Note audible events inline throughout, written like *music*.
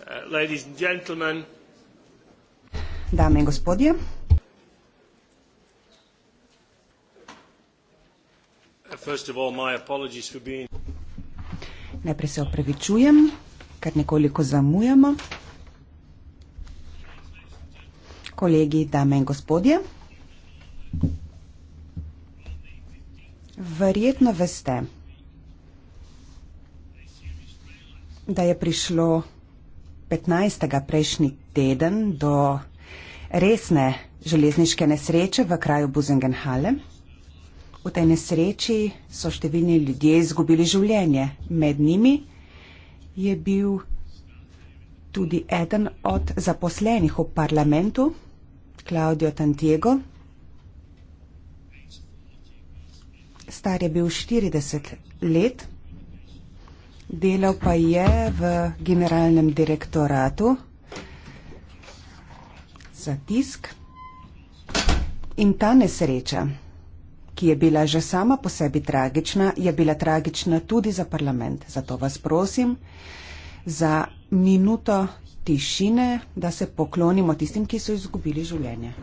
Uh, ladies and gentlemen. Dame in gospodje. Uh, first of all, my apologies for being. Najprej se opravičujem, ker nekoliko zamujamo. Kolegi, dame in gospodje. Verjetno veste, da je prišlo 15. prejšnji teden do resne železniške nesreče v kraju Buzengenhale. V tej nesreči so številni ljudje izgubili življenje. Med njimi je bil tudi eden od zaposlenih v parlamentu, Claudio Tantiego. Star je bil 40 let delal pa je v generalnem direktoratu za tisk. In ta nesreča, ki je bila že sama po sebi tragična, je bila tragična tudi za parlament. Zato vas prosim za minuto tišine, da se poklonimo tistim, ki so izgubili življenje.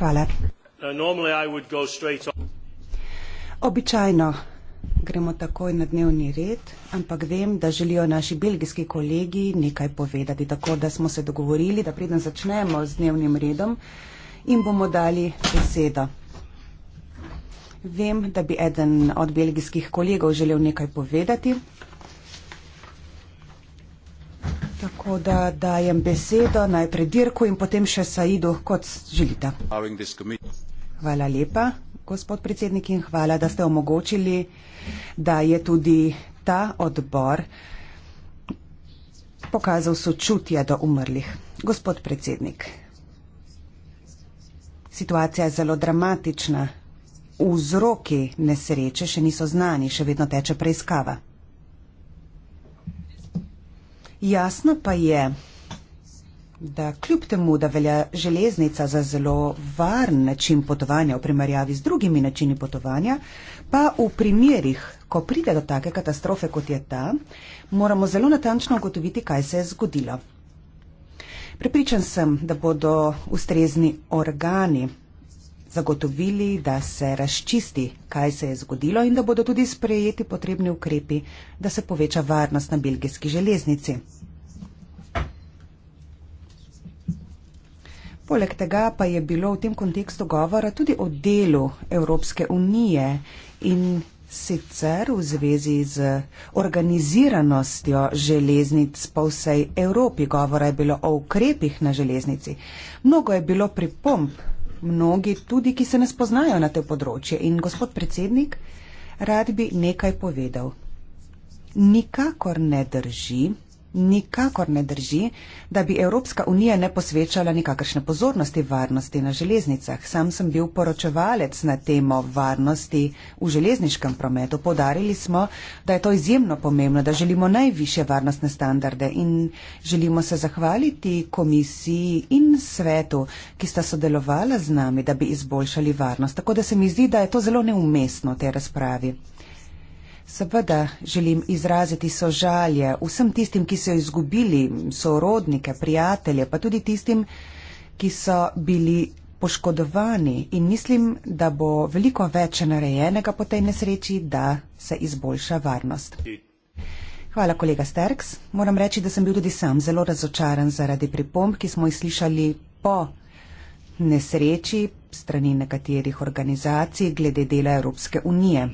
hvala. Uh, Običajno gremo takoj na dnevni red, ampak vem, da želijo naši belgijski kolegi nekaj povedati, tako da smo se dogovorili, da preden začnemo z dnevnim redom in bomo dali besedo. Vem, da bi eden od belgijskih kolegov želel nekaj povedati, Tako da dajem besedo najprej Dirku in potem še Saidu, kot želite. Hvala lepa, gospod predsednik, in hvala, da ste omogočili, da je tudi ta odbor pokazal sočutje do umrlih. Gospod predsednik, situacija je zelo dramatična. Vzroki nesreče še niso znani, še vedno teče preiskava. Jasno pa je, da kljub temu, da velja železnica za zelo varen način potovanja v primerjavi z drugimi načini potovanja, pa v primerjih, ko pride do take katastrofe, kot je ta, moramo zelo natančno ugotoviti, kaj se je zgodilo. Prepričan sem, da bodo ustrezni organi zagotovili, da se razčisti, kaj se je zgodilo in da bodo tudi sprejeti potrebni ukrepi, da se poveča varnost na belgijski železnici. Poleg tega pa je bilo v tem kontekstu govora tudi o delu Evropske unije in sicer v zvezi z organiziranostjo železnic po vsej Evropi. Govora je bilo o ukrepih na železnici. Mnogo je bilo pripomp mnogi tudi, ki se ne spoznajo na te področje. In gospod predsednik, rad bi nekaj povedal. Nikakor ne drži, nikakor ne drži, da bi Evropska unija ne posvečala nikakršne pozornosti varnosti na železnicah. Sam sem bil poročevalec na temo varnosti v železniškem prometu. Podarili smo, da je to izjemno pomembno, da želimo najviše varnostne standarde in želimo se zahvaliti komisiji in svetu, ki sta sodelovala z nami, da bi izboljšali varnost. Tako da se mi zdi, da je to zelo neumestno v tej razpravi. Seveda želim izraziti sožalje vsem tistim, ki so izgubili sorodnike, prijatelje, pa tudi tistim, ki so bili poškodovani in mislim, da bo veliko več narejenega po tej nesreči, da se izboljša varnost. Hvala, kolega Sterks. Moram reči, da sem bil tudi sam zelo razočaran zaradi pripomb, ki smo jih slišali po nesreči strani nekaterih organizacij glede dela Evropske unije.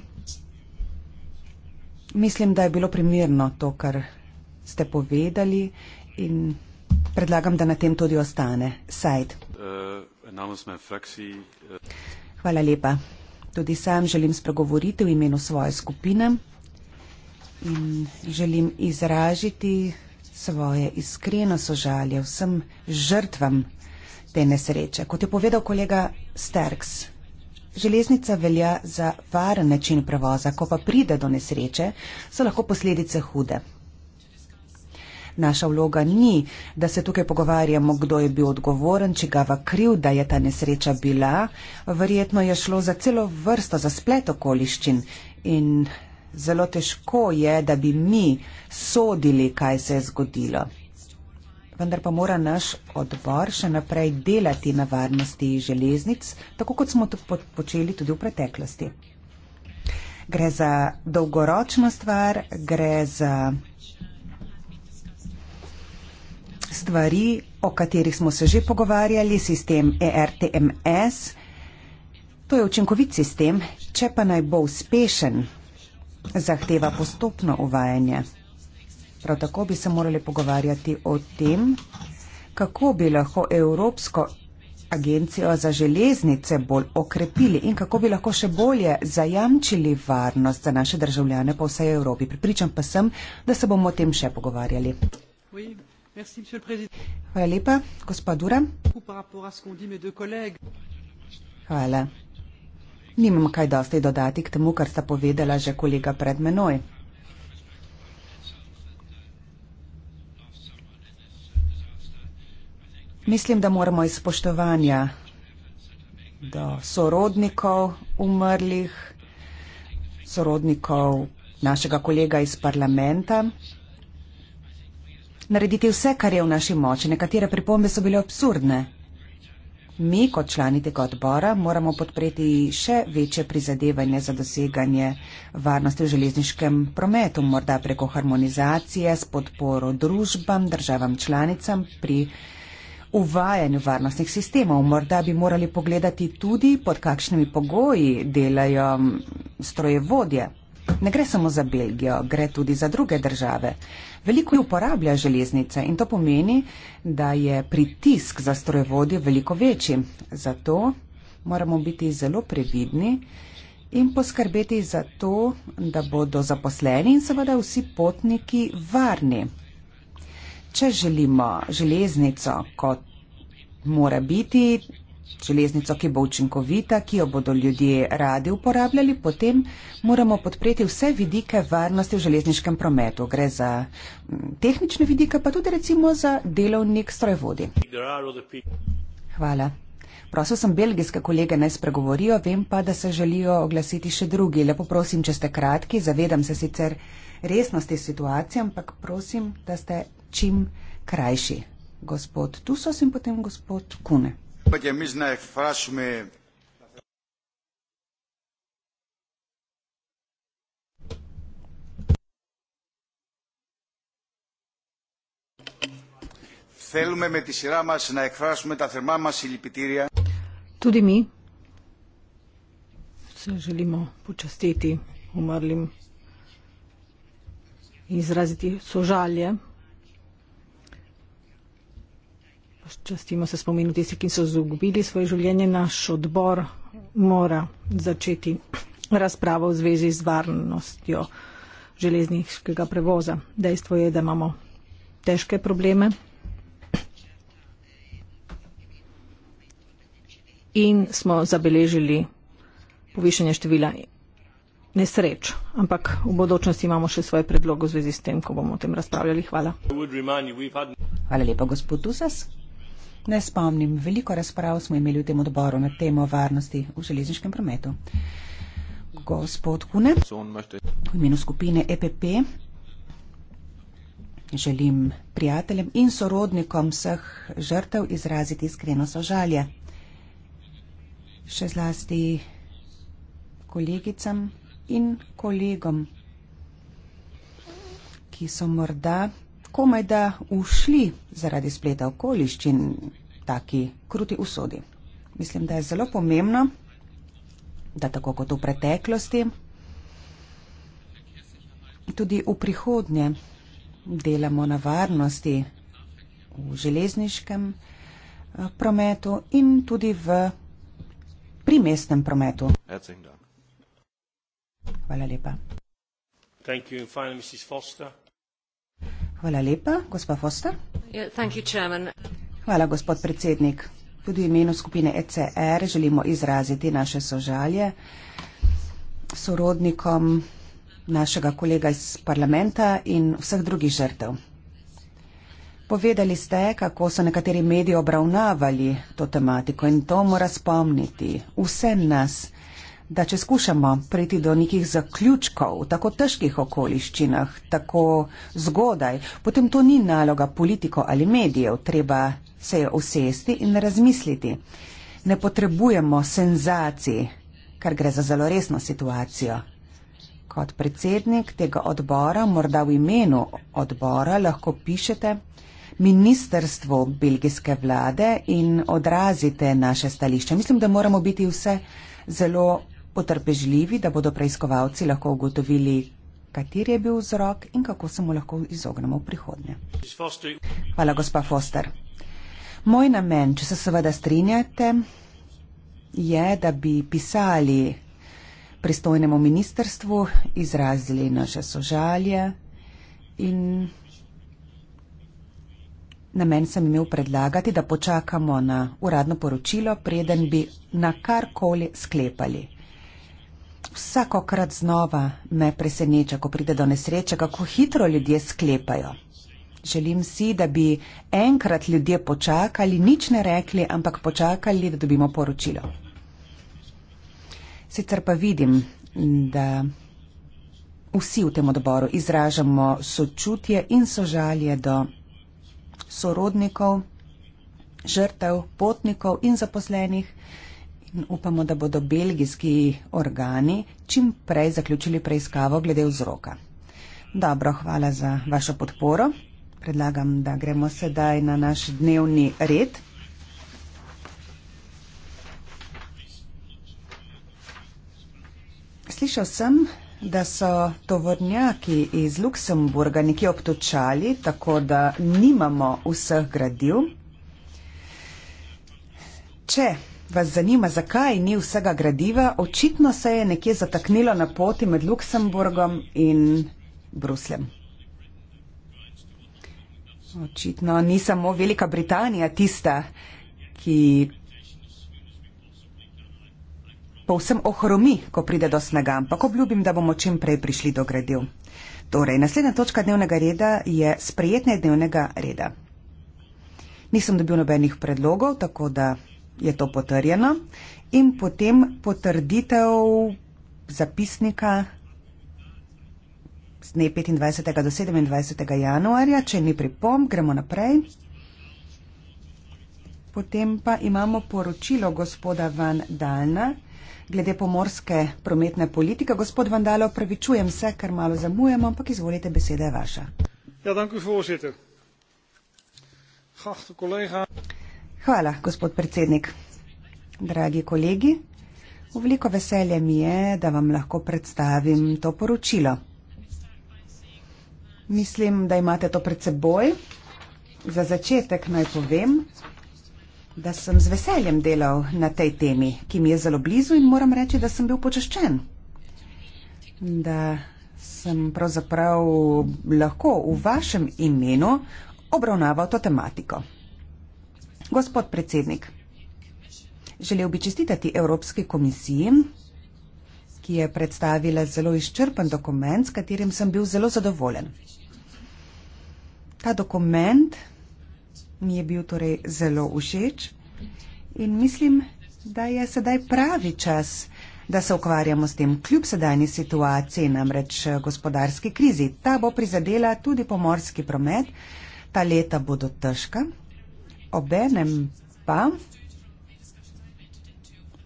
Mislim, da je bilo primirno to, kar ste povedali in predlagam, da na tem tudi ostane. Sajd. Eh, eh. Hvala lepa. Tudi sam želim spregovoriti v imenu svoje skupine in želim izražiti svoje iskreno sožalje vsem žrtvam te nesreče. Kot je povedal kolega Sterks, Železnica velja za varen način prevoza, ko pa pride do nesreče, so lahko posledice hude. Naša vloga ni, da se tukaj pogovarjamo, kdo je bil odgovoren, če ga v kriv, da je ta nesreča bila. Verjetno je šlo za celo vrsto, za splet okoliščin in zelo težko je, da bi mi sodili, kaj se je zgodilo vendar pa mora naš odbor še naprej delati na varnosti železnic, tako kot smo to počeli tudi v preteklosti. Gre za dolgoročno stvar, gre za stvari, o katerih smo se že pogovarjali, sistem ERTMS. To je učinkovit sistem, če pa naj bo uspešen, zahteva postopno uvajanje. Prav tako bi se morali pogovarjati o tem, kako bi lahko Evropsko agencijo za železnice bolj okrepili in kako bi lahko še bolje zajamčili varnost za naše državljane po vsej Evropi. Pripričam pa sem, da se bomo o tem še pogovarjali. Hvala lepa, gospod Dura. Hvala. Nimam kaj dosti dodati k temu, kar sta povedala že kolega pred menoj. Mislim, da moramo iz spoštovanja do sorodnikov umrlih, sorodnikov našega kolega iz parlamenta, narediti vse, kar je v naši moči. Nekatere pripombe so bile absurdne. Mi, kot člani tega odbora, moramo podpreti še večje prizadevanje za doseganje varnosti v železniškem prometu, morda preko harmonizacije s podporo družbam, državam članicam pri uvajanju varnostnih sistemov. Morda bi morali pogledati tudi, pod kakšnimi pogoji delajo strojevodje. Ne gre samo za Belgijo, gre tudi za druge države. Veliko jih uporablja železnice in to pomeni, da je pritisk za strojevodje veliko večji. Zato moramo biti zelo previdni in poskrbeti za to, da bodo zaposleni in seveda vsi potniki varni. Če želimo železnico kot mora biti železnico, ki bo učinkovita, ki jo bodo ljudje radi uporabljali, potem moramo podpreti vse vidike varnosti v železniškem prometu. Gre za tehnične vidike, pa tudi recimo za delovnik strojvodi. Hvala. Prosil sem belgijske kolege naj spregovorijo, vem pa, da se želijo oglasiti še drugi. Lepo prosim, če ste kratki, zavedam se sicer resnosti situacije, ampak prosim, da ste čim krajši gospod Tusos in potem gospod Kune. Tudi mi se želimo počastiti umrlim in izraziti sožalje. Častimo se spominu tistih, ki so zgubili svoje življenje. Naš odbor mora začeti razpravo v zvezi z varnostjo železniškega prevoza. Dejstvo je, da imamo težke probleme in smo zabeležili povišanje števila nesreč. Ampak v bodočnosti imamo še svoje predloge v zvezi s tem, ko bomo o tem razpravljali. Hvala. Hvala lepa, gospod Tusas. Ne spomnim, veliko razprav smo imeli v tem odboru na temo varnosti v železniškem prometu. Gospod Kune, v imenu skupine EPP želim prijateljem in sorodnikom vseh žrtev izraziti iskreno sožalje. Še zlasti kolegicam in kolegom, ki so morda komaj da ušli zaradi spleta okoliščin taki kruti usodi. Mislim, da je zelo pomembno, da tako kot v preteklosti, tudi v prihodnje delamo na varnosti v železniškem eh, prometu in tudi v primestnem prometu. Hvala lepa. Thank you and finally Mrs. Foster. Hvala lepa, gospod Foster. Ja, Hvala, gospod predsednik. Tudi imenu skupine ECR želimo izraziti naše sožalje sorodnikom našega kolega iz parlamenta in vseh drugih žrtev. Povedali ste, kako so nekateri mediji obravnavali to tematiko in to mora spomniti vsem nas da če skušamo priti do nekih zaključkov v tako težkih okoliščinah, tako zgodaj, potem to ni naloga politiko ali medijev, treba se je usesti in razmisliti. Ne potrebujemo senzacij, kar gre za zelo resno situacijo. Kot predsednik tega odbora, morda v imenu odbora, lahko pišete ministrstvu belgijske vlade in odrazite naše stališče. Mislim, da moramo biti vse zelo potrpežljivi, da bodo preiskovalci lahko ugotovili, kateri je bil vzrok in kako se mu lahko izognemo v prihodnje. Hvala, gospa Foster. Moj namen, če se seveda strinjate, je, da bi pisali pristojnemu ministerstvu, izrazili naše sožalje in namen sem imel predlagati, da počakamo na uradno poročilo, preden bi na karkoli sklepali. Vsakokrat znova me preseneča, ko pride do nesreče, kako hitro ljudje sklepajo. Želim si, da bi enkrat ljudje počakali, nič ne rekli, ampak počakali, da dobimo poročilo. Sicer pa vidim, da vsi v tem odboru izražamo sočutje in sožalje do sorodnikov, žrtev, potnikov in zaposlenih. Upamo, da bodo belgijski organi čim prej zaključili preiskavo glede vzroka. Dobro, hvala za vašo podporo. Predlagam, da gremo sedaj na naš dnevni red. Slišal sem, da so tovornjaki iz Luksemburga nekje obtočali, tako da nimamo vseh gradiv. Če vas zanima, zakaj ni vsega gradiva, očitno se je nekje zataknilo na poti med Luksemburgom in Brusljem. Očitno ni samo Velika Britanija tista, ki povsem ohromi, ko pride do snega, ampak obljubim, da bomo čim prej prišli do gradiv. Torej, naslednja točka dnevnega reda je sprejetne dnevnega reda. Nisem dobil nobenih predlogov, tako da je to potrjeno in potem potrditev zapisnika z dne 25. do 27. januarja, če ni pripomb, gremo naprej. Potem pa imamo poročilo gospoda Van Dalna glede pomorske prometne politike. Gospod Van Dalo, prevečujem se, ker malo zamujamo, ampak izvolite, beseda je vaša. Ja, dank u voorzitter. Geachte collega's. Hvala, gospod predsednik. Dragi kolegi, veliko veselje mi je, da vam lahko predstavim to poročilo. Mislim, da imate to pred seboj. Za začetek naj povem, da sem z veseljem delal na tej temi, ki mi je zelo blizu in moram reči, da sem bil počaščen. Da sem pravzaprav lahko v vašem imenu obravnaval to tematiko. Gospod predsednik, želel bi čestitati Evropski komisiji, ki je predstavila zelo izčrpen dokument, s katerim sem bil zelo zadovoljen. Ta dokument mi je bil torej zelo všeč in mislim, da je sedaj pravi čas, da se ukvarjamo s tem kljub sedajni situaciji, namreč eh, gospodarski krizi. Ta bo prizadela tudi pomorski promet, ta leta bodo težka obenem pa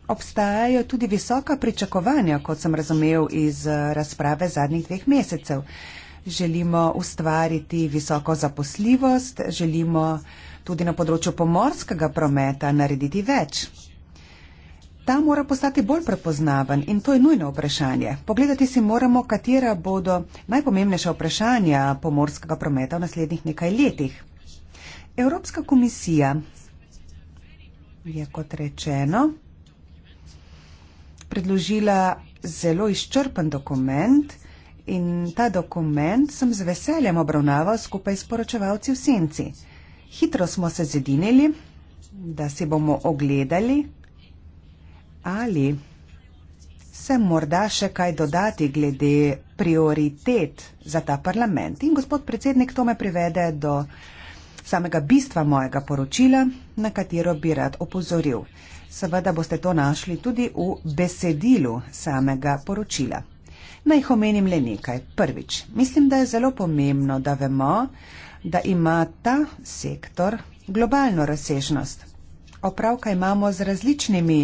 obstajajo tudi visoka pričakovanja, kot sem razumel iz eh, razprave zadnjih dveh mesecev. Želimo ustvariti visoko zaposljivost, želimo tudi na področju pomorskega prometa narediti več. Ta mora postati bolj prepoznaven in to je nujno vprašanje. Pogledati si moramo, katera bodo najpomembnejša vprašanja pomorskega prometa v naslednjih nekaj letih. Evropska komisija je, kot rečeno, predložila zelo izčrpen dokument in ta dokument sem z veseljem obravnaval skupaj s poročevalci v senci. Hitro smo se zedinili, da si bomo ogledali, ali se morda še kaj dodati glede prioritet za ta parlament. In gospod predsednik, to me privede do samega bistva mojega poročila, na katero bi rad opozoril. Seveda boste to našli tudi v besedilu samega poročila. Naj jih omenim le nekaj. Prvič, mislim, da je zelo pomembno, da vemo, da ima ta sektor globalno razsežnost. Opravka imamo z različnimi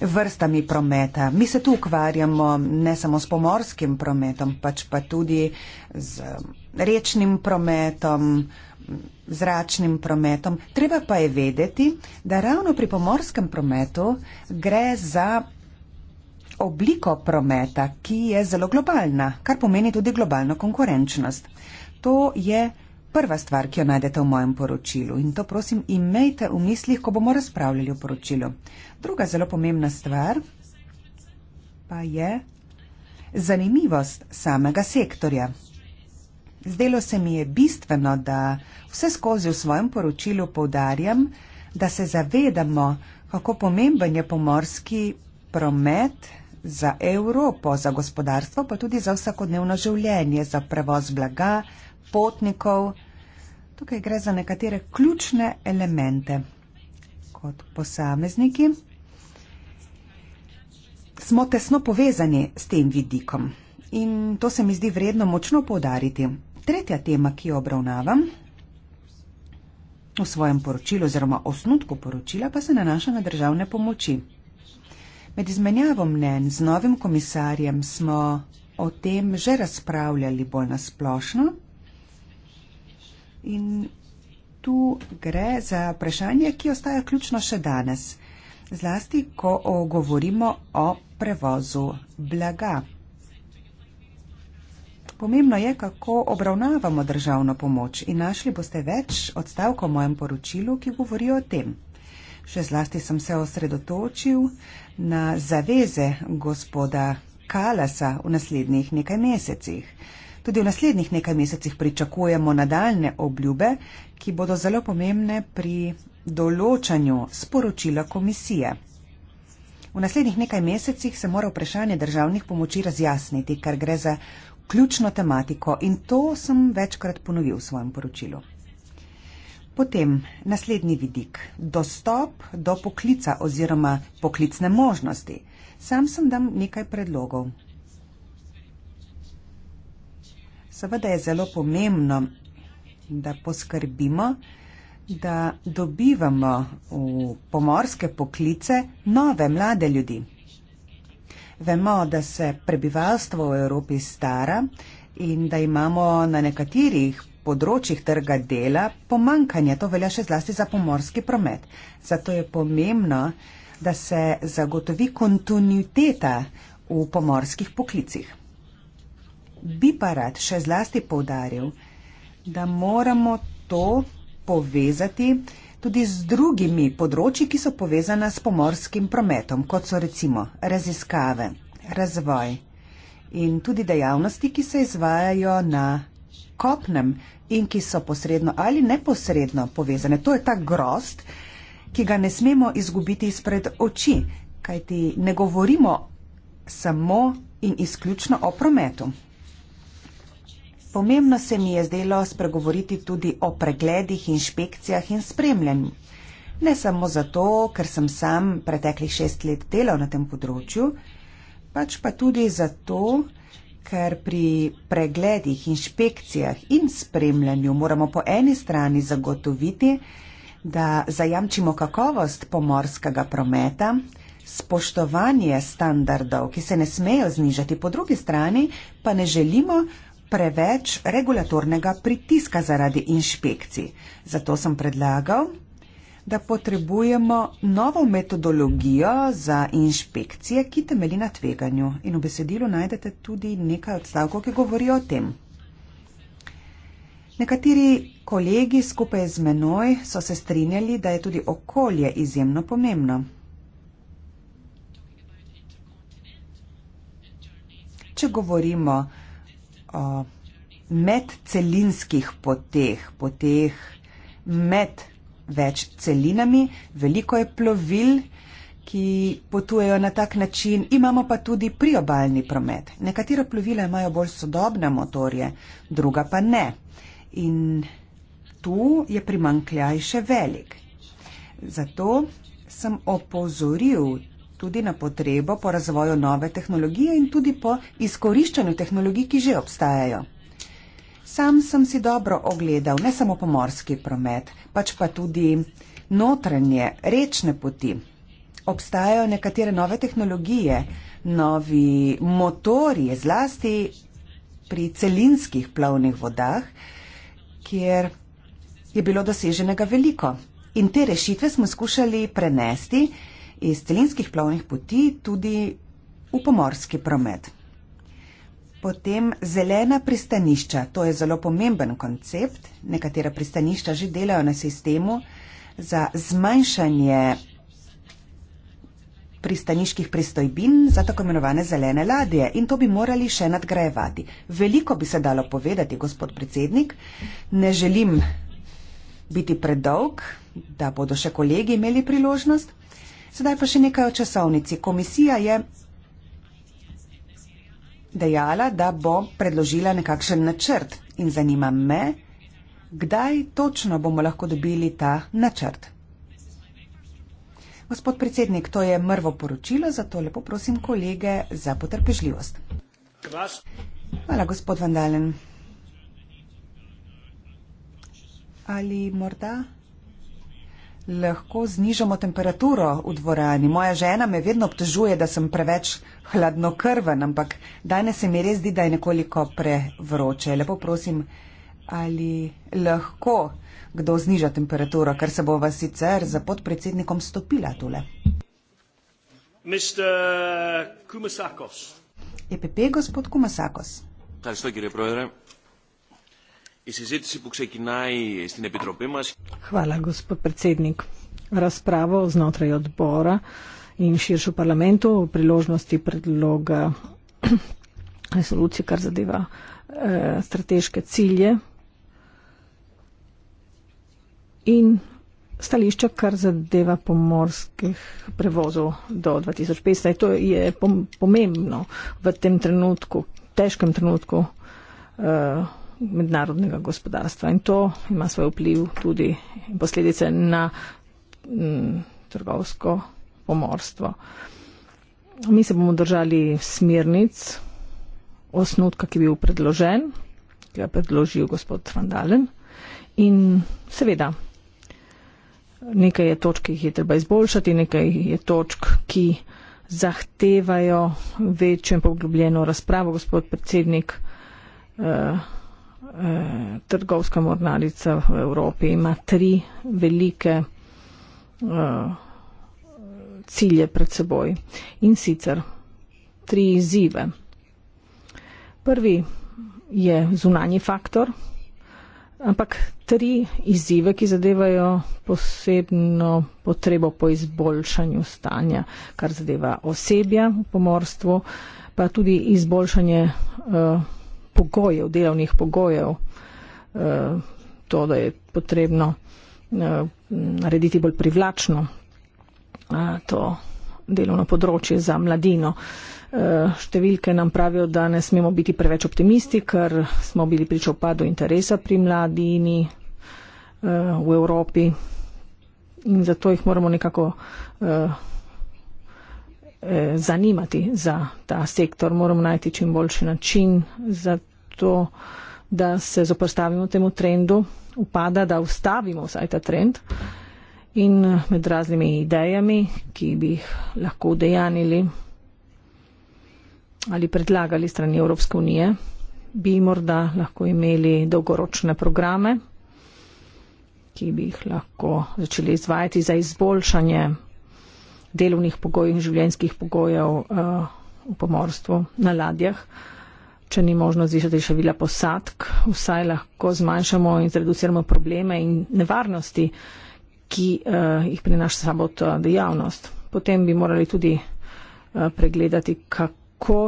vrstami prometa. Mi se tu ukvarjamo ne samo s pomorskim prometom, pač pa tudi z rečnim prometom, zračnim prometom. Treba pa je vedeti, da ravno pri pomorskem prometu gre za obliko prometa, ki je zelo globalna, kar pomeni tudi globalno konkurenčnost. To je prva stvar, ki jo najdete v mojem poročilu in to prosim imejte v mislih, ko bomo razpravljali o poročilu. Druga zelo pomembna stvar pa je zanimivost samega sektorja. Zdelo se mi je bistveno, da vse skozi v svojem poročilu povdarjam, da se zavedamo, kako pomemben je pomorski promet za Evropo, za gospodarstvo, pa tudi za vsakodnevno življenje, za prevoz blaga, potnikov. Tukaj gre za nekatere ključne elemente. Kot posamezniki smo tesno povezani s tem vidikom in to se mi zdi vredno močno povdariti tretja tema, ki jo obravnavam v svojem poročilu oziroma osnutku poročila, pa se nanaša na državne pomoči. Med izmenjavo mnen z novim komisarjem smo o tem že razpravljali bolj nasplošno in tu gre za vprašanje, ki ostaja ključno še danes, zlasti ko govorimo o prevozu blaga. Pomembno je, kako obravnavamo državno pomoč in našli boste več odstavkov v mojem poročilu, ki govorijo o tem. Še zlasti sem se osredotočil na zaveze gospoda Kalasa v naslednjih nekaj mesecih. Tudi v naslednjih nekaj mesecih pričakujemo nadaljne obljube, ki bodo zelo pomembne pri določanju sporočila komisije. V naslednjih nekaj mesecih se mora vprašanje državnih pomoči razjasniti, ker gre za ključno tematiko in to sem večkrat ponovil v svojem poročilu. Potem naslednji vidik - dostop do poklica oziroma poklicne možnosti. Sam sem dam nekaj predlogov. Seveda je zelo pomembno, da poskrbimo, da dobivamo v pomorske poklice nove mlade ljudi. Vemo, da se prebivalstvo v Evropi stara in da imamo na nekaterih področjih trga dela pomankanje. To velja še zlasti za pomorski promet. Zato je pomembno, da se zagotovi kontinuiteta v pomorskih poklicih. Bi pa rad še zlasti povdaril, da moramo to povezati tudi z drugimi področji, ki so povezana s pomorskim prometom, kot so recimo raziskave, razvoj in tudi dejavnosti, ki se izvajajo na kopnem in ki so posredno ali neposredno povezane. To je ta grost, ki ga ne smemo izgubiti izpred oči, kajti ne govorimo samo in izključno o prometu. Pomembno se mi je zdelo spregovoriti tudi o pregledih, inšpekcijah in spremljanju. Ne samo zato, ker sem sam preteklih šest let delal na tem področju, pač pa tudi zato, ker pri pregledih, inšpekcijah in spremljanju moramo po eni strani zagotoviti, da zajamčimo kakovost pomorskega prometa, spoštovanje standardov, ki se ne smejo znižati, po drugi strani pa ne želimo, preveč regulatornega pritiska zaradi inšpekcij. Zato sem predlagal, da potrebujemo novo metodologijo za inšpekcije, ki temeli na tveganju. In v besedilu najdete tudi nekaj odstavkov, ki govorijo o tem. Nekateri kolegi skupaj z menoj so se strinjali, da je tudi okolje izjemno pomembno. Če govorimo medcelinskih poteh, poteh med več celinami. Veliko je plovil, ki potujejo na tak način. Imamo pa tudi priobalni promet. Nekatera plovila imajo bolj sodobne motorje, druga pa ne. In tu je primankljaj še velik. Zato sem opozoril tudi na potrebo po razvoju nove tehnologije in tudi po izkoriščanju tehnologij, ki že obstajajo. Sam sem si dobro ogledal ne samo pomorski promet, pač pa tudi notranje rečne poti. Obstajajo nekatere nove tehnologije, novi motorji, zlasti pri celinskih plovnih vodah, kjer je bilo doseženega veliko. In te rešitve smo skušali prenesti iz celinskih plovnih poti tudi v pomorski promet. Potem zelena pristanišča. To je zelo pomemben koncept. Nekatera pristanišča že delajo na sistemu za zmanjšanje pristaniških pristojbin za tako imenovane zelene ladje in to bi morali še nadgrajevati. Veliko bi se dalo povedati, gospod predsednik. Ne želim biti predolg, da bodo še kolegi imeli priložnost. Sedaj pa še nekaj o časovnici. Komisija je dejala, da bo predložila nekakšen načrt in zanima me, kdaj točno bomo lahko dobili ta načrt. Gospod predsednik, to je mrvo poročilo, zato lepo prosim kolege za potrpežljivost. Hvala, gospod Vandalen. Ali morda? lahko znižamo temperaturo v dvorani. Moja žena me vedno obtežuje, da sem preveč hladnokrven, ampak danes se mi res zdi, da je nekoliko prevroče. Lepo prosim, ali lahko kdo zniža temperaturo, ker se bova sicer za podpredsednikom stopila tule. EPP, e gospod Kumasakos η συζήτηση που ξεκινάει στην Επιτροπή μας. Χαλά, κύριε Πρεσίδνικ. Ρασπράβο ζνότρεϊ οτπόρα in širšo parlamentu o priložnosti predloga *clears throat* resolucije, kar zadeva eh, strateške cilje in stališča, kar zadeva pomorskih prevozov do 2015. To je pomembno v tem trenutku, težkem trenutku eh, mednarodnega gospodarstva in to ima svoj vpliv tudi in posledice na m, mm, trgovsko pomorstvo. Mi se bomo držali smernic, osnutka, ki je bil predložen, ki ga je predložil gospod Vandalen in seveda nekaj je točk, ki jih je treba izboljšati, nekaj je točk, ki zahtevajo večjo in poglobljeno razpravo, gospod predsednik. Uh, eh, trgovska mornarica v Evropi ima tri velike eh, cilje pred seboj in sicer tri izzive. Prvi je zunanji faktor, ampak tri izzive, ki zadevajo posebno potrebo po izboljšanju stanja, kar zadeva osebja v pomorstvu, pa tudi izboljšanje eh, pogojev, delovnih pogojev, eh, to, da je potrebno eh, narediti bolj privlačno eh, to delovno področje za mladino. Številke nam pravijo, da ne smemo biti preveč optimisti, ker smo bili priča upadu interesa pri mladini v Evropi in zato jih moramo nekako Eh, zanimati za ta sektor. Moramo najti čim boljši način za to, da se zoprstavimo temu trendu upada, da ustavimo vsaj ta trend in eh, med raznimi idejami, ki bi jih lahko udejanili ali predlagali strani Evropske unije, bi morda lahko imeli dolgoročne programe, ki bi jih lahko začeli izvajati za izboljšanje delovnih pogojev in življenjskih pogojev eh, v pomorstvu na ladjah. Če ni možno zvišati števila posadk, vsaj lahko zmanjšamo in zreduciramo probleme in nevarnosti, ki eh, jih prinaša sabo ta dejavnost. Potem bi morali tudi eh, pregledati, kako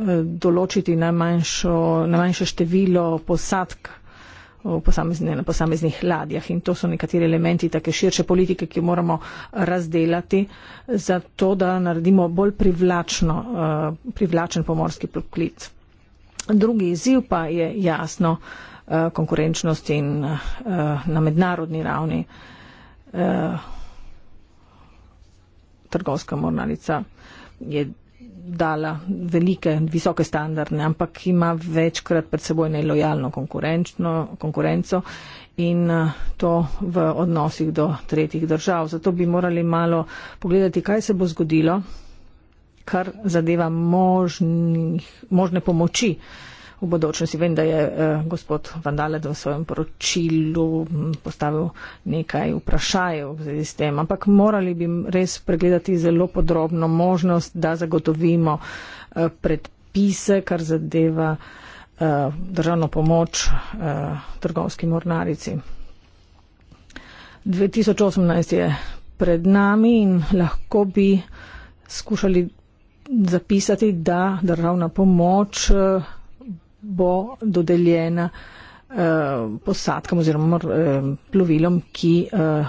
določiti najmanjšo, najmanjše število posadk posamezne, na posameznih ladjah. In to so nekateri elementi take širše politike, ki moramo eh, razdelati, zato da naredimo bolj privlačno, eh, privlačen pomorski poklic. Drugi izziv pa je jasno eh, konkurenčnost in na mednarodni ravni trgovska mornarica je dala velike, visoke standarde, ampak ima večkrat pred seboj nelojalno konkurenco in eh, to v odnosih do tretjih držav. Zato bi morali malo pogledati, kaj se bo zgodilo, kar zadeva možnih, možne pomoči. Uh, v bodočnosti. Vem, da je eh, gospod Vandalet v svojem poročilu mm, postavil nekaj vprašaj v zvezi s tem, ampak morali bi res pregledati zelo podrobno možnost, da zagotovimo eh, predpise, kar zadeva eh, državno pomoč trgovski mornarici. 2018 je pred nami in lahko bi skušali zapisati, da državna pomoč bo dodeljena eh, posadkam oziroma eh, plovilom, ki eh,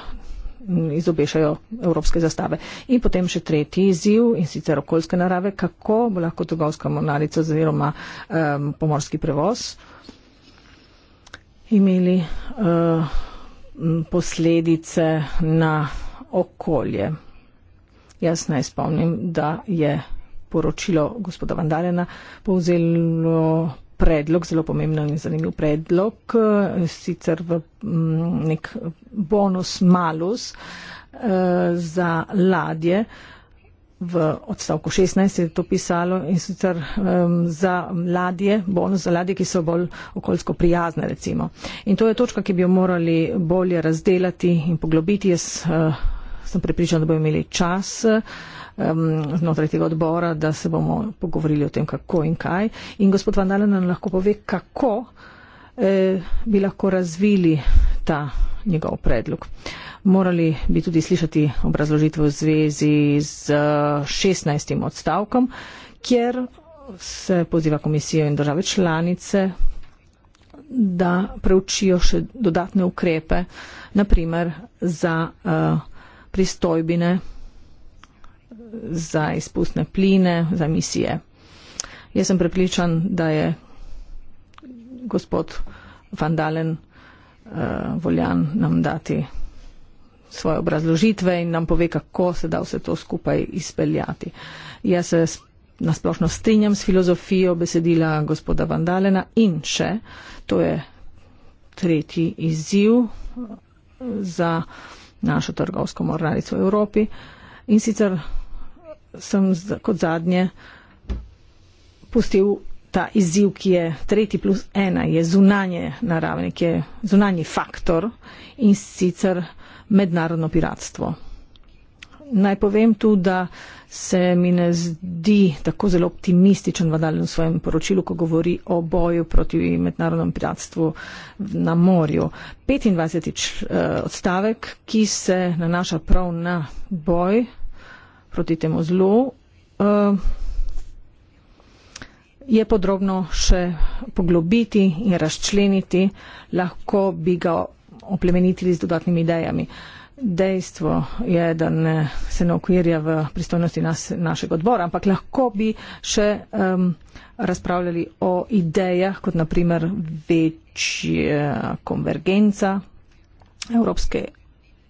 izobešajo evropske zastave. In potem še tretji izziv in sicer okoljske narave, kako bo lahko togovska monarica oziroma pomorski prevoz imeli posledice na okolje. Jaz naj spomnim, da je poročilo gospoda Vandalena povzelo predlog, zelo pomembno in zanimiv predlog, eh, sicer v mm, nek bonus malus eh, za ladje. V odstavku 16 je to pisalo in sicer um, za ladje, bonus za ladje, ki so bolj okoljsko prijazne recimo. In to je točka, ki bi jo morali bolje razdelati in poglobiti. Jaz uh, sem prepričan, da bo imeli čas. Uh, um, znotraj tega odbora, da se bomo pogovorili o tem, kako in kaj. In gospod Vandalen nam lahko pove, kako eh, bi lahko razvili ta njegov predlog. Morali bi tudi slišati obrazložitev v zvezi z 16. Eh, odstavkom, kjer se poziva komisijo in države članice, da preučijo še dodatne ukrepe, naprimer za uh, pristojbine za izpustne pline, za emisije. Jaz sem prepričan, da je gospod Vandalen uh, eh, voljan nam dati svoje obrazložitve in nam pove, kako se da vse to skupaj izpeljati. Jaz se nasplošno strinjam s filozofijo besedila gospoda Vandalena in še, to je tretji izziv eh, za našo trgovsko mornarico v Evropi in sicer sem kot zadnje pustil ta izziv, ki je tretji plus ena, je zunanje naravne, ki je zunanji faktor in sicer mednarodno piratstvo. Naj povem tu, da se mi ne zdi tako zelo optimističen v daljem svojem poročilu, ko govori o boju proti mednarodnem piratstvu na morju. 25. Eh, odstavek, ki se nanaša prav na boj proti temu zlu. Ehm, je podrobno še poglobiti in razčleniti, lahko bi ga oplemenitili z dodatnimi idejami. Dejstvo je, da ne, se ne okvirja v pristojnosti nas, našega odbora, ampak lahko bi še um, razpravljali o idejah, kot naprimer večja konvergenca Evropske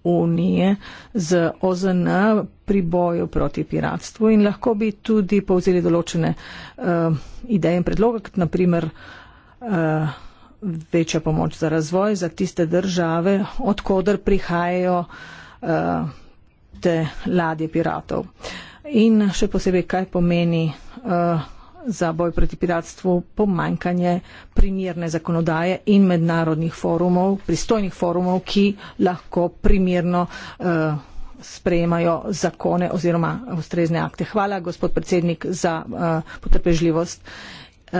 unije z OZN pri boju proti piratstvu in lahko bi tudi povzeli določene uh, ideje in predloge, kot naprimer uh, eh, večja pomoč za razvoj za tiste države, odkudar prihajajo uh, te ladje piratov. In še posebej, kaj pomeni uh, za boj proti piratstvu pomankanje primirne zakonodaje in mednarodnih forumov, pristojnih forumov, ki lahko primirno uh, sprejemajo zakone oziroma ustrezne akte. Hvala, gospod predsednik, za uh, potrpežljivost. Uh,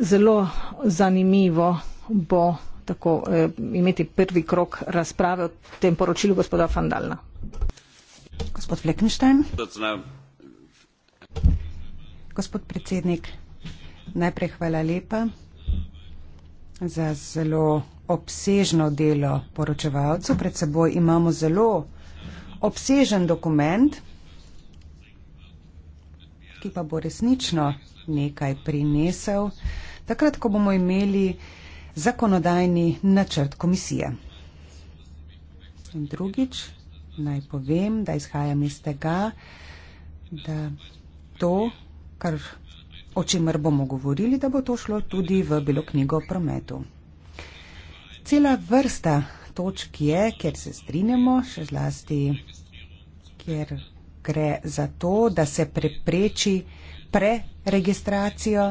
zelo zanimivo bo tako uh, imeti prvi krok razprave o tem poročilu gospoda Fandalna. Gospod Fleckenstein. Gospod predsednik, najprej hvala lepa za zelo obsežno delo poročevalcev. Pred seboj imamo zelo obsežen dokument, ki pa bo resnično nekaj prinesel, takrat, ko bomo imeli zakonodajni načrt komisije. In drugič, naj povem, da izhajam iz tega, da to kar, o čemer bomo govorili, da bo to šlo tudi v Belo knjigo o prometu. Cela vrsta točk je, kjer se strinjamo, še zlasti, kjer gre za to, da se prepreči preregistracijo,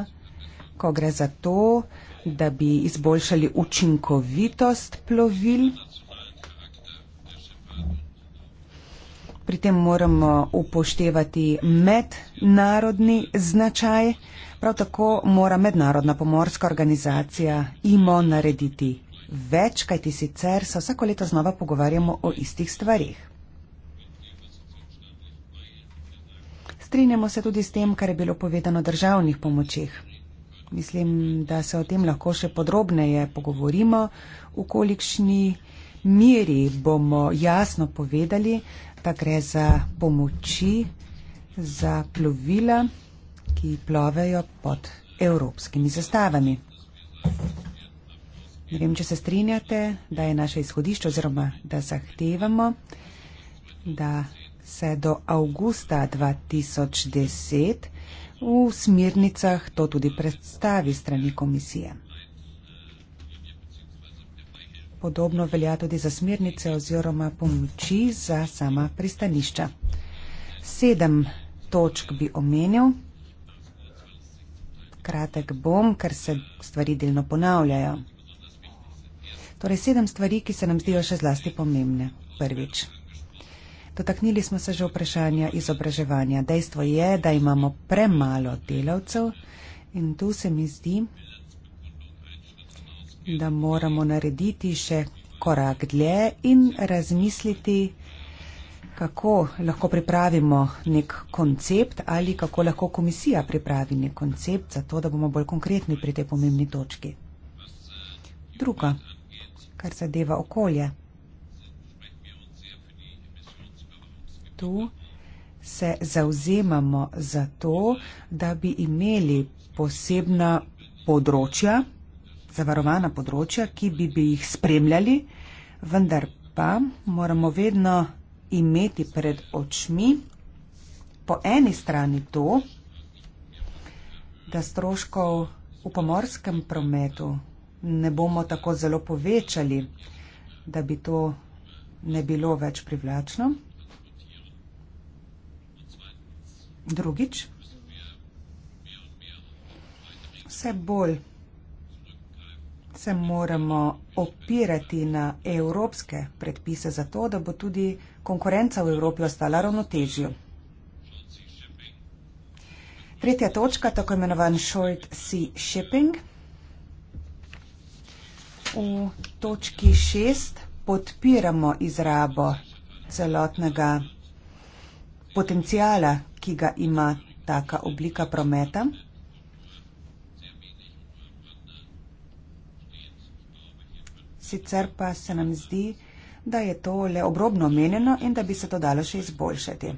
ko gre za to, da bi izboljšali učinkovitost plovil. Pri tem moramo upoštevati mednarodni značaj. Prav tako mora mednarodna pomorska organizacija IMO narediti več, kajti sicer se vsako leto znova pogovarjamo o istih stvarih. Strinjamo se tudi s tem, kar je bilo povedano o državnih pomočih. Mislim, da se o tem lahko še podrobneje pogovorimo, v kolikšni meri bomo jasno povedali, Ta gre za pomoči za plovila, ki plovejo pod evropskimi zastavami. Ne vem, če se strinjate, da je naše izhodišče oziroma da zahtevamo, da se do avgusta 2010 v smirnicah to tudi predstavi strani komisije. Podobno velja tudi za smernice oziroma pomoči za sama pristanišča. Sedem točk bi omenil. Kratek bom, ker se stvari delno ponavljajo. Torej sedem stvari, ki se nam zdijo še zlasti pomembne. Prvič. Dotaknili smo se že vprašanja izobraževanja. Dejstvo je, da imamo premalo delavcev in tu se mi zdi, da moramo narediti še korak dlje in razmisliti, kako lahko pripravimo nek koncept ali kako lahko komisija pripravi nek koncept, zato da bomo bolj konkretni pri tej pomembni točki. Druga, kar zadeva okolje. Tu se zauzemamo za to, da bi imeli posebna področja, zavarovana področja, ki bi, bi jih spremljali, vendar pa moramo vedno imeti pred očmi po eni strani to, da stroškov v pomorskem prometu ne bomo tako zelo povečali, da bi to ne bilo več privlačno. Drugič, vse bolj se moramo opirati na evropske predpise zato, da bo tudi konkurenca v Evropi ostala ravnotežju. Tretja točka, tako imenovan short sea shipping. V točki šest podpiramo izrabo celotnega potencijala, ki ga ima taka oblika prometa. sicer pa se nam zdi, da je to le obrobno omenjeno in da bi se to dalo še izboljšati.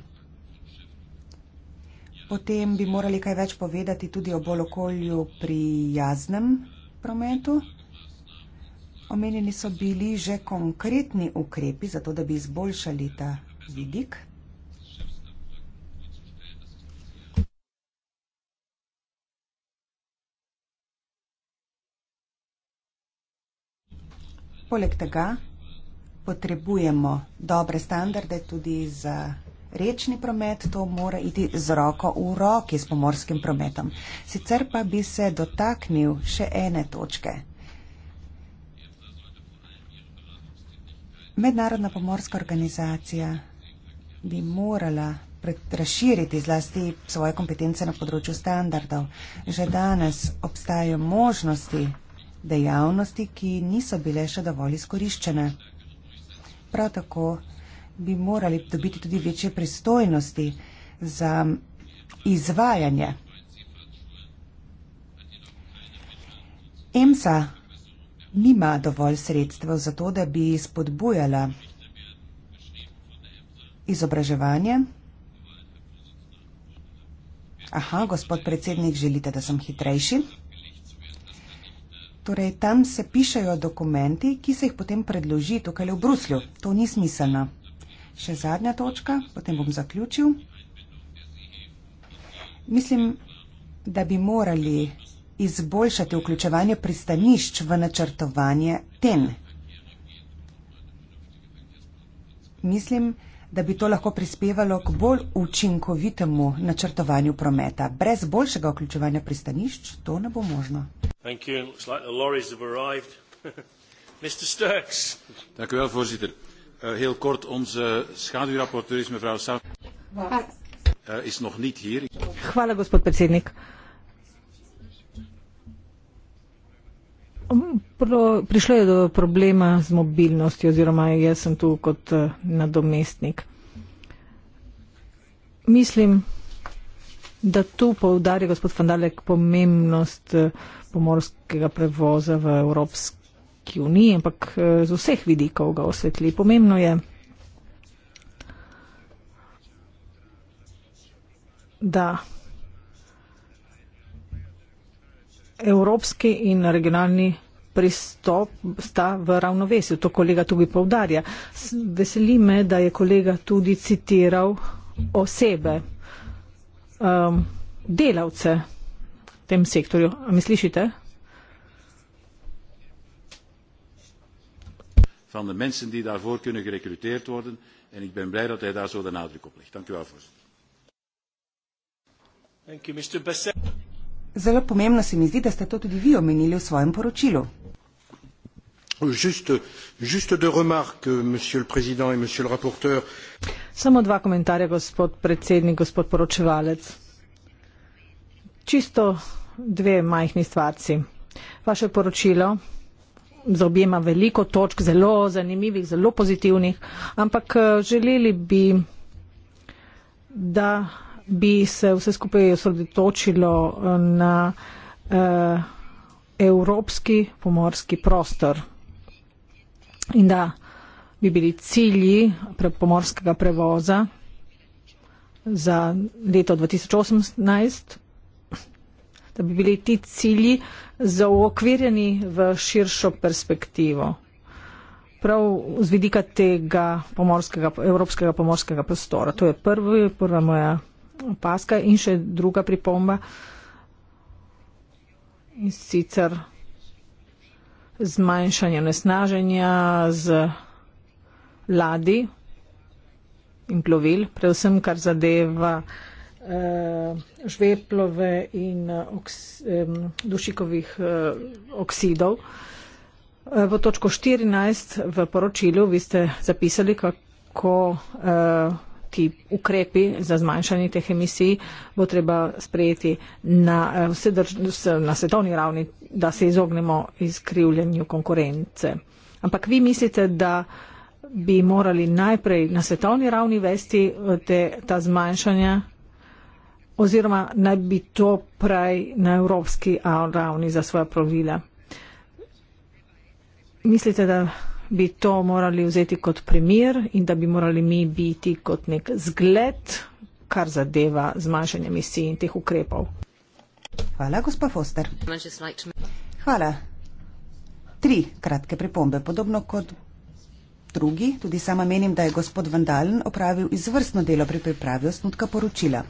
Potem bi morali kaj več povedati tudi o bolj okolju pri jaznem prometu. Omenjeni so bili že konkretni ukrepi za to, da bi izboljšali ta vidik. Poleg tega potrebujemo dobre standarde tudi za rečni promet, to mora iti z roko v roki s pomorskim prometom. Sicer pa bi se dotaknil še ene točke. Mednarodna pomorska organizacija bi morala razširiti zlasti svoje kompetence na področju standardov. Že danes obstajajo možnosti, dejavnosti, ki niso bile še dovolj izkoriščene. Prav tako bi morali dobiti tudi večje pristojnosti za izvajanje. EMSA nima dovolj sredstev za to, da bi spodbujala izobraževanje. Aha, gospod predsednik, želite, da sem hitrejši? Torej, tam se pišejo dokumenti, ki se jih potem predloži tukaj v Bruslju. To ni smiselno. Še zadnja točka, potem bom zaključil. Mislim, da bi morali izboljšati vključevanje pristanišč v načrtovanje ten. Mislim, da bi morali izboljšati vključevanje pristanišč v načrtovanje ten da bi to lahko prispevalo k bolj učinkovitemu načrtovanju prometa. Brez boljšega vključevanja pristanišč to ne bo možno. *laughs* Dank u wel, voorzitter. Uh, heel kort, onze schaduwrapporteur is mevrouw Sauer. Uh, is nog niet hier. Hvala, gospod predsednik. Prilo, prišlo je do problema z mobilnostjo, oziroma jaz sem tu kot eh, nadomestnik. Mislim, da tu povdarja gospod Fandalek pomembnost eh, pomorskega prevoza v Evropski uniji, ampak eh, z vseh vidikov ga osvetli. Pomembno je, da evropski in regionalni pristop sta v ravnovesju. To kolega tudi povdarja. Veseli me, da je kolega tudi citiral osebe, um, delavce v tem sektorju. A mi slišite? Van de mensen die daarvoor kunnen gerekruteerd worden. En ik ben blij dat hij daar zo de nadruk op legt. Dank u wel, voorzitter. Dank u, meneer Besset. Zelo pomembno se mi zdi, da ste to tudi vi omenili v svojem poročilu juste deux remarques monsieur le président et monsieur le rapporteur samo dva komentarja gospod predsednik gospod poročevalec čisto dve majhni stvarci vaše poročilo zaobjema veliko točk zelo zanimivih zelo pozitivnih ampak eh, želeli bi da bi se vse skupaj osredotočilo eh, na uh, evropski pomorski prostor in da bi bili cilji pomorskega prevoza za leto 2018, da bi bili ti cilji zaokvirjeni v širšo perspektivo. Prav z vidika tega pomorskega, evropskega pomorskega prostora. To je prvi, prva moja opaska in še druga pripomba. In sicer zmanjšanja nesnaženja z ladi in plovil, predvsem kar zadeva eh, žveplove in eh, oks, eh, dušikovih eh, oksidov. V eh, točko 14 v poročilu vi ste zapisali, kako eh, ti ukrepi za zmanjšanje teh emisij bo treba sprejeti na, eh, vse drž, vse, na svetovni ravni, da se izognemo izkrivljanju konkurence. Ampak vi mislite, da bi morali najprej na svetovni ravni vesti eh, te, ta zmanjšanja oziroma naj bi to prej na evropski ravni za svoje pravila. Mislite, da bi to morali vzeti kot primer in da bi morali mi biti kot nek zgled, kar zadeva zmanjšanje emisij in teh ukrepov. Hvala, gospod Foster. Hvala. Tri kratke pripombe. Podobno kot drugi, tudi sama menim, da je gospod Vandalen opravil izvrstno delo pri pripravi osnutka poročila.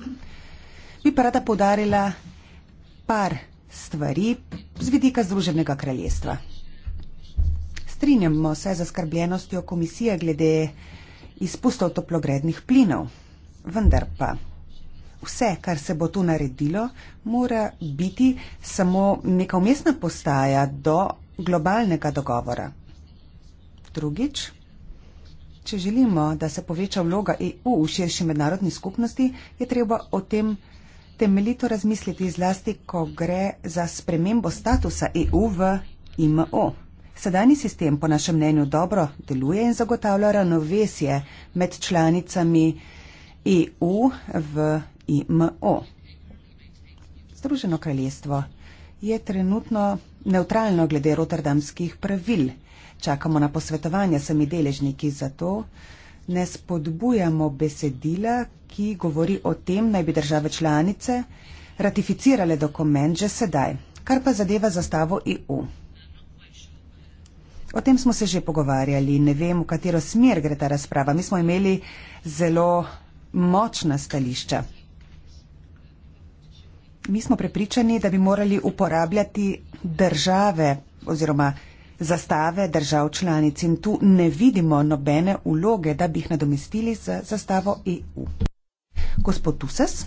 Bi pa rada poudarila par stvari z vidika Združenega kraljestva strinjamo se z zaskrbljenostjo komisije glede izpustov toplogrednih plinov. Vendar pa vse, kar se bo tu naredilo, mora biti samo neka umestna postaja do globalnega dogovora. Drugič, če želimo, da se poveča vloga EU v širši mednarodni skupnosti, je treba o tem temeljito razmisliti zlasti, ko gre za spremembo statusa EU v IMO. Sedajni sistem po našem mnenju dobro deluje in zagotavlja ravnovesje med članicami EU v IMO. Združeno kraljestvo je trenutno neutralno glede rotterdamskih pravil. Čakamo na posvetovanje s sami deležniki, zato ne spodbujamo besedila, ki govori o tem, naj bi države članice ratificirale dokument že sedaj. Kar pa zadeva zastavo EU. O tem smo se že pogovarjali, ne vem, v katero smer gre ta razprava. Mi smo imeli zelo močna stališča. Mi smo prepričani, da bi morali uporabljati države oziroma zastave držav članic in tu ne vidimo nobene uloge, da bi jih nadomestili z zastavo EU. Gospod Tuses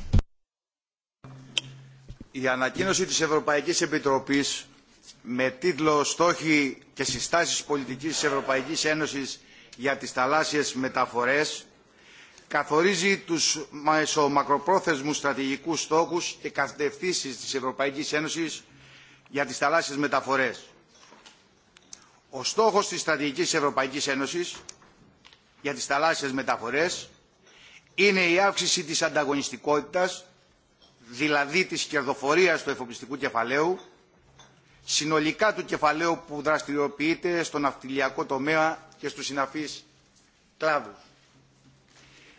με τίτλο «Στόχοι και συστάσεις πολιτικής της Ευρωπαϊκής Ένωσης για τις θαλάσσιες μεταφορές» καθορίζει τους μακροπρόθεσμους στρατηγικούς στόχους και κατευθύνσεις της Ευρωπαϊκής Ένωσης για τις θαλάσσιες μεταφορές. Ο στόχος της στρατηγικής Ευρωπαϊκής Ένωσης για τις θαλάσσιες μεταφορές είναι η αύξηση της ανταγωνιστικότητας, δηλαδή της κερδοφορίας του εφοπλιστικού κεφαλαίου, συνολικά του κεφαλαίου που δραστηριοποιείται στον ναυτιλιακό τομέα και στους συναφείς κλάδους.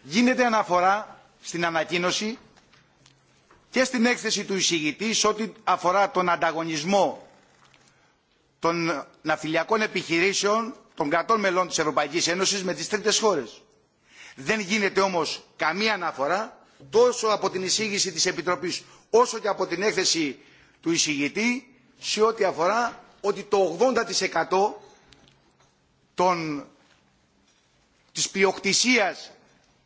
Γίνεται αναφορά στην ανακοίνωση και στην έκθεση του εισηγητή σε ό,τι αφορά τον ανταγωνισμό των ναυτιλιακών επιχειρήσεων των κατών μελών της Ευρωπαϊκής Ένωσης με τις τρίτες χώρες. Δεν γίνεται όμως καμία αναφορά τόσο από την εισήγηση της Επιτροπής όσο και από την έκθεση του εισηγητή σε ό,τι αφορά ότι το 80% των, της πλειοκτησίας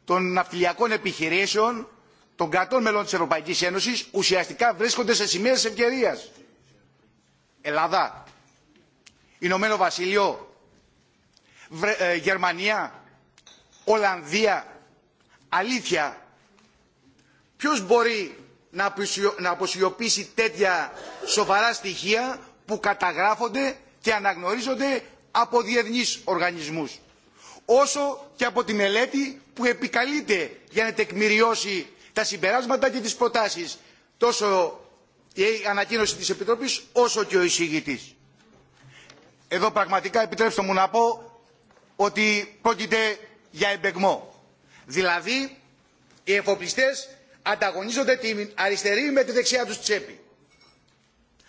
των ναυτιλιακών επιχειρήσεων των κατών μελών της Ευρωπαϊκής Ένωσης ουσιαστικά βρίσκονται σε σημεία της ευκαιρίας. Ελλάδα, Ηνωμένο Βασίλειο, Βρε, ε, Γερμανία, Ολλανδία, αλήθεια, ποιος μπορεί να, αποσιω, να αποσιωπήσει τέτοια σοβαρά στοιχεία που καταγράφονται και αναγνωρίζονται από διεθνείς οργανισμούς. Όσο και από τη μελέτη που επικαλείται για να τεκμηριώσει τα συμπεράσματα και τις προτάσεις τόσο η ανακοίνωση της Επιτροπής όσο και ο εισηγητής. Εδώ πραγματικά επιτρέψτε μου να πω ότι πρόκειται για εμπεγμό. Δηλαδή οι εφοπλιστές ανταγωνίζονται την αριστερή με τη δεξιά τους τσέπη.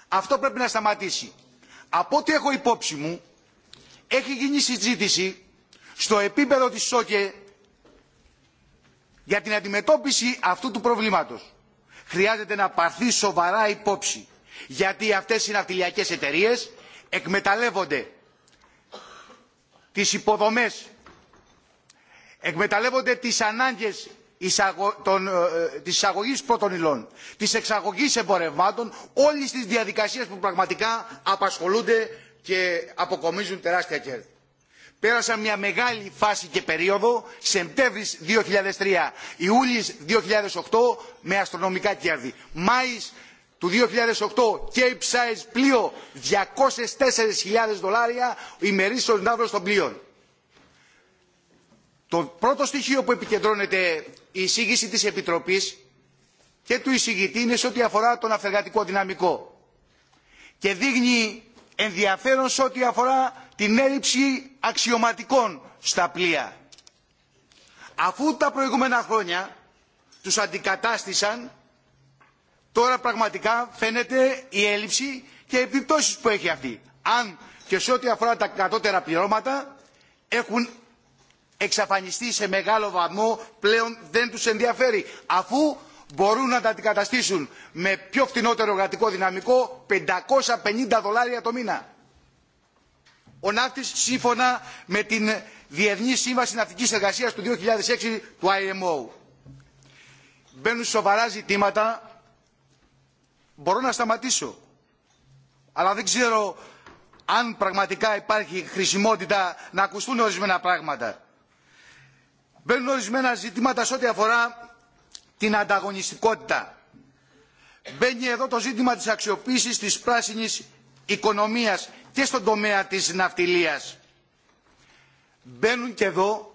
Αυτό πρέπει να σταματήσει. Από ό,τι έχω υπόψη μου, έχει γίνει συζήτηση στο επίπεδο της ΣΟΚΕ για την αντιμετώπιση αυτού του προβλήματος. Χρειάζεται να πάρθει σοβαρά υπόψη γιατί αυτές οι ναυτιλιακές εταιρείες εκμεταλλεύονται τις υποδομές, εκμεταλλεύονται τις ανάγκες των, ε, της εισαγωγής πρώτων υλών, της εξαγωγής εμπορευμάτων, όλες τις διαδικασίες που πραγματικά απασχολούνται και αποκομίζουν τεράστια κέρδη. Πέρασαν μια μεγάλη φάση και περίοδο, Σεπτέμβρης 2003, Ιούλης 2008, με αστρονομικά κέρδη. Μάης του 2008, Cape Size πλοίο, 204.000 δολάρια, ημερήσεων ναύρων των πλοίων. Το πρώτο στοιχείο που επικεντρώνεται η εισήγηση της Επιτροπής και του εισηγητή είναι σε ό,τι αφορά τον αφεργατικό δυναμικό και δείχνει ενδιαφέρον σε ό,τι αφορά την έλλειψη αξιωματικών στα πλοία. Αφού τα προηγούμενα χρόνια τους αντικατάστησαν, τώρα πραγματικά φαίνεται η έλλειψη και οι επιπτώσεις που έχει αυτή. Αν και σε ό,τι αφορά τα κατώτερα πληρώματα έχουν εξαφανιστεί σε μεγάλο βαθμό πλέον δεν τους ενδιαφέρει αφού μπορούν να τα αντικαταστήσουν με πιο φτηνότερο εργατικό δυναμικό 550 δολάρια το μήνα. Ο ναύτης σύμφωνα με την Διεθνή Σύμβαση Ναυτικής Εργασίας του 2006 του IMO. Μπαίνουν σοβαρά ζητήματα. Μπορώ να σταματήσω. Αλλά δεν ξέρω αν πραγματικά υπάρχει χρησιμότητα να ακουστούν ορισμένα πράγματα. Μπαίνουν ορισμένα ζητήματα σε ό,τι αφορά την ανταγωνιστικότητα. Μπαίνει εδώ το ζήτημα της αξιοποίησης της πράσινης οικονομίας και στον τομέα της ναυτιλίας. Μπαίνουν και εδώ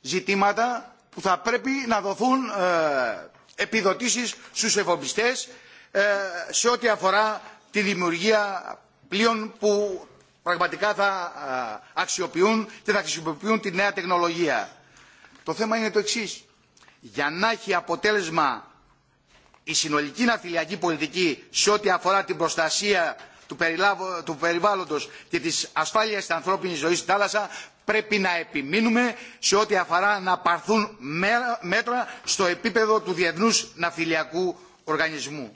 ζητήματα που θα πρέπει να δοθούν ε, επιδοτήσεις στους εφοπιστές ε, σε ό,τι αφορά τη δημιουργία πλοίων που πραγματικά θα ε, αξιοποιούν και θα χρησιμοποιούν τη νέα τεχνολογία. Το θέμα είναι το εξή. Για να έχει αποτέλεσμα η συνολική ναυτιλιακή πολιτική σε ό,τι αφορά την προστασία του, περιλάβω, του περιβάλλοντος και της ασφάλειας της ανθρώπινης ζωής στη θάλασσα, πρέπει να επιμείνουμε σε ό,τι αφορά να πάρθουν μέτρα στο επίπεδο του Διεθνούς Ναυτιλιακού Οργανισμού.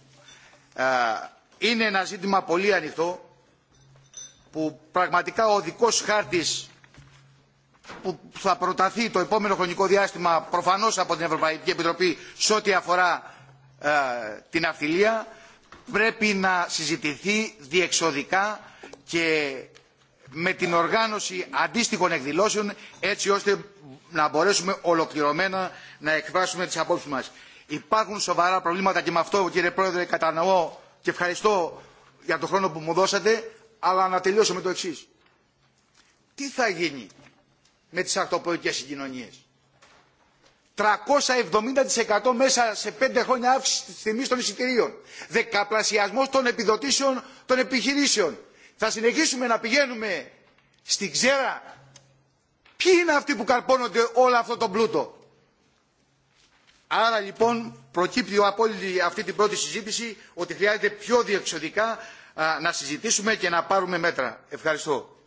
Είναι ένα ζήτημα πολύ ανοιχτό που πραγματικά ο δικός χάρτης που θα προταθεί το επόμενο χρονικό διάστημα προφανώς από την Ευρωπαϊκή Επιτροπή σε ό,τι αφορά ε, την αυθυλία πρέπει να συζητηθεί διεξοδικά και με την οργάνωση αντίστοιχων εκδηλώσεων έτσι ώστε να μπορέσουμε ολοκληρωμένα να εκφράσουμε τις απόψεις μας. Υπάρχουν σοβαρά προβλήματα και με αυτό κύριε Πρόεδρε κατανοώ και ευχαριστώ για τον χρόνο που μου δώσατε αλλά να τελειώσω με το εξής. Τι θα γίνει με τις αυτοπολιτικές συγκοινωνίες. 370% μέσα σε 5 χρόνια αύξηση της τιμής των εισιτηρίων. Δεκαπλασιασμός των επιδοτήσεων των επιχειρήσεων. Θα συνεχίσουμε να πηγαίνουμε στην ξέρα. Ποιοι είναι αυτοί που καρπώνονται όλο αυτό το πλούτο. Άρα λοιπόν προκύπτει από όλη αυτή την πρώτη συζήτηση ότι χρειάζεται πιο διεξοδικά να συζητήσουμε και να πάρουμε μέτρα. Ευχαριστώ.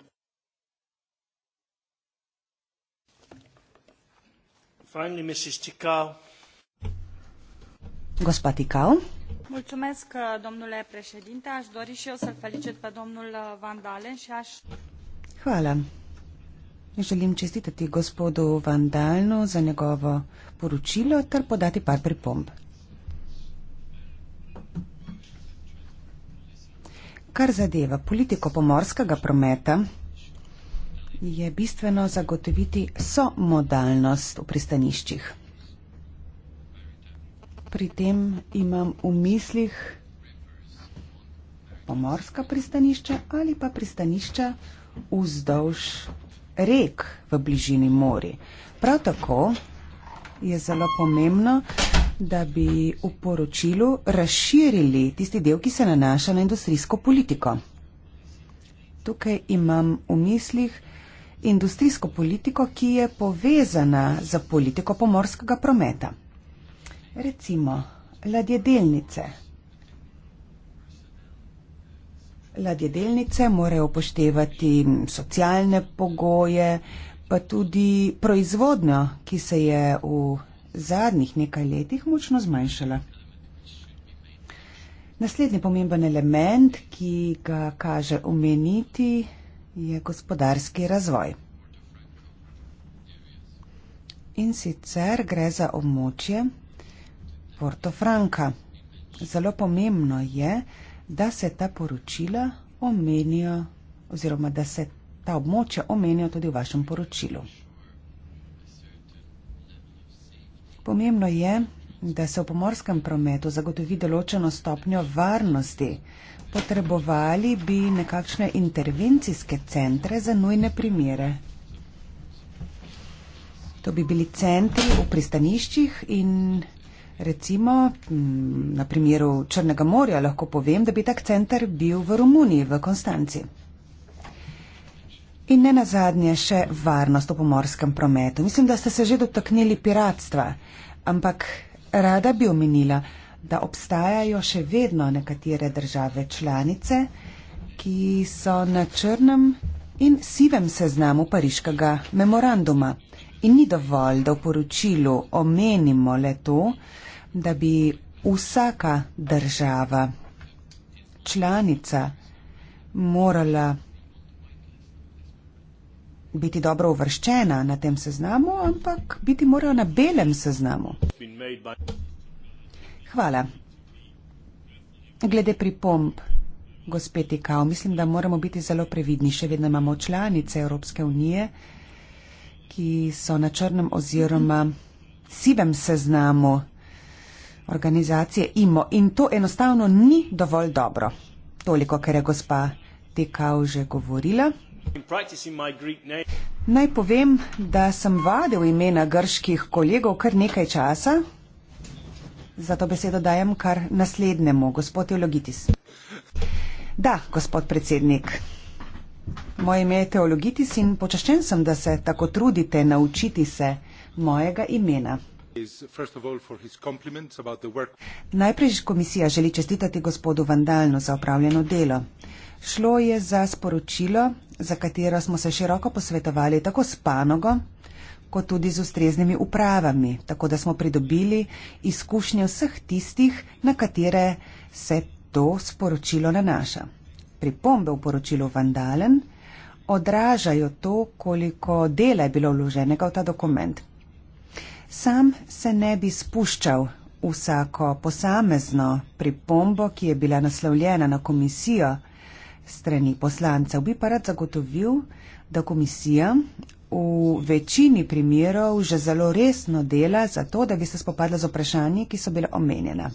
Finally, Mrs. Tikal. Gospa Tikal. Mulțumesc, domnule președinte. Aș dori și eu să-l felicit pe domnul Van Dalen și aș... Hvala. Želim čestitati gospodu Vandalnu za njegovo poročilo ter podati par pripomb. Kar zadeva politiko pomorskega prometa, je bistveno zagotoviti somodalnost v pristaniščih. Pri tem imam v mislih pomorska pristanišča ali pa pristanišča vzdolž rek v bližini mori. Prav tako je zelo pomembno, da bi v poročilu razširili tisti del, ki se nanaša na industrijsko politiko. Tukaj imam v mislih industrijsko politiko, ki je povezana z politiko pomorskega prometa. Recimo ladjedelnice. Ladjedelnice morajo upoštevati socialne pogoje, pa tudi proizvodnjo, ki se je v zadnjih nekaj letih močno zmanjšala. Naslednji pomemben element, ki ga kaže omeniti, je gospodarski razvoj. In sicer gre za območje Porto Franca. Zelo pomembno je, da se ta poročila omenijo oziroma da se ta območja omenijo tudi v vašem poročilu. Pomembno je, da se v pomorskem prometu zagotovi določeno stopnjo varnosti, Potrebovali bi nekakšne intervencijske centre za nujne primere. To bi bili centri v pristaniščih in recimo na primeru Črnega morja lahko povem, da bi tak center bil v Romuniji, v Konstanci. In ne nazadnje še varnost v pomorskem prometu. Mislim, da ste se že dotaknili piratstva, ampak rada bi omenila, da da obstajajo še vedno nekatere države članice, ki so na črnem in sivem seznamu pariškega memoranduma. In ni dovolj, da v poročilu omenimo le to, da bi vsaka država članica morala biti dobro uvrščena na tem seznamu, ampak biti morajo na belem seznamu. Hvala. Glede pripomb, gospod Ikao, mislim, da moramo biti zelo previdni. Še vedno imamo članice Evropske unije, ki so na črnem oziroma sivem seznamu organizacije IMO in to enostavno ni dovolj dobro. Toliko, ker je gospa Tikao že govorila. Naj povem, da sem vadil imena grških kolegov kar nekaj časa, Zato besedo dajem kar naslednjemu, gospod Teologitis. Da, gospod predsednik. Moje ime je Teologitis in počaščen sem, da se tako trudite naučiti se mojega imena. Najprej komisija želi čestitati gospodu Vandalnu za opravljeno delo. Šlo je za sporočilo, za katero smo se široko posvetovali tako s panogo, kot tudi z ustreznimi upravami, tako da smo pridobili izkušnje vseh tistih, na katere se to sporočilo nanaša. Pripombe v poročilu Vandalen odražajo to, koliko dela je bilo vloženega v ta dokument. Sam se ne bi spuščal vsako posamezno pripombo, ki je bila naslovljena na komisijo strani poslancev, bi pa rad zagotovil, da komisija v večini primerov že zelo resno dela za to, da bi se spopadla z vprašanji, ki so bile omenjena.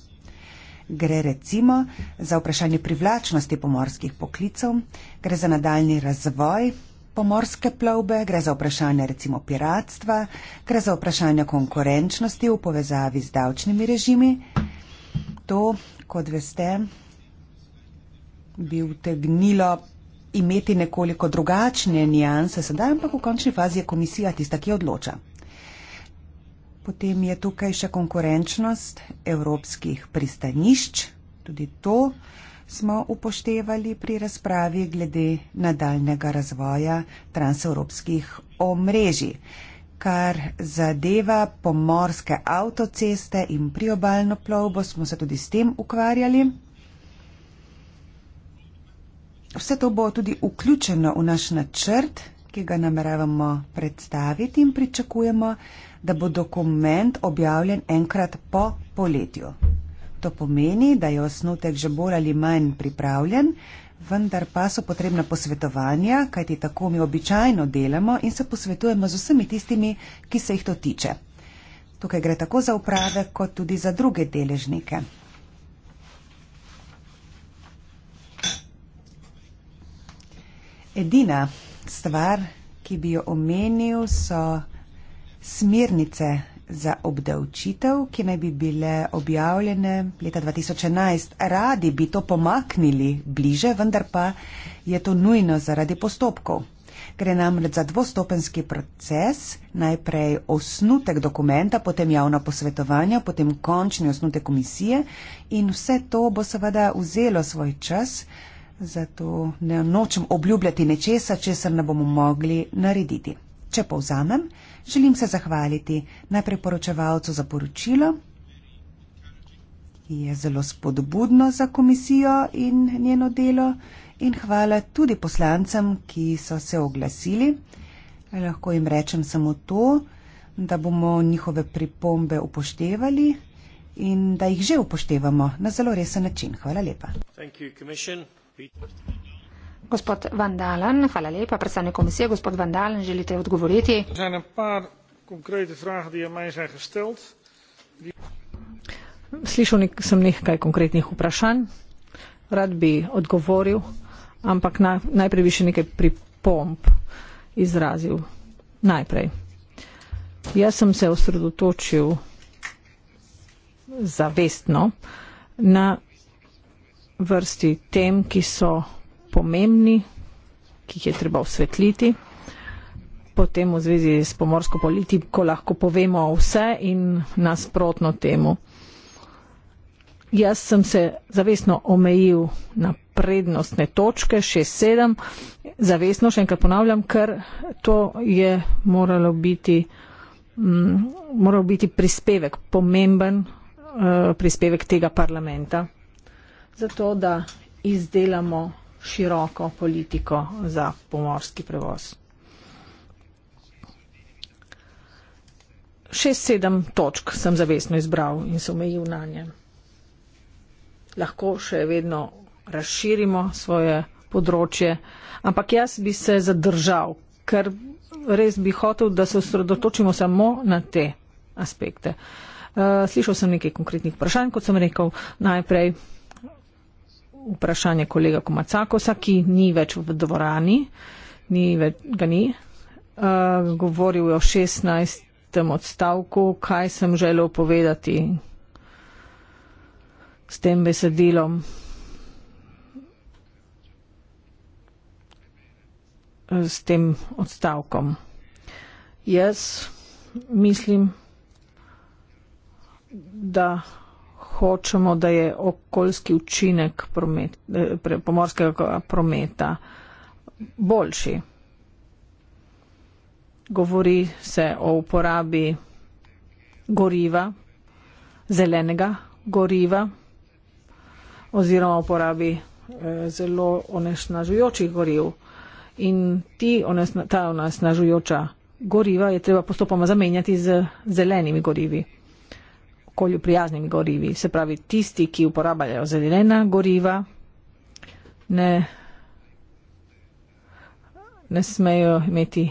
Gre recimo za vprašanje privlačnosti pomorskih poklicov, gre za nadaljni razvoj pomorske plovbe, gre za vprašanje recimo piratstva, gre za vprašanje konkurenčnosti v povezavi z davčnimi režimi. To, kot veste, bi utegnilo imeti nekoliko drugačne nijanse sedaj, ampak v končni fazi je komisija tista, ki odloča. Potem je tukaj še konkurenčnost evropskih pristanišč. Tudi to smo upoštevali pri razpravi glede nadaljnega razvoja transevropskih omrežij. Kar zadeva pomorske avtoceste in priobalno plovbo, smo se tudi s tem ukvarjali. Vse to bo tudi vključeno v naš načrt, ki ga nameravamo predstaviti in pričakujemo, da bo dokument objavljen enkrat po poletju. To pomeni, da je osnutek že bolj ali manj pripravljen, vendar pa so potrebna posvetovanja, kajti tako mi običajno delamo in se posvetujemo z vsemi tistimi, ki se jih to tiče. Tukaj gre tako za uprave, kot tudi za druge deležnike. Edina stvar, ki bi jo omenil, so smernice za obdavčitev, ki naj bi bile objavljene leta 2011. Radi bi to pomaknili bliže, vendar pa je to nujno zaradi postopkov. Gre namreč za dvostopenski proces, najprej osnutek dokumenta, potem javna posvetovanja, potem končni osnutek komisije in vse to bo seveda vzelo svoj čas, zato ne nočem obljubljati nečesa, česar ne bomo mogli narediti. Če povzamem, želim se zahvaliti najprej poročevalcu za poročilo, ki je zelo spodbudno za komisijo in njeno delo, in hvala tudi poslancem, ki so se oglasili. Lahko jim rečem samo to, da bomo njihove pripombe upoštevali in da jih že upoštevamo na zelo resen način. Hvala lepa. Gospod Vandalen, hvala lepa, predstavnik komisije. Gospod Vandalen, želite odgovoriti? Er Slišal nek, sem nekaj konkretnih vprašanj, rad bi odgovoril, ampak na, najprej bi še nekaj pripomp izrazil. Najprej. Jaz sem se osredotočil zavestno na vrsti tem, ki so pomembni, ki jih je treba osvetliti. Potem v zvezi s pomorsko politiko lahko povemo vse in nasprotno temu. Jaz sem se zavestno omejil na prednostne točke 6-7, zavestno še enkrat ponavljam, ker to je moralo biti, mm, moral biti prispevek, pomemben eh, prispevek tega parlamenta zato da izdelamo široko politiko za pomorski prevoz. Šest, sedem točk sem zavestno izbral in se omejil na nje. Lahko še vedno razširimo svoje področje, ampak jaz bi se zadržal, ker res bi hotel, da se osredotočimo samo na te aspekte. Eh, slišal sem nekaj konkretnih vprašanj, kot sem rekel najprej vprašanje kolega Komacakosa, ki ni več v dvorani, ni več, ga ni. Uh, govoril je o 16. odstavku, kaj sem želel povedati s tem besedilom. S tem odstavkom. Jaz mislim, da hočemo, da je okoljski učinek promet, eh, pomorskega prometa boljši. Govori se o uporabi goriva, zelenega goriva oziroma uporabi eh, zelo onesnažujočih goriv. In ti, onesna, ta onesnažujoča goriva je treba postopoma zamenjati z zelenimi gorivi okolju prijaznimi gorivi. Se pravi, tisti, ki uporabljajo zelena goriva, ne, ne smejo imeti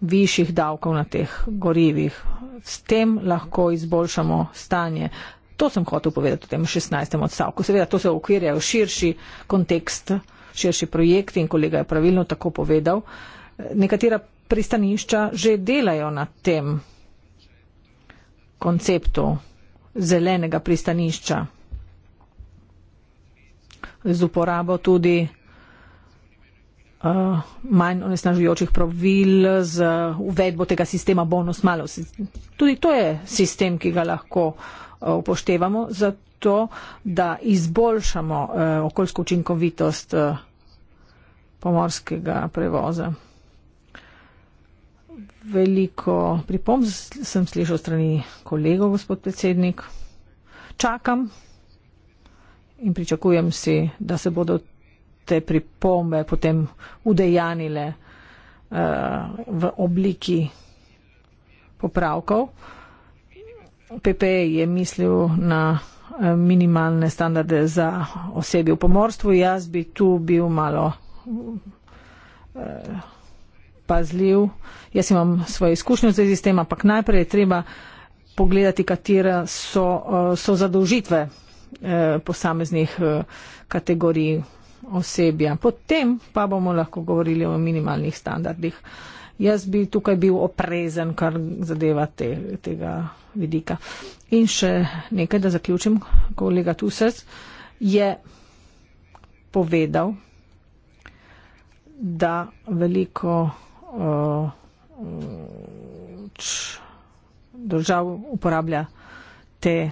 višjih davkov na teh gorivih. S tem lahko izboljšamo stanje. To sem hotel povedati v tem 16. odstavku. Seveda, to se ukvirja v širši kontekst, širši projekt in kolega je pravilno tako povedal. Nekatera pristanišča že delajo na tem konceptu zelenega pristanišča z uporabo tudi uh, manj onesnažujočih pravil, z uvedbo tega sistema bonus malus. Tudi to je sistem, ki ga lahko uh, upoštevamo za to, da izboljšamo uh, okoljsko učinkovitost uh, pomorskega prevoza veliko pripomb sem slišal strani kolegov, gospod predsednik. Čakam in pričakujem si, da se bodo te pripombe potem udejanile uh, v obliki popravkov. PP je mislil na eh, minimalne standarde za osebi v pomorstvu. Jaz bi tu bil malo. Uh, pazljiv. Jaz imam svoje izkušnje v zvezi s tem, ampak najprej je treba pogledati, katera so, eh, so zadolžitve eh, posameznih eh, kategorij osebja. Potem pa bomo lahko govorili o minimalnih standardih. Jaz bi tukaj bil oprezen, kar zadeva te, tega vidika. In še nekaj, da zaključim, kolega Tuses je povedal, da veliko uh, mm, držav uporablja te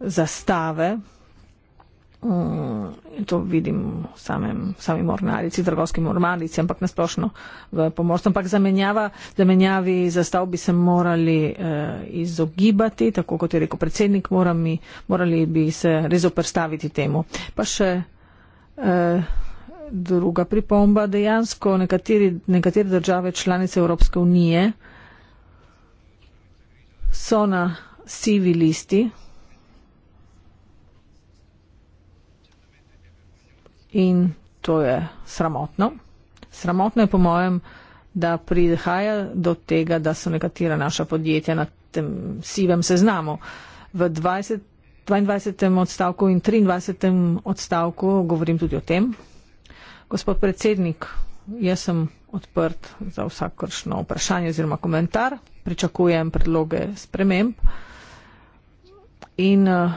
zastave. Um, to vidim v samem, sami mornarici, trgovski mornarici, ampak nasplošno v pomorstvu. Ampak zamenjava, zamenjavi zastav bi se morali uh, izogibati, tako kot je rekel predsednik, morami, morali bi se res oprstaviti temu. Pa še uh, Druga pripomba, dejansko nekateri, nekatere države članice Evropske unije so na sivi listi in to je sramotno. Sramotno je po mojem, da prihaja do tega, da so nekatera naša podjetja na tem sivem seznamu. V 20, 22. odstavku in 23. odstavku govorim tudi o tem. Gospod predsednik, jaz sem odprt za vsakršno vprašanje oziroma komentar, pričakujem predloge sprememb in eh,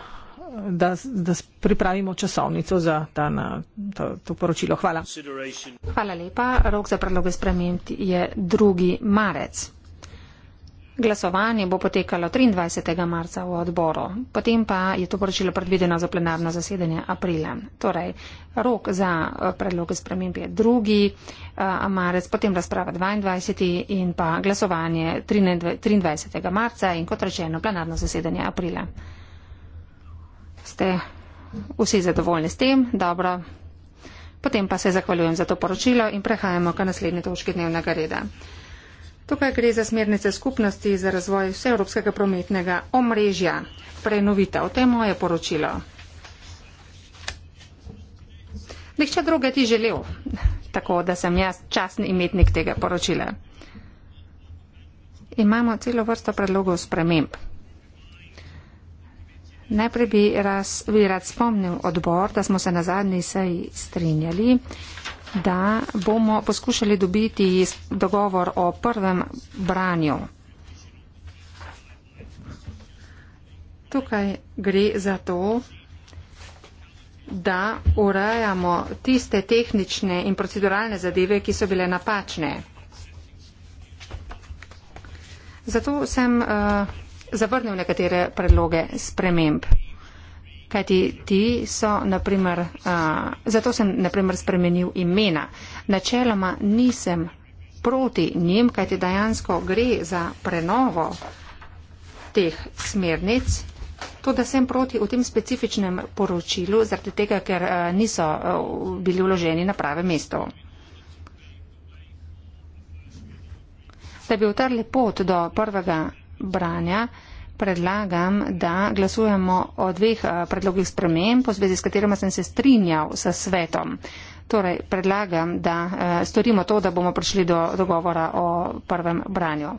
da, da pripravimo časovnico za ta na, to, to poročilo. Hvala. Hvala lepa. Rok za predloge sprememb je 2. marec. Glasovanje bo potekalo 23. marca v odboru, potem pa je to poročilo predvideno za plenarno zasedanje aprila. Torej, rok za eh, predloge sprememb je 2. Eh, marec, potem razprava 22. in pa glasovanje 23. marca in kot rečeno plenarno zasedanje aprila. Ste vsi zadovoljni s tem? Dobro. Potem pa se zahvaljujem za to poročilo in prehajamo k naslednji točki dnevnega reda. Tukaj gre za smernice skupnosti za razvoj vseevropskega prometnega omrežja. Prenovita, o tem je poročilo. Nihče druge ti želel, tako da sem jaz časni imetnik tega poročila. Imamo celo vrsto predlogov sprememb. Najprej bi, raz, bi rad spomnil odbor, da smo se na zadnji seji strinjali, da bomo poskušali dobiti dogovor o prvem branju. Tukaj gre za to, da urejamo tiste tehnične in proceduralne zadeve, ki so bile napačne. Zato sem uh, zavrnil nekatere predloge sprememb kajti ti so, naprimer, uh, zato sem, naprimer, spremenil imena. Načeloma nisem proti njim, kajti dejansko gre za prenovo teh smernic. To, da sem proti v tem specifičnem poročilu, zaradi tega, ker uh, niso uh, bili vloženi na prave mesto. Da bi utrli pot do prvega branja, uh, predlagam, da glasujemo o dveh eh, predlogih sprememb, v zvezi s katerima sem se strinjal s svetom. Torej, predlagam, da eh, storimo to, da bomo prišli do dogovora o prvem branju.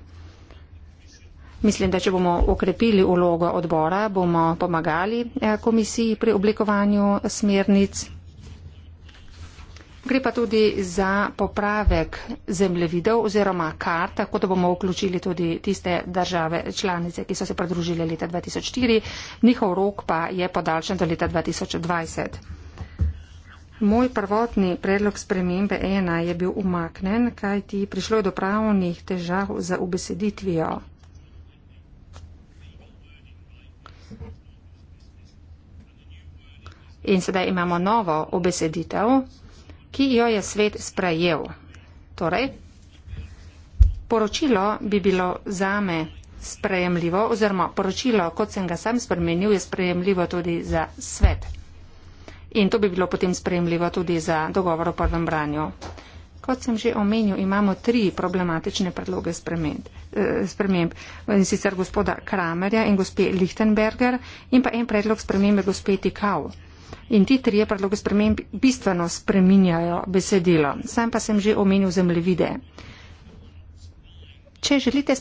Mislim, da če bomo okrepili ulogo odbora, bomo pomagali eh, komisiji pri oblikovanju smernic. Gre pa tudi za popravek zemljevidov oziroma kart, tako da bomo vključili tudi tiste države članice, ki so se pridružile leta 2004, njihov rok pa je podaljšan do leta 2020. Moj prvotni predlog spremembe ena je bil umaknen, kajti prišlo je do pravnih težav za ubeseditvijo. In sedaj imamo novo obeseditev, ki jo je svet sprejel. Torej, poročilo bi bilo zame sprejemljivo oziroma poročilo, kot sem ga sam spremenil, je sprejemljivo tudi za svet. In to bi bilo potem sprejemljivo tudi za dogovor o prvem branju. Kot sem že omenil, imamo tri problematične predloge sprememb. Eh, sprememb. In sicer gospoda Kramerja in gospe Lichtenberger in pa en predlog spremembe gospe Tikau. In ti trije predloge sprememb bistveno spreminjajo besedilo. Sam pa sem že omenil zemljevide. Če želite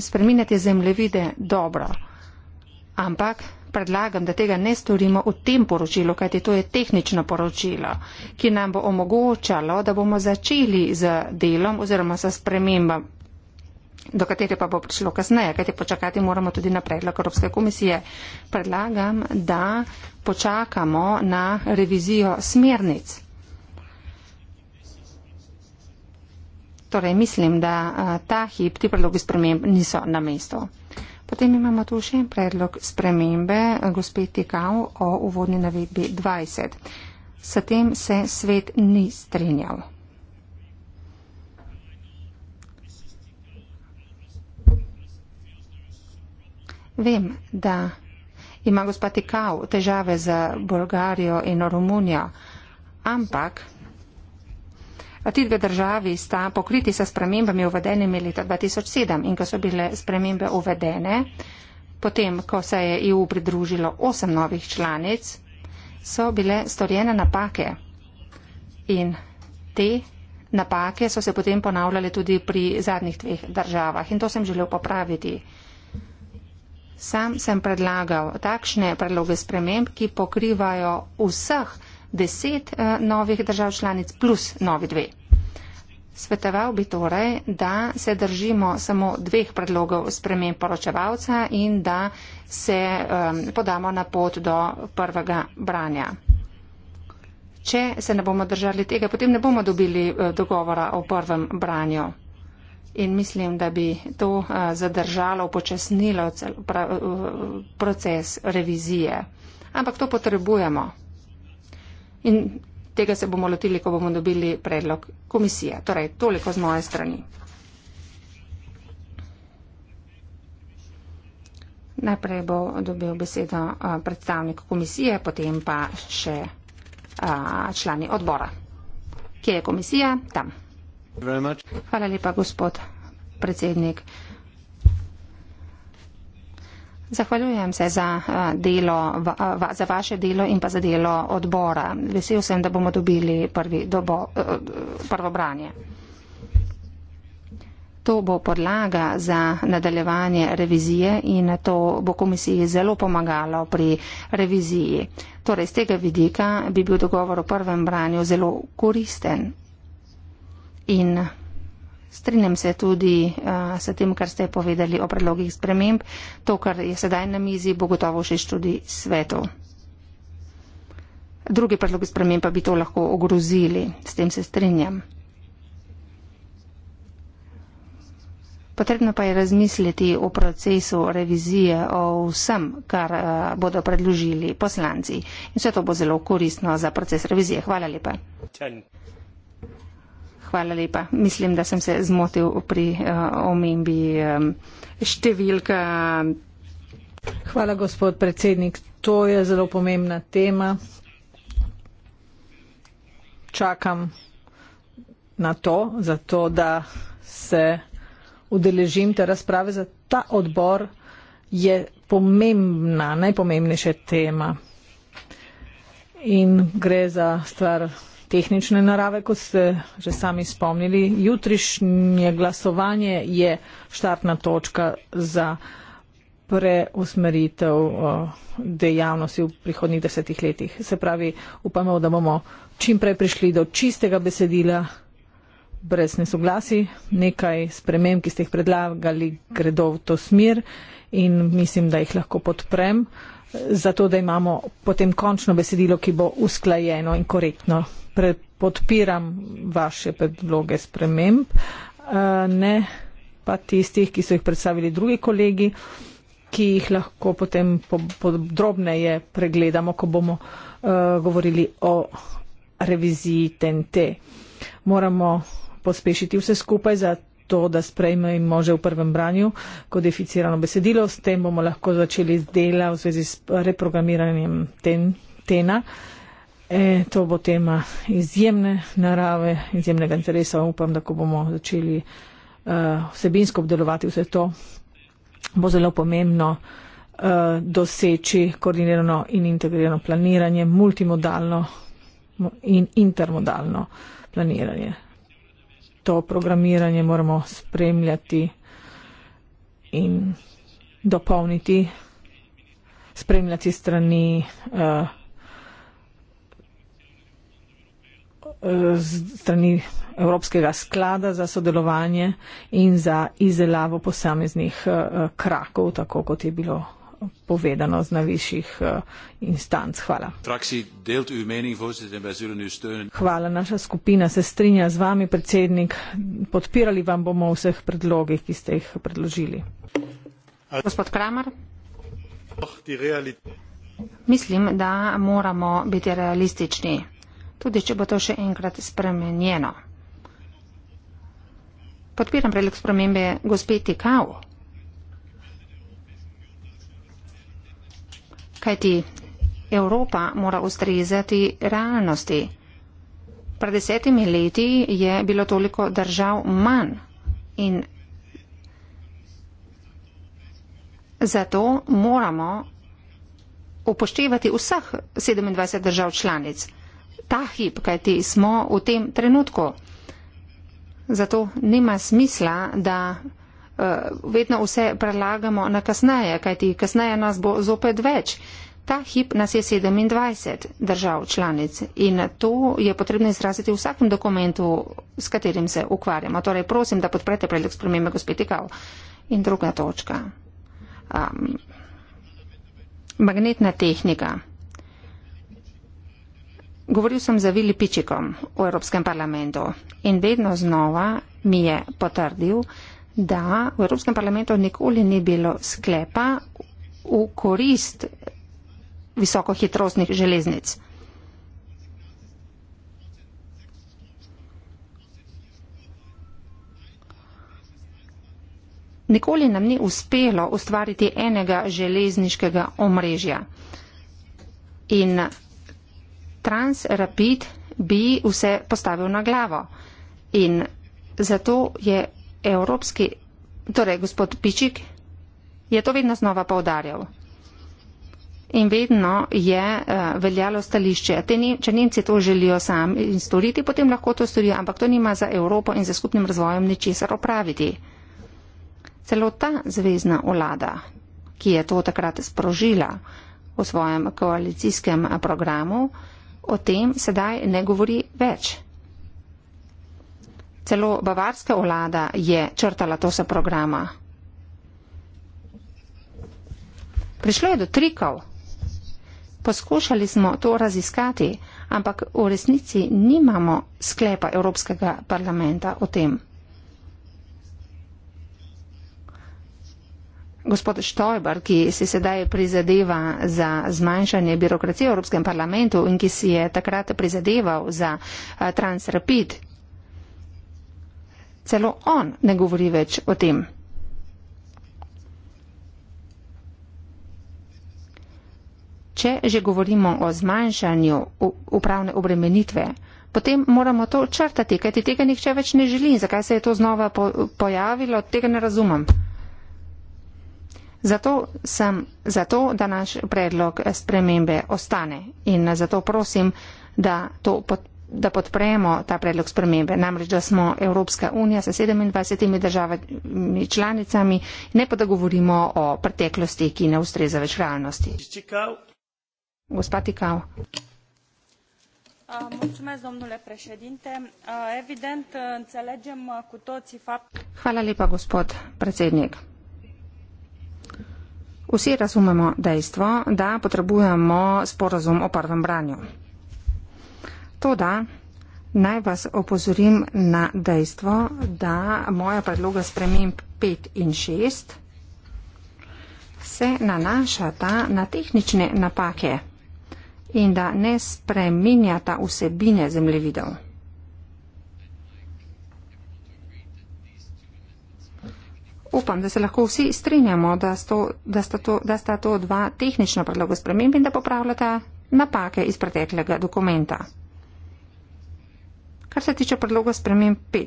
spreminjati zemljevide, dobro. Ampak predlagam, da tega ne storimo v tem poročilu, kajti to je tehnično poročilo, ki nam bo omogočalo, da bomo začeli z delom oziroma s spremembam do katere pa bo prišlo kasneje, kajte počakati moramo tudi na predlog Evropske komisije. Predlagam, da počakamo na revizijo smernic. Torej, mislim, da ta hip ti predlogi sprememb niso na mestu. Potem imamo tu še en predlog spremembe gospe Tikav o uvodni navedbi 20. S tem se svet ni strinjal. Vem, da ima gospod Tikav težave z Bolgarijo in Romunijo, ampak ti dve državi sta pokriti sa spremembami uvedenimi leta 2007 in ko so bile spremembe uvedene, potem, ko se je EU pridružilo osem novih članic, so bile storjene napake in te napake so se potem ponavljale tudi pri zadnjih dveh državah in to sem želel popraviti. Sam sem predlagal takšne predloge sprememb, ki pokrivajo vseh deset eh, novih držav članic plus novi dve. Svetoval bi torej, da se držimo samo dveh predlogov sprememb poročevalca in da se um, podamo na pot do prvega branja. Če se ne bomo držali tega, potem ne bomo dobili eh, dogovora o prvem branju. In mislim, da bi to eh, zadržalo, upočasnilo eh, proces revizije. Ampak to potrebujemo. In tega se bomo lotili, ko bomo dobili predlog komisije. Torej, toliko z moje strani. Najprej bo dobil besedo eh, predstavnik komisije, potem pa še člani odbora. Kje je komisija? Tam. Hvala lepa, gospod predsednik. Zahvaljujem se za, eh, delo, eh, za vaše delo in pa za delo odbora. Vesel sem, da bomo dobili prvi dobo, eh, prvo branje. To bo podlaga za nadaljevanje revizije in to bo komisiji zelo pomagalo pri reviziji. Torej, z tega vidika bi bil dogovor o prvem branju zelo koristen in strinjam se tudi uh, s tem, kar ste povedali o predlogih sprememb. To, kar je sedaj na mizi, bo gotovo všeč tudi svetu. Drugi predlogi sprememb pa bi to lahko ogrozili, s tem se strinjam. Potrebno pa je razmisliti o procesu revizije, o vsem, kar uh, bodo predložili poslanci. In vse to bo zelo koristno za proces revizije. Hvala lepa. Ten. Hvala lepa. Mislim, da sem se zmotil pri uh, omembi um, številka. Hvala, gospod predsednik. To je zelo pomembna tema. Čakam na to, zato da se udeležim te razprave za ta odbor. Je pomembna, najpomembnejša tema. In gre za stvar tehnične narave, kot ste že sami spomnili. Jutrišnje glasovanje je štartna točka za preusmeritev dejavnosti v prihodnih desetih letih. Se pravi, upamo, da bomo čim prej prišli do čistega besedila, brez nesoglasi, nekaj sprememb, ki ste jih predlagali, gredo v to smer in mislim, da jih lahko podprem. Uh, zato da imamo potem končno besedilo, ki bo usklajeno in korektno. Podpiram vaše predloge sprememb, ne pa tistih, ki so jih predstavili drugi kolegi, ki jih lahko potem podrobneje pregledamo, ko bomo govorili o reviziji TNT. Moramo pospešiti vse skupaj, to, da sprejme in može v prvem branju kodificirano besedilo. S tem bomo lahko začeli z dela v zvezi s reprogramiranjem ten, tena. E, to bo tema izjemne narave, izjemnega interesa. Upam, da ko bomo začeli uh, vsebinsko obdelovati vse to, bo zelo pomembno uh, doseči koordinirano in integrirano planiranje, multimodalno in intermodalno planiranje to programiranje moramo spremljati in dopolniti, spremljati strani uh, strani Evropskega sklada za sodelovanje in za izdelavo posameznih uh, krakov, tako kot je bilo povedano z najvišjih eh, instanc. Hvala. Hvala. Naša skupina se strinja z vami, predsednik. Podpirali vam bomo vseh predlogih, ki ste jih predložili. Gospod Kramer. Mislim, da moramo biti realistični, tudi če bo to še enkrat spremenjeno. Podpiram predlog spremembe gospe Tikao. kajti Evropa mora ustrezati realnosti. Pred desetimi leti je bilo toliko držav manj in zato moramo upoštevati vseh 27 držav članic. Ta hip, kajti smo v tem trenutku. Zato nima smisla, da uh, vedno vse prelagamo na kasneje, kajti kasneje nas bo zopet več. Ta hip nas je 27 držav članic in to je potrebno izraziti v vsakem dokumentu, s katerim se ukvarjamo. Torej, prosim, da podprete predlog spremembe gospetikal. In druga točka. Um, magnetna tehnika. Govoril sem za Vili Pičikom v Evropskem parlamentu in vedno znova mi je potrdil, da v Evropskem parlamentu nikoli ni bilo sklepa v korist visokohitrostnih železnic. Nikoli nam ni uspelo ustvariti enega železniškega omrežja in Transrapid bi vse postavil na glavo. In zato je evropski, torej gospod Pičik je to vedno znova povdarjal. In vedno je uh, veljalo stališče, ni, če Nemci to želijo sami in storiti, potem lahko to storijo, ampak to nima za Evropo in za skupnim razvojem ničesar opraviti. Celo ta zvezdna vlada, ki je to takrat sprožila v svojem koalicijskem programu, o tem sedaj ne govori več. Celo bavarska vlada je črtala to se programa. Prišlo je do trikov. Poskušali smo to raziskati, ampak v resnici nimamo sklepa Evropskega parlamenta o tem. Gospod Štojbar, ki si sedaj prizadeva za zmanjšanje birokracije v Evropskem parlamentu in ki si je takrat prizadeval za eh, Transrapid, celo on ne govori več o tem. Če že govorimo o zmanjšanju upravne obremenitve, potem moramo to črtati, kajti tega nihče več ne želi. Zakaj se je to znova pojavilo, tega ne razumem. Zato sem za to, da naš predlog spremembe ostane in zato prosim, da to podprete da podpremo ta predlog spremembe. Namreč, da smo Evropska unija s 27 državami članicami, ne pa da govorimo o preteklosti, ki ne ustreza več realnosti. Gospa Tikao. Mulțumesc, domnule președinte. Evident, înțelegem cu toții faptul. Hvala lepa, gospod predsednik. Vsi razumemo dejstvo, da potrebujemo sporazum o prvem branju. Toda naj vas opozorim na dejstvo, da moja predloga sprememb 5 in 6 se nanašata na tehnične napake in da ne spreminjata vsebine zemljevidov. Upam, da se lahko vsi strinjamo, da, sto, da, sta to, da sta to dva tehnična predloga sprememb in da popravljata napake iz preteklega dokumenta kar se tiče predloga spremem 5.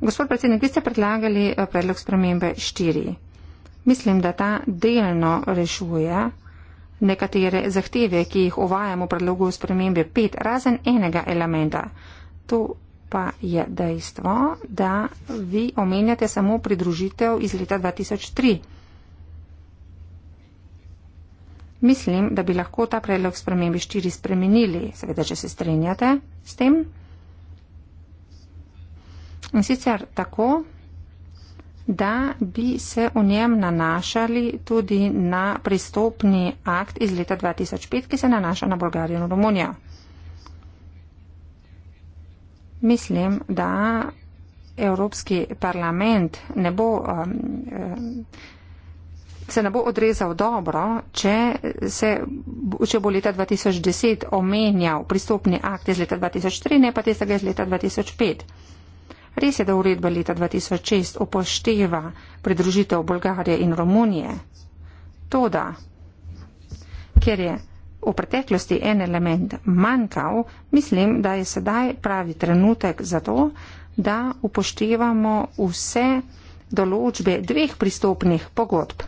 Gospod predsednik, vi ste predlagali eh, predlog spremembe 4. Mislim, da ta delno rešuje nekatere zahteve, ki jih uvajamo v predlogu spremembe 5, razen enega elementa. To pa je dejstvo, da vi omenjate samo pridružitev iz leta 2003. Mislim, da bi lahko ta predlog spremembi štiri spremenili, seveda, če se strinjate s tem. In sicer tako, da bi se v njem nanašali tudi na pristopni akt iz leta 2005, ki se nanaša na Bolgarijo in Romunijo. Mislim, da Evropski parlament ne bo. Um, um, se ne bo odrezal dobro, če, se, če bo leta 2010 omenjal pristopni akt iz leta 2003, ne pa tistega iz leta 2005. Res je, da uredba leta 2006 upošteva pridružitev Bolgarije in Romunije. Toda, ker je v preteklosti en element manjkal, mislim, da je sedaj pravi trenutek za to, da upoštevamo vse določbe dveh pristopnih pogodb.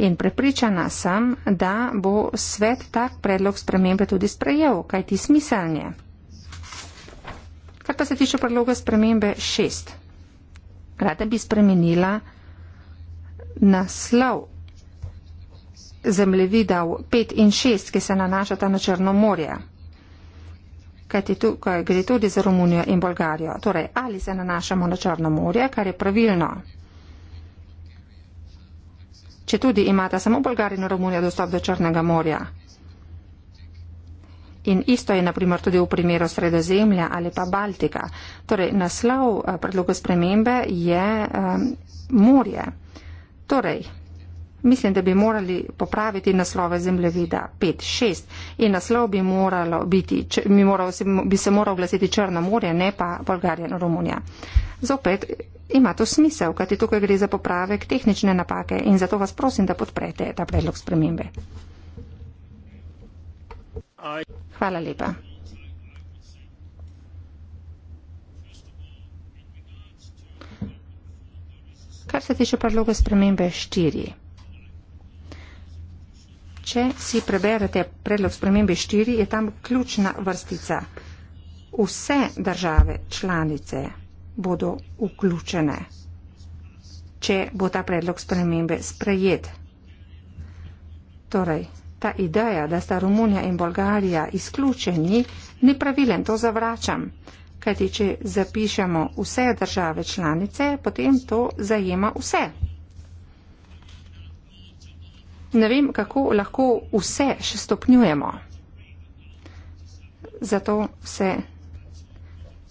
In prepričana sem, da bo svet tak predlog spremembe tudi sprejel, kaj ti smiselnje. Kar pa se tiče predloga spremembe šest. Rada bi spremenila naslov zemljevidov 5 in 6, ki se nanašata na Črno morje, kajti tukaj gre tudi za Romunijo in Bolgarijo. Torej, ali se nanašamo na Črno morje, kar je pravilno, če tudi imata samo Bolgarija in Romunija dostop do Črnega morja. In isto je naprimer tudi v primeru Sredozemlja ali pa Baltika. Torej, naslov eh, predloga spremembe je um, morje. Torej, mislim, da bi morali popraviti naslove zemljevida 5-6 in naslov bi, moralo biti, če, bi, moral, bi se moral glasiti Črno morje, ne pa Bolgarija in Romunija. Zopet ima to smisel, kajti tukaj gre za popravek tehnične napake in zato vas prosim, da podprete ta predlog spremembe. Hvala lepa. Kar se tiče predloga spremembe 4. Če si preberete predlog spremembe 4, je tam ključna vrstica. Vse države članice bodo vključene, če bo ta predlog spremembe sprejet. Torej, ta ideja, da sta Romunija in Bolgarija izključeni, ni pravilen, to zavračam. Kajti, če zapišemo vse države članice, potem to zajema vse. Ne vem, kako lahko vse še stopnjujemo. Zato se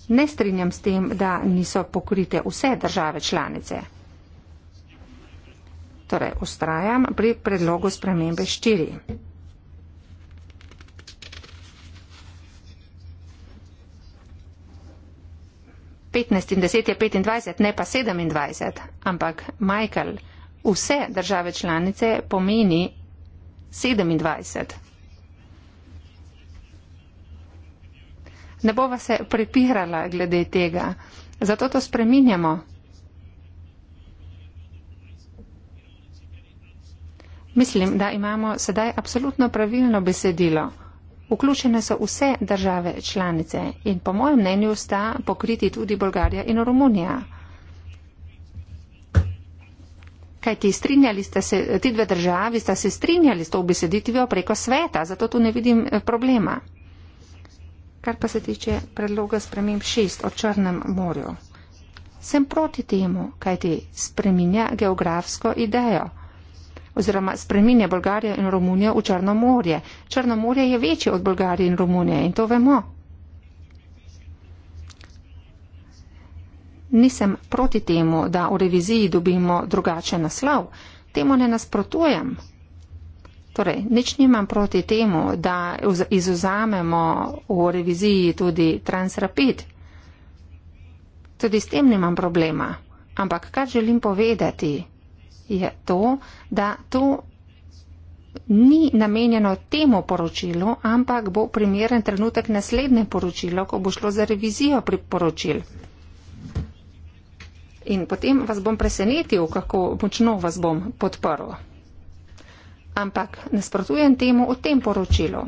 ne strinjam s tem, da niso pokrite vse države članice. Torej, ustrajam pri predlogu spremembe štiri. petnajst in deset je petindvajset, ne pa sedemindvajset, ampak Michael, vse države članice pomeni sedemindvajset. Ne bova se prepirala glede tega. Zato to spreminjamo. Mislim, da imamo sedaj absolutno pravilno besedilo. Vključene so vse države članice in po mojem mnenju sta pokriti tudi Bolgarija in Romunija. Kaj ti strinjali ste se, ti dve državi sta se strinjali s to beseditvijo preko sveta, zato tu ne vidim eh, problema. Kar pa se tiče predloga spremem šest o Črnem morju. Sem proti temu, kaj ti spreminja geografsko idejo oziroma spreminja Bolgarijo in Romunijo v Črno morje. Črno morje je večje od Bolgarije in Romunije in to vemo. Nisem proti temu, da v reviziji dobimo drugačen naslov. Temu ne nasprotujem. Torej, nič nimam proti temu, da izuzamemo v reviziji tudi transrapid. Tudi s tem nimam problema. Ampak kar želim povedati je to, da to ni namenjeno temu poročilu, ampak bo primeren trenutek naslednje poročilo, ko bo šlo za revizijo priporočil. In potem vas bom presenetil, kako močno vas bom podprl ampak nasprotujem temu v tem poročilu.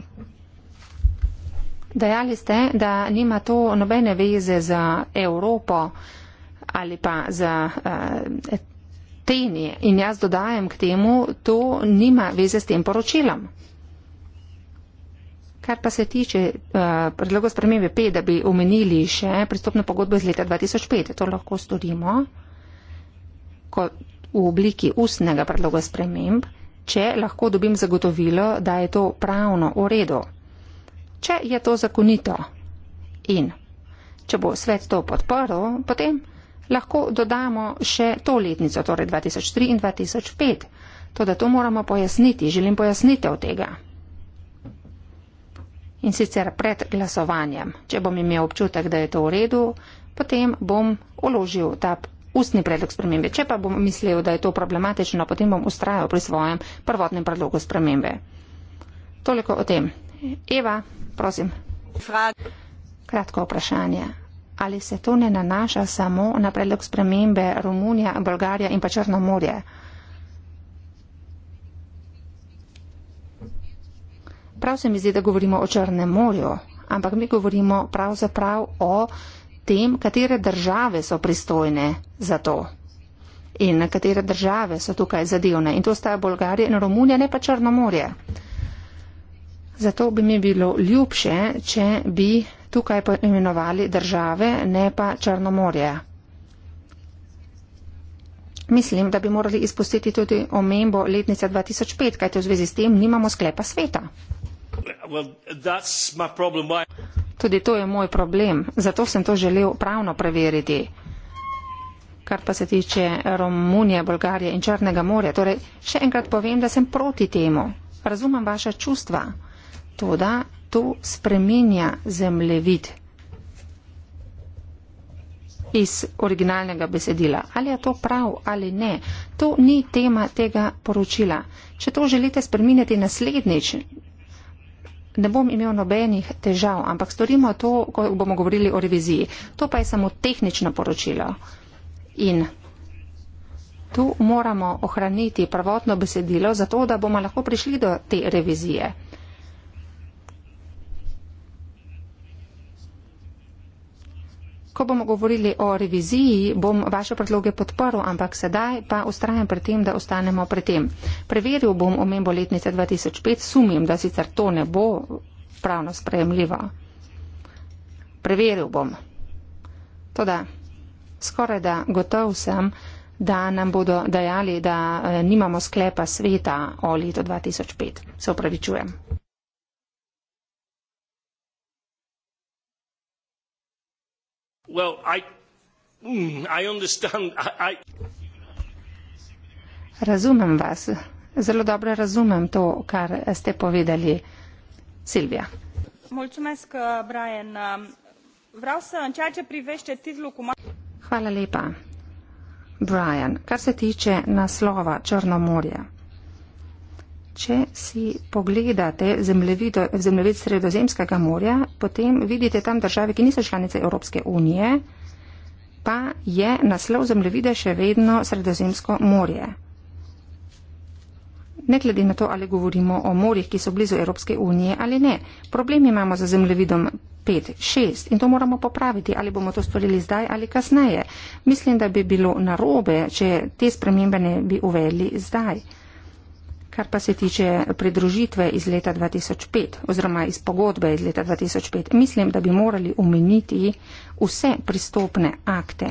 Dejali ste, da nima to nobene veze z Evropo ali pa z uh, eh, Teni in jaz dodajem k temu, to nima veze s tem poročilom. Kar pa se tiče uh, predloga spremembe 5, da bi omenili še pristopno pogodbo iz leta 2005, to lahko storimo v obliki ustnega predloga spremembe če lahko dobim zagotovilo, da je to pravno v redu, če je to zakonito in če bo svet to podprl, potem lahko dodamo še to letnico, torej 2003 in 2005. To, da to moramo pojasniti, želim pojasnitev tega. In sicer pred glasovanjem, če bom imel občutek, da je to v redu, potem bom uložil ta ustni predlog spremembe. Če pa bom mislil, da je to problematično, potem bom ustrajal pri svojem prvotnem predlogu spremembe. Toliko o tem. Eva, prosim. Kratko vprašanje. Ali se to ne nanaša samo na predlog spremembe Romunija, Bolgarija in pa Črnomorje? Prav se mi zdi, da govorimo o Črnem morju, ampak mi govorimo pravzaprav o tem, katere države so pristojne za to in katere države so tukaj zadevne. In to sta Bolgarija in Romunija, ne pa Črnomorje. Zato bi mi bilo ljubše, če bi tukaj poimenovali države, ne pa Črnomorje. Mislim, da bi morali izpustiti tudi omembo letnice 2005, kajte v zvezi s tem nimamo sklepa sveta. Well, Tudi to je moj problem, zato sem to želel pravno preveriti. Kar pa se tiče Romunije, Bolgarije in Črnega morja, torej še enkrat povem, da sem proti temu. Razumem vaša čustva. To, da to spreminja zemljevid iz originalnega besedila. Ali je to prav ali ne, to ni tema tega poročila. Če to želite spreminjati naslednjič, ne bom imel nobenih težav, ampak storimo to, ko bomo govorili o reviziji. To pa je samo tehnično poročilo. In tu moramo ohraniti prvotno besedilo, zato da bomo lahko prišli do te revizije. Ko bomo govorili o reviziji, bom vaše predloge podporil, ampak sedaj pa ustrajam pri tem, da ostanemo pri tem. Preveril bom omembo letnice 2005, sumim, da sicer to ne bo pravno sprejemljivo. Preveril bom. Toda, skoraj da gotov sem, da nam bodo dejali, da eh, nimamo sklepa sveta o letu 2005. Se upravičujem. Well, I, mm, I understand. *laughs* I, I... Razumem vas. Zelo dobro razumem to, kar ste povedali, Silvija. Mulțumesc, Brian. Vreau să în ceea ce privește titlul cu... Hvala lepa, Brian. Kar se tiče naslova Črno morje, Če si pogledate zemljevid sredozemskega morja, potem vidite tam države, ki niso članice Evropske unije, pa je naslov zemljevide še vedno sredozemsko morje. Ne glede na to, ali govorimo o morjih, ki so blizu Evropske unije ali ne. Problem imamo za zemljevidom 5, 6 in to moramo popraviti, ali bomo to storili zdaj ali kasneje. Mislim, da bi bilo narobe, če te spremembe ne bi uvedli zdaj. Kar pa se tiče pridružitve iz leta 2005 oziroma iz pogodbe iz leta 2005, mislim, da bi morali omeniti vse pristopne akte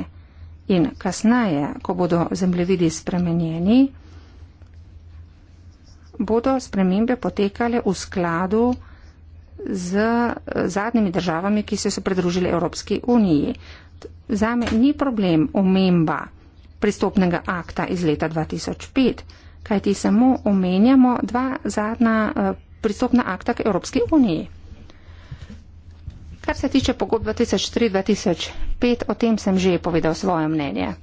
in kasneje, ko bodo zemljevidi spremenjeni, bodo spremembe potekale v skladu z zadnjimi državami, ki so se pridružili Evropski uniji. Zame ni problem omemba pristopnega akta iz leta 2005 kajti samo omenjamo dva zadnja eh, pristopna akta k Evropski uniji. Kar se tiče pogodbe 2003-2005, o tem sem že povedal svoje mnenje.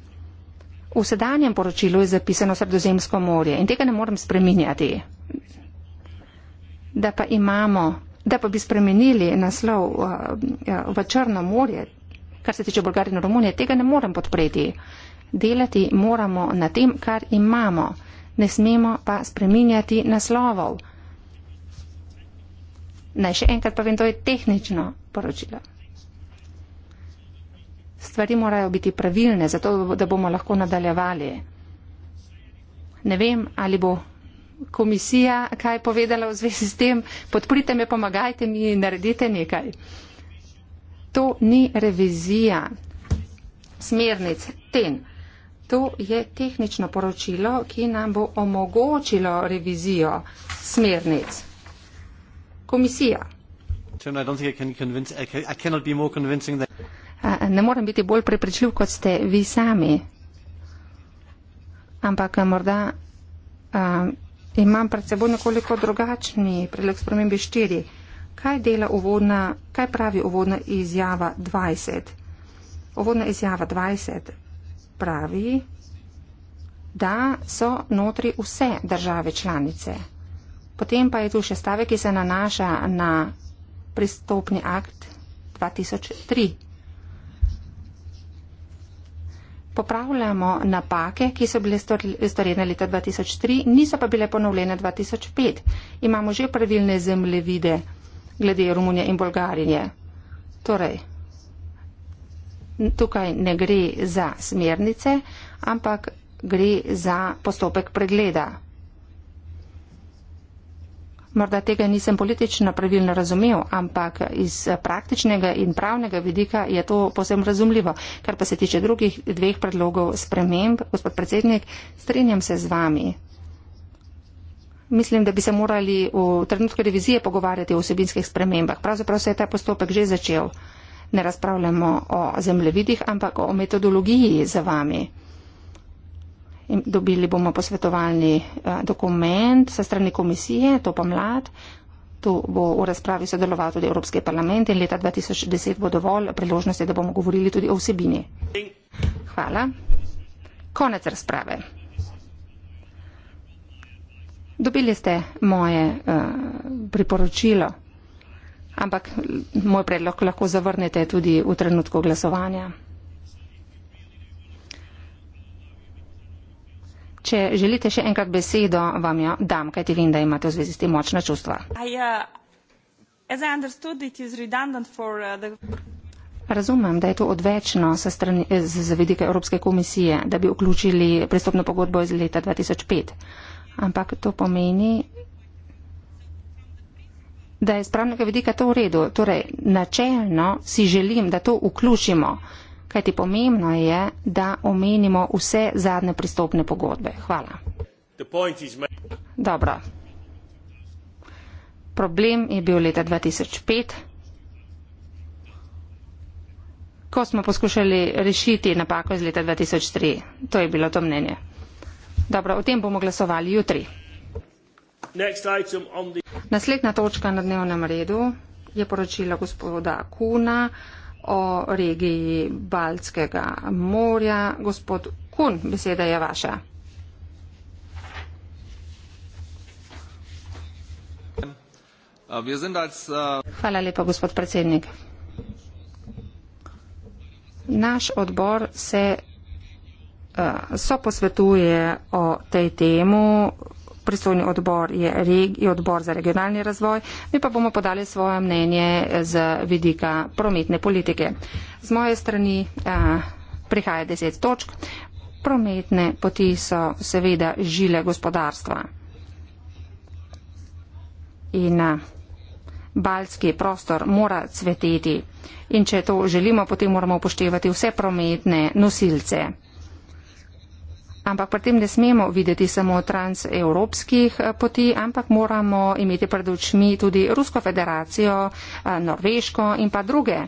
V sedanjem poročilu je zapisano Sredozemsko morje in tega ne morem spreminjati. Da pa, imamo, da pa bi spremenili naslov uh, uh, v Črno morje, kar se tiče Bolgarije in Romunije, tega ne morem podpreti. Delati moramo na tem, kar imamo ne smemo pa spreminjati naslovov. Naj še enkrat povem, to je tehnično poročilo. Stvari morajo biti pravilne, zato da bomo lahko nadaljevali. Ne vem, ali bo komisija kaj povedala v zvezi s tem, podprite me, pomagajte mi, naredite nekaj. To ni revizija smernic ten. To je tehnično poročilo, ki nam bo omogočilo revizijo smernic. Komisija. Ne morem biti bolj prepričljiv, kot ste vi sami. Ampak morda uh, imam pred seboj nekoliko drugačni predlog spremembe 4. Kaj, uvodna, kaj pravi uvodna izjava 20? Uvodna izjava 20 pravi, da so notri vse države članice. Potem pa je tu še stavek, ki se nanaša na pristopni akt 2003. Popravljamo napake, ki so bile storjene leta 2003, niso pa bile ponovljene 2005. Imamo že pravilne zemljevide glede Romunije in Bolgarije. Torej, tukaj ne gre za smernice, ampak gre za postopek pregleda. Morda tega nisem politično pravilno razumel, ampak iz praktičnega in pravnega vidika je to posebno razumljivo. Kar pa se tiče drugih dveh predlogov sprememb, gospod predsednik, strinjam se z vami. Mislim, da bi se morali v trenutku revizije pogovarjati o osebinskih spremembah. Pravzaprav se je ta postopek že začel ne razpravljamo o zemljevidih, ampak o metodologiji za vami. In dobili bomo posvetovalni eh, dokument sa strani komisije, to pa mlad. Tu bo v razpravi sodeloval tudi Evropski parlament in leta 2010 bo dovolj priložnosti, da bomo govorili tudi o vsebini. Hvala. Konec razprave. Dobili ste moje uh, priporočilo ampak moj predlog lahko zavrnete tudi v trenutku glasovanja. Če želite še enkrat besedo, vam jo dam, kajti vem, da imate v zvezi s tem močna čustva. Uh, uh, Razumem, da je to odvečno strani, z, z vidike Evropske komisije, da bi vključili pristopno pogodbo iz leta 2005. Ampak to pomeni, da je z pravnega vidika to v redu. Torej, načelno si želim, da to vključimo, kajti pomembno je, da omenimo vse zadnje pristopne pogodbe. Hvala. Dobro. Problem je bil leta 2005, ko smo poskušali rešiti napako iz leta 2003. To je bilo to mnenje. Dobro, o tem bomo glasovali jutri. Naslednja točka na dnevnem redu je poročila gospoda Kuna o regiji Baltskega morja. Gospod Kun, beseda je vaša. Äh, Hvala lepa, gospod predsednik. Naš odbor se äh, so posvetuje o tej temu pristojni odbor je regi, odbor za regionalni razvoj, mi pa bomo podali svoje mnenje z vidika prometne politike. Z moje strani a, eh, prihaja deset točk. Prometne poti so seveda žile gospodarstva. In a, eh, balski prostor mora cveteti. In če to želimo, potem moramo upoštevati vse prometne nosilce ampak pri tem ne smemo videti samo transevropskih eh, poti, ampak moramo imeti pred očmi tudi Rusko federacijo, eh, Norveško in pa druge eh,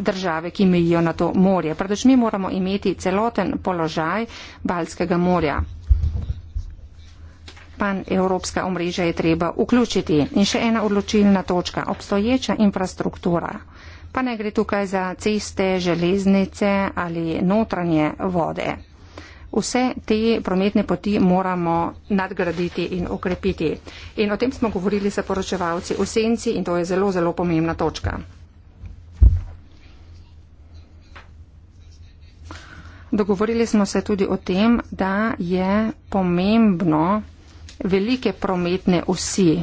države, ki mejijo na to morje. Pred očmi moramo imeti celoten položaj Balskega morja. Pan Evropska omrežja je treba vključiti. In še ena odločilna točka, obstoječa infrastruktura. Pa ne gre tukaj za ceste, železnice ali notranje vode vse te prometne poti moramo nadgraditi in okrepiti. In o tem smo govorili sa poročevalci v senci in to je zelo, zelo pomembna točka. Dogovorili smo se tudi o tem, da je pomembno velike prometne vsi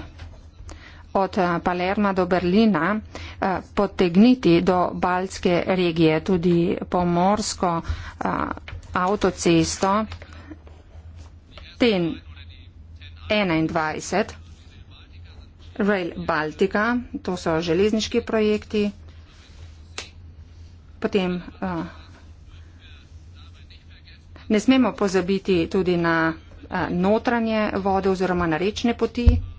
od eh, Palerma do Berlina eh, potegniti do Baltske regije, tudi pomorsko eh, avtocesto TEN 21, Rail Baltica, to so železniški projekti, potem eh, ne smemo pozabiti tudi na eh, notranje vode oziroma na rečne poti.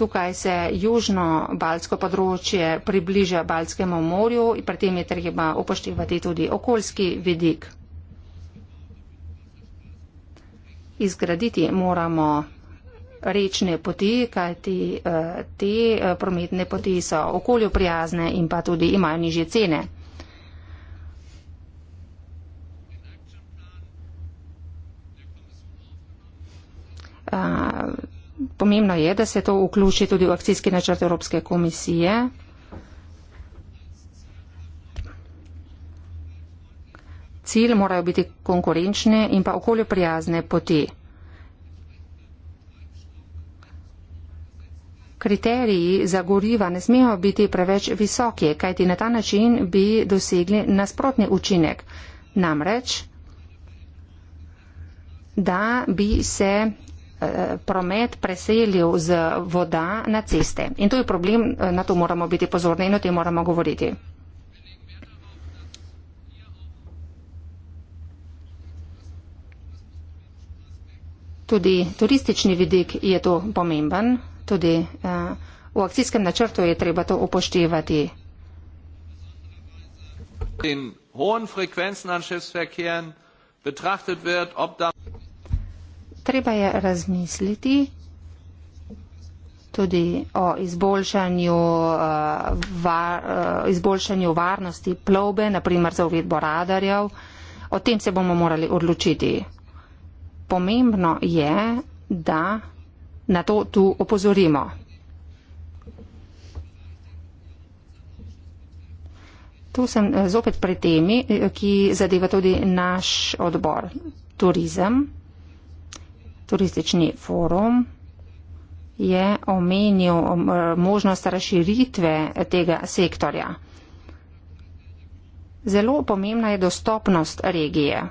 Tukaj se južno-balsko področje približa Balskemu morju in pri tem je treba upoštevati tudi okoljski vidik. Izgraditi moramo rečne poti, kajti e, te e, prometne poti so okolju prijazne in pa tudi imajo nižje cene. Uh, pomembno je, da se to vključi tudi v akcijski načrt Evropske komisije. Cilj morajo biti konkurenčne in pa okoljoprijazne poti. Kriteriji za goriva ne smejo biti preveč visoki, kajti na ta način bi dosegli nasprotni učinek. Namreč, da bi se promet preselil z voda na ceste. In to je problem, na to moramo biti pozorni in o tem moramo govoriti. Tudi turistični vidik je to pomemben, tudi eh, v akcijskem načrtu je treba to upoštevati. In hohen frekvencen na šestverkjen betrahtet vrt, ob da. Treba je razmisliti tudi o izboljšanju, eh, var, eh, izboljšanju varnosti plovbe, naprimer za uvedbo radarjev. O tem se bomo morali odločiti. Pomembno je, da na to tu opozorimo. Tu sem eh, zopet pri temi, ki zadeva tudi naš odbor turizem turistični forum je omenil um, možnost razširitve tega sektorja. Zelo pomembna je dostopnost regije.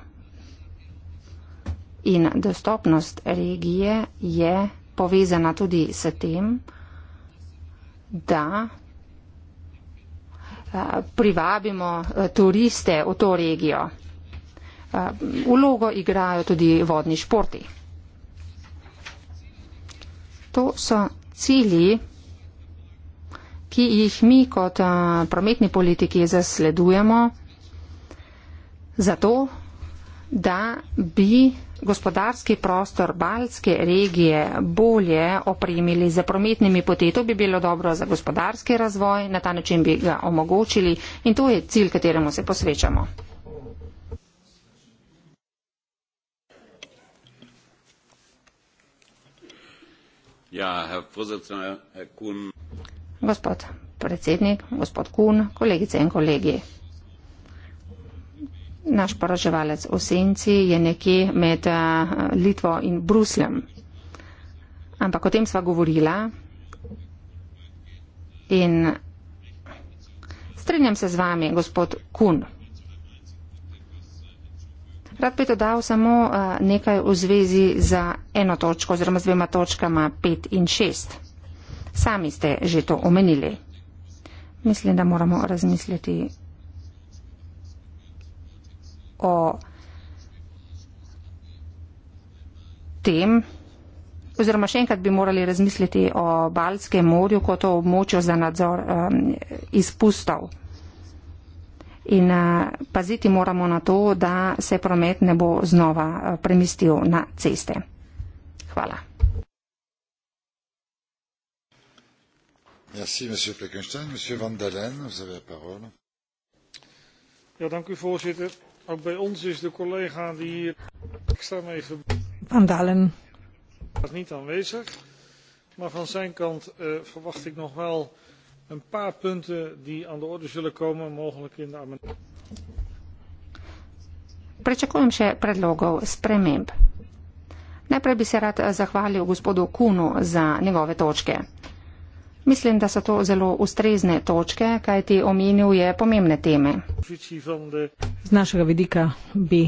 In dostopnost regije je povezana tudi s tem, da privabimo turiste v to regijo. Ulogo igrajo tudi vodni športi. To so cilji, ki jih mi kot prometni politiki zasledujemo, zato da bi gospodarski prostor Balske regije bolje opremili za prometnimi poti. To bi bilo dobro za gospodarski razvoj, na ta način bi ga omogočili in to je cilj, kateremu se posvečamo. Ja, gospod predsednik, gospod Kun, kolegice in kolegi. Naš poraževalec v senci je nekje med eh, Litvo in Brusljem. Ampak o tem sva govorila in strinjam se z vami, gospod Kun. Rad bi dodal samo eh, nekaj v zvezi z eno točko oziroma z dvema točkama 5 in 6. Sami ste že to omenili. Mislim, da moramo razmisliti o tem, oziroma še enkrat bi morali razmisliti o Balskem morju kot o območju za nadzor um, izpustov. In eh, paziti moramo na to, da se promet ne bo znova eh, premestil na ceste. Hvala. Merci, monsieur Plekenstein. Monsieur Van Dalen, vous avez la parole. Ja, dank u, voorzitter. Ook bij ons is de collega die hier extra mee gebeurt. Van Dalen. Was niet aanwezig. Maar van zijn kant uh, verwacht ik nog wel uh, een paar punten die aan de orde zullen komen, mogelijk in de amendementen. Pričakujem še predlogov sprememb. Najprej bi se rad eh, zahvalil gospodu Kunu za njegove točke. Mislim, da so to zelo ustrezne točke, kajti omenil je pomembne teme. Z našega vidika bi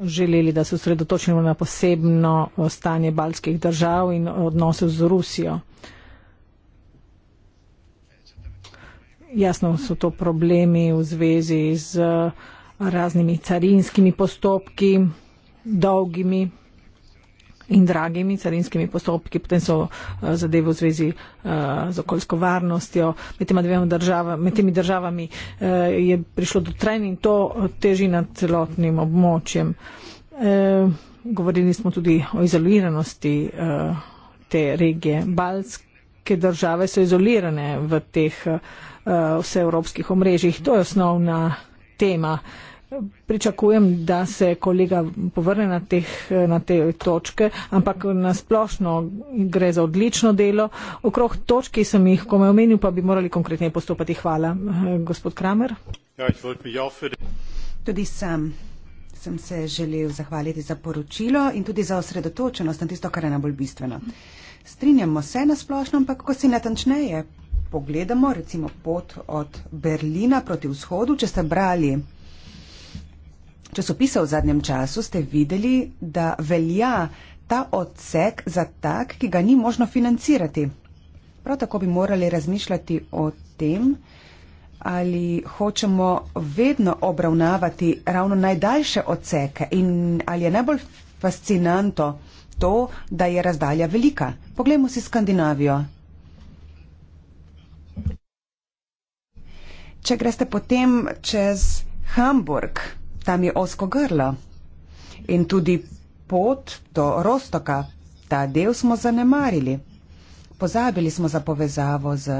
želeli, da se osredotočimo na posebno stanje balskih držav in odnose z Rusijo. jasno so to problemi v zvezi z raznimi carinskimi postopki, dolgimi in dragimi carinskimi postopki, potem so eh, zadeve v zvezi eh, z okoljsko varnostjo. Med, država, med temi državami eh, je prišlo do trenja in to teži nad celotnim območjem. Govorili smo tudi o izoliranosti te regije. Balske države so izolirane v teh Eh, vse evropskih omrežjih. To je osnovna tema. Pričakujem, da se kolega povrne na, teh, na te točke, ampak nasplošno gre za odlično delo. Okrog točk, ki sem jih komaj omenil, pa bi morali konkretneje postopati. Hvala, eh, gospod Kramer. Ja, ja, tudi sam sem se želel zahvaliti za poročilo in tudi za osredotočenost na tisto, kar je najbolj bistveno. Strinjamo se nasplošno, ampak ko si natančneje pogledamo, recimo pot od Berlina proti vzhodu, če ste brali časopisa v zadnjem času, ste videli, da velja ta odsek za tak, ki ga ni možno financirati. Prav tako bi morali razmišljati o tem, ali hočemo vedno obravnavati ravno najdaljše odseke in ali je najbolj fascinanto to, da je razdalja velika. Poglejmo si Skandinavijo. če greste potem čez Hamburg, tam je osko grlo in tudi pot do Rostoka, ta del smo zanemarili. Pozabili smo za povezavo z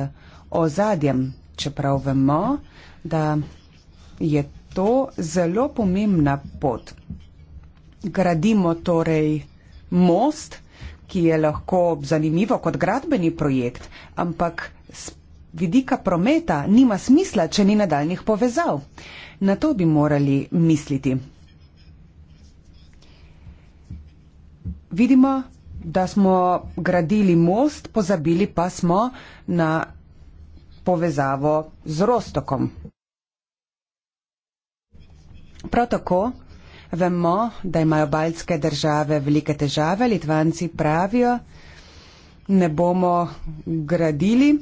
ozadjem, čeprav vemo, da je to zelo pomembna pot. Gradimo torej most, ki je lahko zanimivo kot gradbeni projekt, ampak spet vidika prometa nima smisla, če ni nadaljnih povezav. Na to bi morali misliti. Vidimo, da smo gradili most, pozabili pa smo na povezavo z Rostokom. Prav tako vemo, da imajo baljske države velike težave, Litvanci pravijo, ne bomo gradili.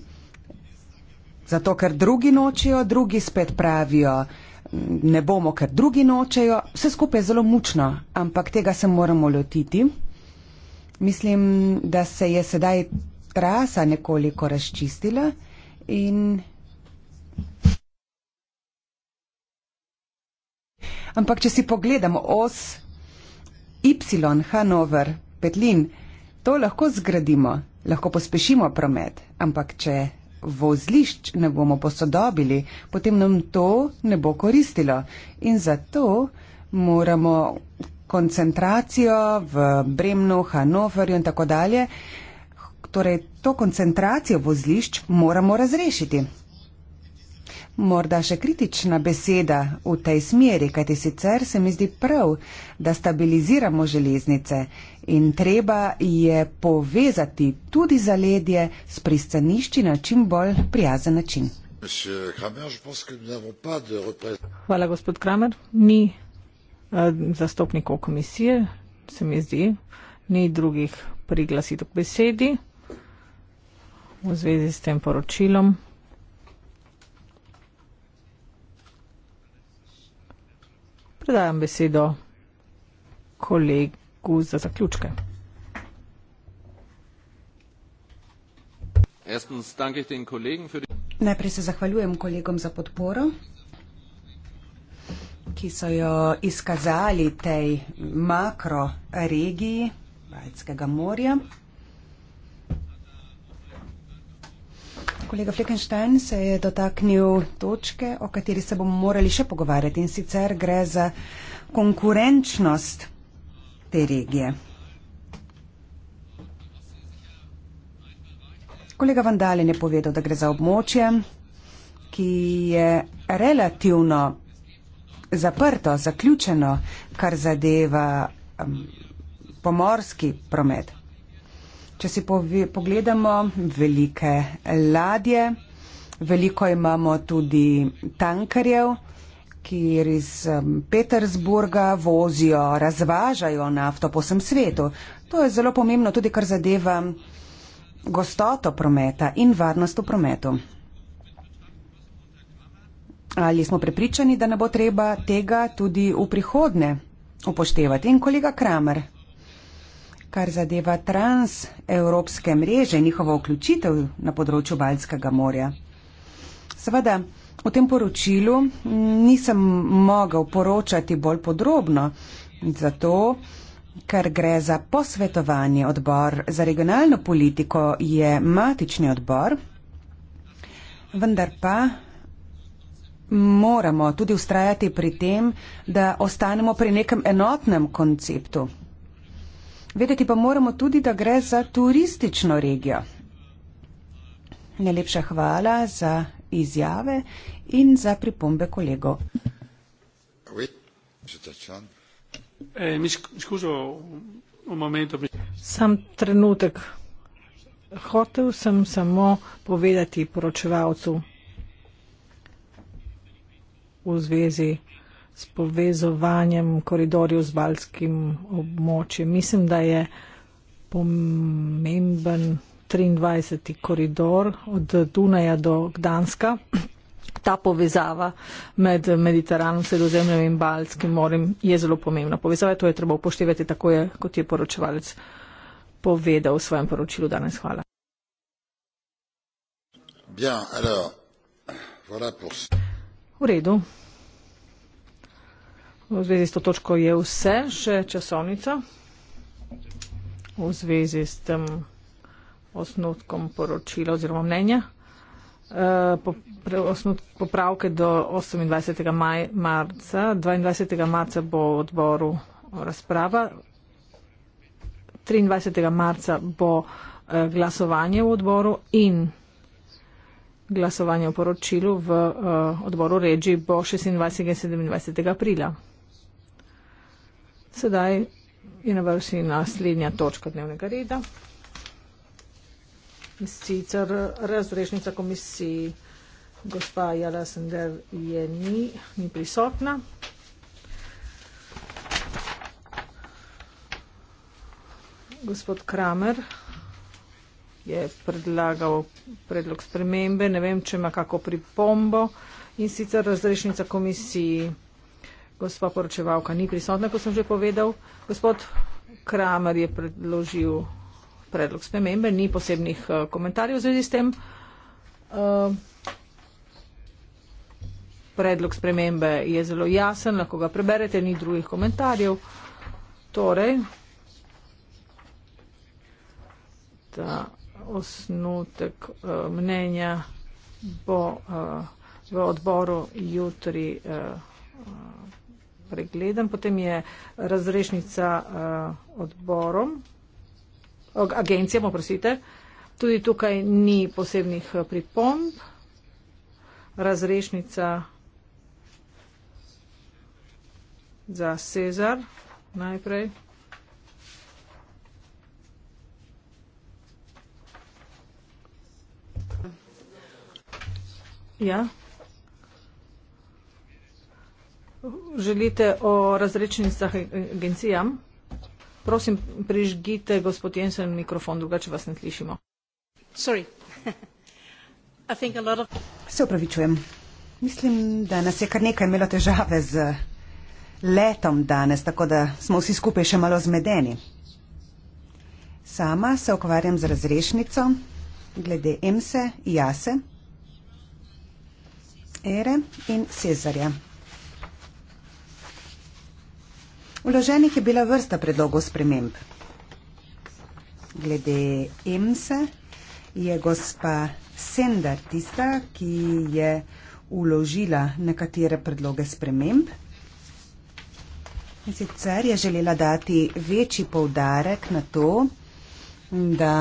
Zato, ker drugi nočijo, drugi spet pravijo, ne bomo, ker drugi nočijo. Vse skupaj je zelo mučno, ampak tega se moramo lotiti. Mislim, da se je sedaj trasa nekoliko razčistila in. Ampak, če si pogledamo os Y, Hanover, Petlin, to lahko zgradimo, lahko pospešimo promet, ampak če vozlišč ne bomo posodobili, potem nam to ne bo koristilo. In zato moramo koncentracijo v Bremnu, Hanoverju in tako dalje, torej to koncentracijo vozlišč moramo razrešiti. Morda še kritična beseda v tej smeri, kajti sicer se mi zdi prav, da stabiliziramo železnice in treba je povezati tudi zaledje s pristanišči na čim bolj prijazen način. Hvala, gospod Kramer. Ni eh, zastopnikov komisije, se mi zdi, ni drugih priglasitev k besedi v zvezi s tem poročilom. Predajam besedo kolegu. Vrhovniku za zaključke. Najprej se zahvaljujem kolegom za podporo, ki so jo izkazali tej makro regiji Baltskega morja. Kolega Fleckenstein se je dotaknil točke, o kateri se bomo morali še pogovarjati, in sicer gre za konkurenčnost te regije. Kolega Vandalin je povedal, da gre za območje, ki je relativno zaprto, zaključeno, kar zadeva um, pomorski promet. Če si pove, pogledamo velike ladje, veliko imamo tudi tankarjev kjer iz Petersburga vozijo, razvažajo nafto po vsem svetu. To je zelo pomembno tudi, kar zadeva gostoto prometa in varnost v prometu. Ali smo prepričani, da ne bo treba tega tudi v prihodne upoštevati? In kolega Kramer, kar zadeva transevropske mreže, njihovo vključitev na področju Baljskega morja. Seveda, V tem poročilu nisem mogel poročati bolj podrobno, zato ker gre za posvetovanje odbor za regionalno politiko, je matični odbor, vendar pa moramo tudi ustrajati pri tem, da ostanemo pri nekem enotnem konceptu. Vedeti pa moramo tudi, da gre za turistično regijo. Najlepša hvala za izjave in za pripombe kolegov. Eh, Sam trenutek. Hotev sem samo povedati poročevalcu v zvezi s povezovanjem koridorjev z balskim območjem. Mislim, da je pomemben 23. koridor od Dunaja do Gdanska. Ta povezava med Mediteranom, Sredozemljem in Balskim morem je zelo pomembna. Povezava je to, je treba upoštevati tako, je, kot je poročevalec povedal v svojem poročilu danes. Hvala. Bien, alors, voilà pour... V redu. V zvezi s to točko je vse, še časovnica. V zvezi s tem. Um, osnutkom poročila oziroma mnenja. Eh, popravke do 28. Maj, marca. 22. marca bo v odboru razprava. 23. marca bo eh, glasovanje v odboru in glasovanje v poročilu v eh, odboru Reči bo 26. in 27. aprila. Sedaj je na vrsti naslednja točka dnevnega reda sicer razrešnica komisiji gospa Jala Sender je ni, ni prisotna. Gospod Kramer je predlagal predlog spremembe, ne vem, če ima kako pripombo in sicer razrešnica komisiji gospa poročevalka ni prisotna, kot sem že povedal. Gospod Kramer je predložil predlog spremembe, ni posebnih uh, komentarjev v zvezi s tem. Uh, predlog spremembe je zelo jasen, lahko ga preberete, ni drugih komentarjev. Torej, ta osnutek uh, mnenja bo uh, v odboru jutri. Uh, Pregledam. Potem je razrešnica uh, odborom agencijam, oprostite. Tudi tukaj ni posebnih eh, pripomb. Razrešnica za Cezar najprej. Ja. Želite o razrečnicah agencijam? Prosim, prižgite gospod Jensen mikrofon, drugače vas ne slišimo. *laughs* Of... Se upravičujem. Mislim, da nas je kar nekaj imelo težave z letom danes, tako da smo vsi skupaj še malo zmedeni. Sama se ukvarjam z razrešnico glede Emse, Jase, Ere in Cezarja. Vloženih je bila vrsta predlogov sprememb. Glede EMS-a je gospa Sendar tista, ki je uložila nekatere predloge sprememb. In sicer je želela dati večji poudarek na to, da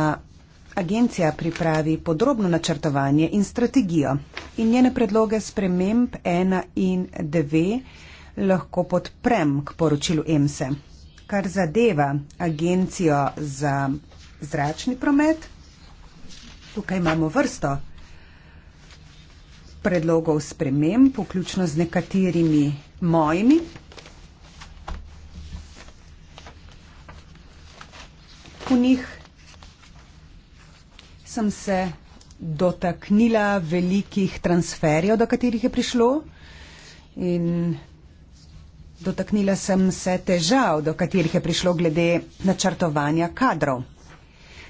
agencija pripravi podrobno načrtovanje in strategijo. In njene predloge sprememb 1 in 2 lahko podprem k poročilu EMSE. Kar zadeva agencijo za zračni promet, tukaj imamo vrsto predlogov sprememb, vključno z nekaterimi mojimi. V njih sem se dotaknila velikih transferjev, do katerih je prišlo in Dotaknila sem se težav, do katerih je prišlo glede načrtovanja kadrov.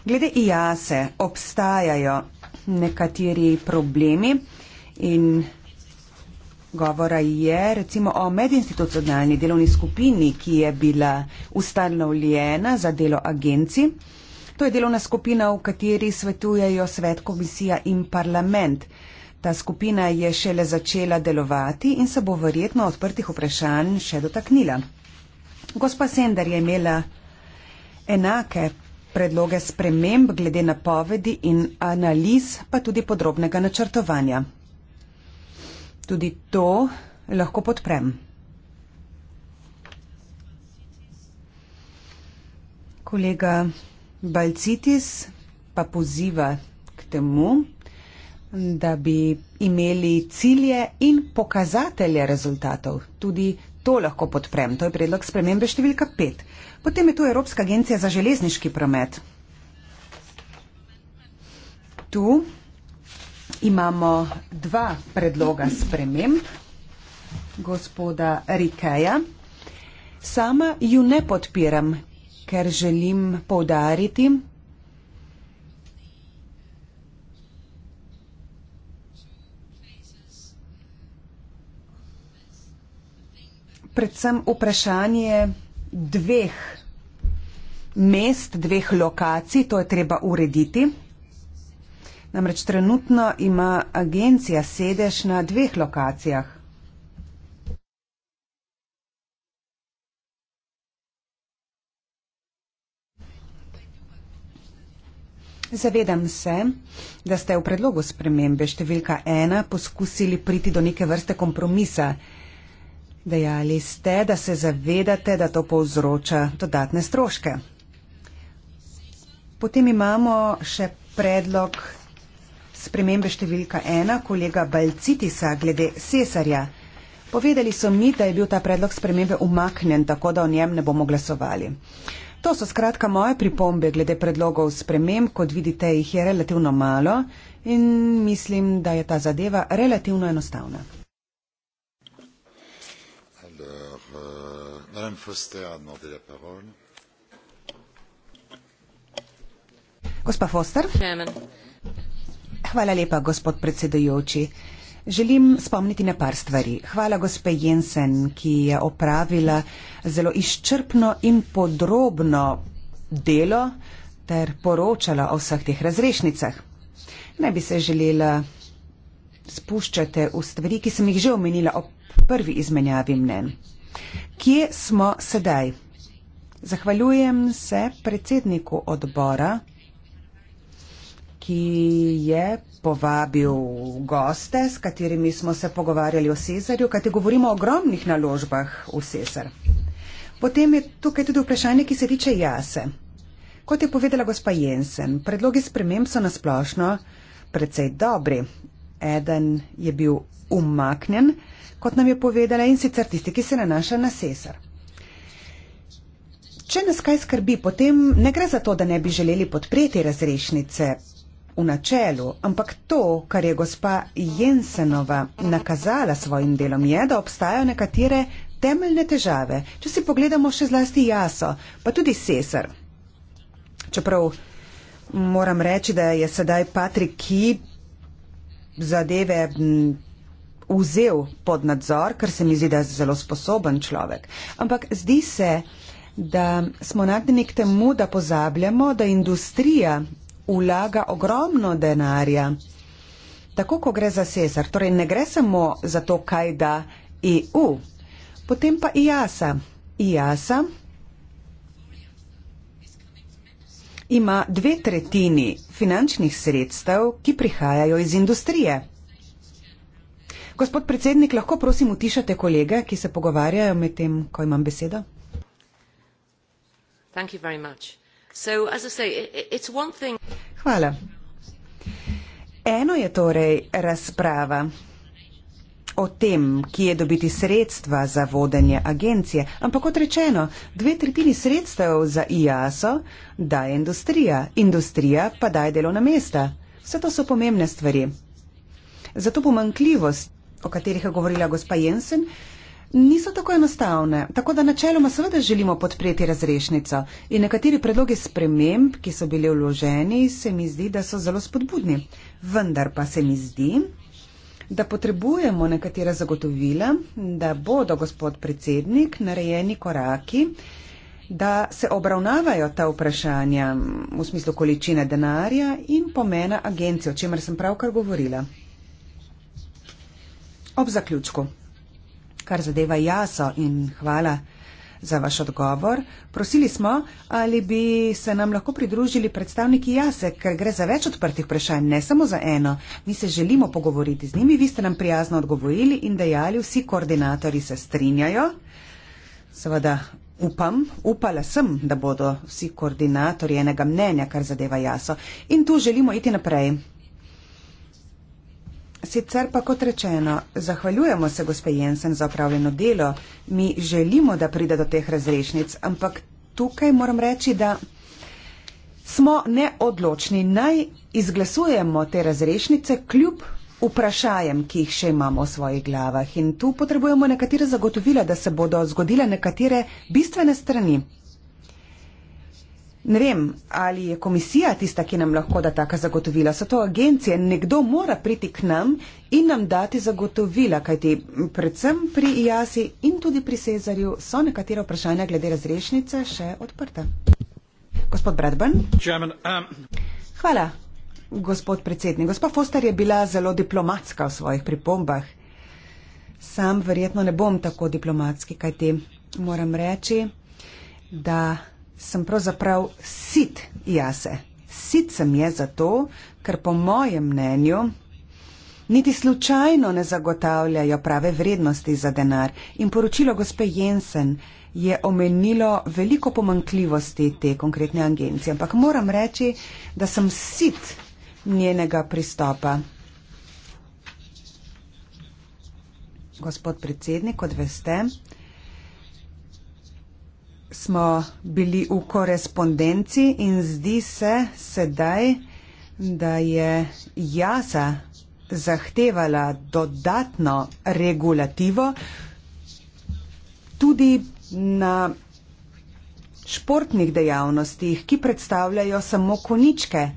Glede IASE obstajajo nekateri problemi in govora je recimo o medinstitucionalni delovni skupini, ki je bila ustanovljena za delo agenci. To je delovna skupina, v kateri svetujejo svet, komisija in parlament. Ta skupina je šele začela delovati in se bo verjetno odprtih vprašanj še dotaknila. Gospa Sender je imela enake predloge sprememb glede napovedi in analiz, pa tudi podrobnega načrtovanja. Tudi to lahko podprem. Kolega Balcitis pa poziva k temu, da bi imeli cilje in pokazatelje rezultatov. Tudi to lahko podprem. To je predlog spremembe številka 5. Potem je tu Evropska agencija za železniški promet. Tu imamo dva predloga sprememb gospoda Rikeja. Sama ju ne podpiram, ker želim poudariti, predvsem vprašanje dveh mest, dveh lokacij, to je treba urediti. Namreč trenutno ima agencija sedež na dveh lokacijah. Zavedam se, da ste v predlogu spremembe številka ena poskusili priti do neke vrste kompromisa. Dejali ste, da se zavedate, da to povzroča dodatne stroške. Potem imamo še predlog spremembe številka ena kolega Balcitisa glede cesarja. Povedali so mi, da je bil ta predlog spremembe umaknen, tako da o njem ne bomo glasovali. To so skratka moje pripombe glede predlogov sprememb, kot vidite, jih je relativno malo in mislim, da je ta zadeva relativno enostavna. madame foster a demandé la parole Gospa Foster. Hvala lepa, gospod predsedujoči. Želim spomniti na par stvari. Hvala gospe Jensen, ki je opravila zelo izčrpno in podrobno delo ter poročala o vseh teh razrešnicah. Ne bi se želela spuščati v stvari, ki sem jih že omenila ob prvi izmenjavi mnen. Kje smo sedaj? Zahvaljujem se predsedniku odbora, ki je povabil goste, s katerimi smo se pogovarjali o Cezarju, kajte govorimo o ogromnih naložbah v Cezar. Potem je tukaj tudi vprašanje, ki se tiče jase. Kot je povedala gospa Jensen, predlogi sprememb so nasplošno precej dobri. Eden je bil umaknjen, kot nam je povedala in sicer tisti, ki se nanaša na sesar. Če nas kaj skrbi, potem ne gre za to, da ne bi želeli podpreti razrešnice v načelu, ampak to, kar je gospa Jensenova nakazala svojim delom, je, da obstajajo nekatere temeljne težave. Če si pogledamo še zlasti jaso, pa tudi sesar. Čeprav moram reči, da je sedaj Patrik, ki zadeve vzel pod nadzor, ker se mi zdi, da je zelo sposoben človek. Ampak zdi se, da smo nadnik temu, da pozabljamo, da industrija vlaga ogromno denarja. Tako, ko gre za Cezar, torej ne gre samo za to, kaj da EU, potem pa IASA. E IASA e ima dve tretjini finančnih sredstev, ki prihajajo iz industrije. Gospod predsednik, lahko prosim utišate kolege, ki se pogovarjajo med tem, ko imam besedo? Hvala. Eno je torej razprava o tem, ki je dobiti sredstva za vodenje agencije, ampak kot rečeno, dve tretjini sredstev za IASO daje industrija, industrija pa daje delovna mesta. Vse to so pomembne stvari. Zato pomankljivost o katerih je govorila gospa Jensen, niso tako enostavne. Tako da načeloma seveda želimo podpreti razrešnico in nekateri predlogi sprememb, ki so bili vloženi, se mi zdi, da so zelo spodbudni. Vendar pa se mi zdi, da potrebujemo nekatera zagotovila, da bodo, gospod predsednik, narejeni koraki, da se obravnavajo ta vprašanja v smislu količine denarja in pomena agencije, o čemer sem pravkar govorila ob zaključku. Kar zadeva jaso in hvala za vaš odgovor, prosili smo, ali bi se nam lahko pridružili predstavniki jase, ker gre za več odprtih vprašanj, ne samo za eno. Mi se želimo pogovoriti z njimi, vi ste nam prijazno odgovorili in dejali, vsi koordinatori se strinjajo. Seveda upam, upala sem, da bodo vsi koordinatori enega mnenja, kar zadeva jaso. In tu želimo iti naprej. Sicer pa kot rečeno, zahvaljujemo se gospe Jensen za opravljeno delo. Mi želimo, da pride do teh razrešnic, ampak tukaj moram reči, da smo neodločni. Naj izglasujemo te razrešnice kljub vprašajem, ki jih še imamo v svojih glavah. In tu potrebujemo nekatere zagotovila, da se bodo zgodile nekatere bistvene strani Ne vem, ali je komisija tista, ki nam lahko da taka zagotovila. So to agencije, nekdo mora priti k nam in nam dati zagotovila, kajti predvsem pri IASI in tudi pri Cezarju so nekatera vprašanja glede razrešnice še odprta. Gospod Bradburn. German, um... Hvala, gospod predsednik. Gospa Foster je bila zelo diplomatska v svojih pripombah. Sam verjetno ne bom tako diplomatski, kajti moram reči, da sem pravzaprav sit jase. Sit sem je zato, ker po mojem mnenju niti slučajno ne zagotavljajo prave vrednosti za denar. In poročilo gospe Jensen je omenilo veliko pomankljivosti te konkretne agencije. Ampak moram reči, da sem sit njenega pristopa. Gospod predsednik, kot veste, smo bili v korespondenci in zdi se sedaj, da je jasa zahtevala dodatno regulativo tudi na športnih dejavnostih, ki predstavljajo samo koničke.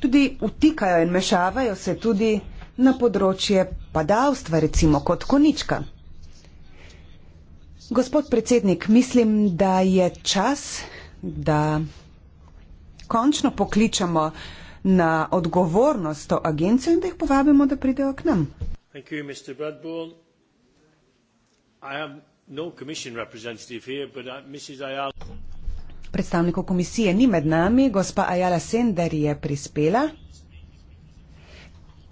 Tudi vtikajo in mešavajo se tudi na področje padavstva, recimo kot konička. Gospod predsednik, mislim, da je čas, da končno pokličemo na odgovornost to agencijo in da jih povabimo, da pridejo k nam. No uh, Predstavnikov komisije ni med nami, gospa Ajala Sender je prispela.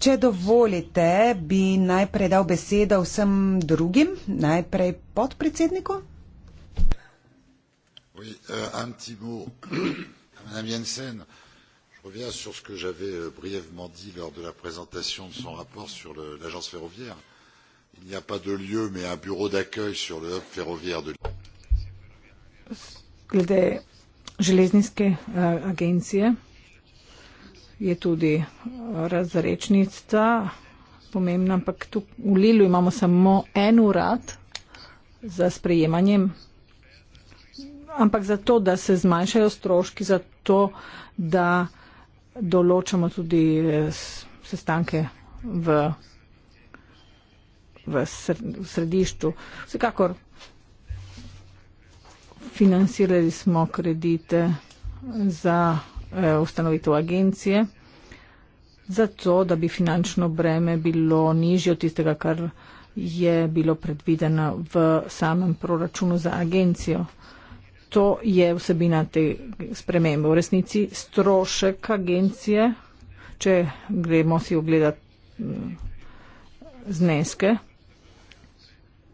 Če dovolite, bi najprej dal besedo vsem drugim, najprej podpredsedniku. Oui, uh, un petit mot, madame Jensen. Je reviens sur ce que j'avais uh, brièvement dit lors de la présentation de son rapport sur l'agence ferroviaire. Il n'y a pas de lieu, mais un bureau d'accueil sur le hub ferroviaire de Lyon je tudi razrečnica pomembna, ampak tu v Lilu imamo samo en urad za sprejemanjem, ampak zato, da se zmanjšajo stroški, zato, da določamo tudi eh, sestanke v, v, sr, v središču. Vsekakor financirali smo kredite za Eh, ustanovitev agencije, zato da bi finančno breme bilo nižje od tistega, kar je bilo predvideno v samem proračunu za agencijo. To je vsebina te spremembe. V resnici strošek agencije, če gremo si ogledati mm, zneske,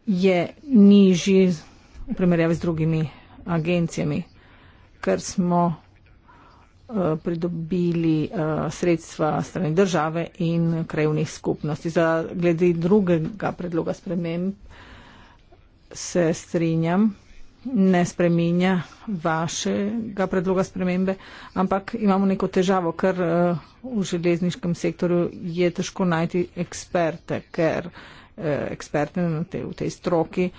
je nižji v primerjavi z drugimi agencijami, ker smo Eh, pridobili eh, sredstva strani države in krajevnih skupnosti. Za glede drugega predloga sprememb se strinjam, ne spreminja vašega predloga spremembe, ampak imamo neko težavo, ker eh, v železniškem sektorju je težko najti eksperte, ker eksperte te, v tej stroki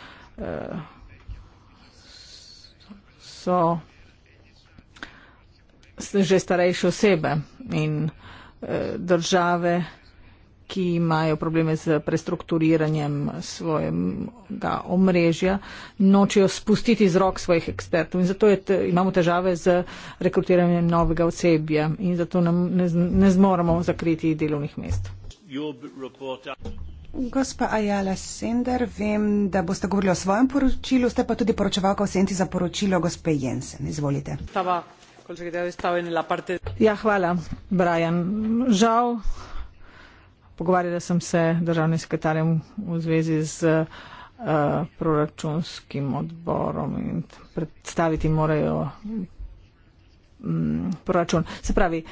so že starejše osebe in eh, države, ki imajo probleme z prestrukturiranjem svojega omrežja, nočejo spustiti z rok svojih ekspertov. In zato je, imamo težave z rekrutiranjem novega osebja in zato nam ne, ne zmoremo zakriti delovnih mest. Uh, Gospa Ajala Sender, vem, da boste govorili o svojem poročilu, ste pa tudi poročevalka v senci za poročilo gospe Jensen. Izvolite. Tava ja hvala brian žal pogovarjala sem se državnim sekretarjem v zvezi z uh, proračunskim odborom in predstaviti morajo um, proračun se pravi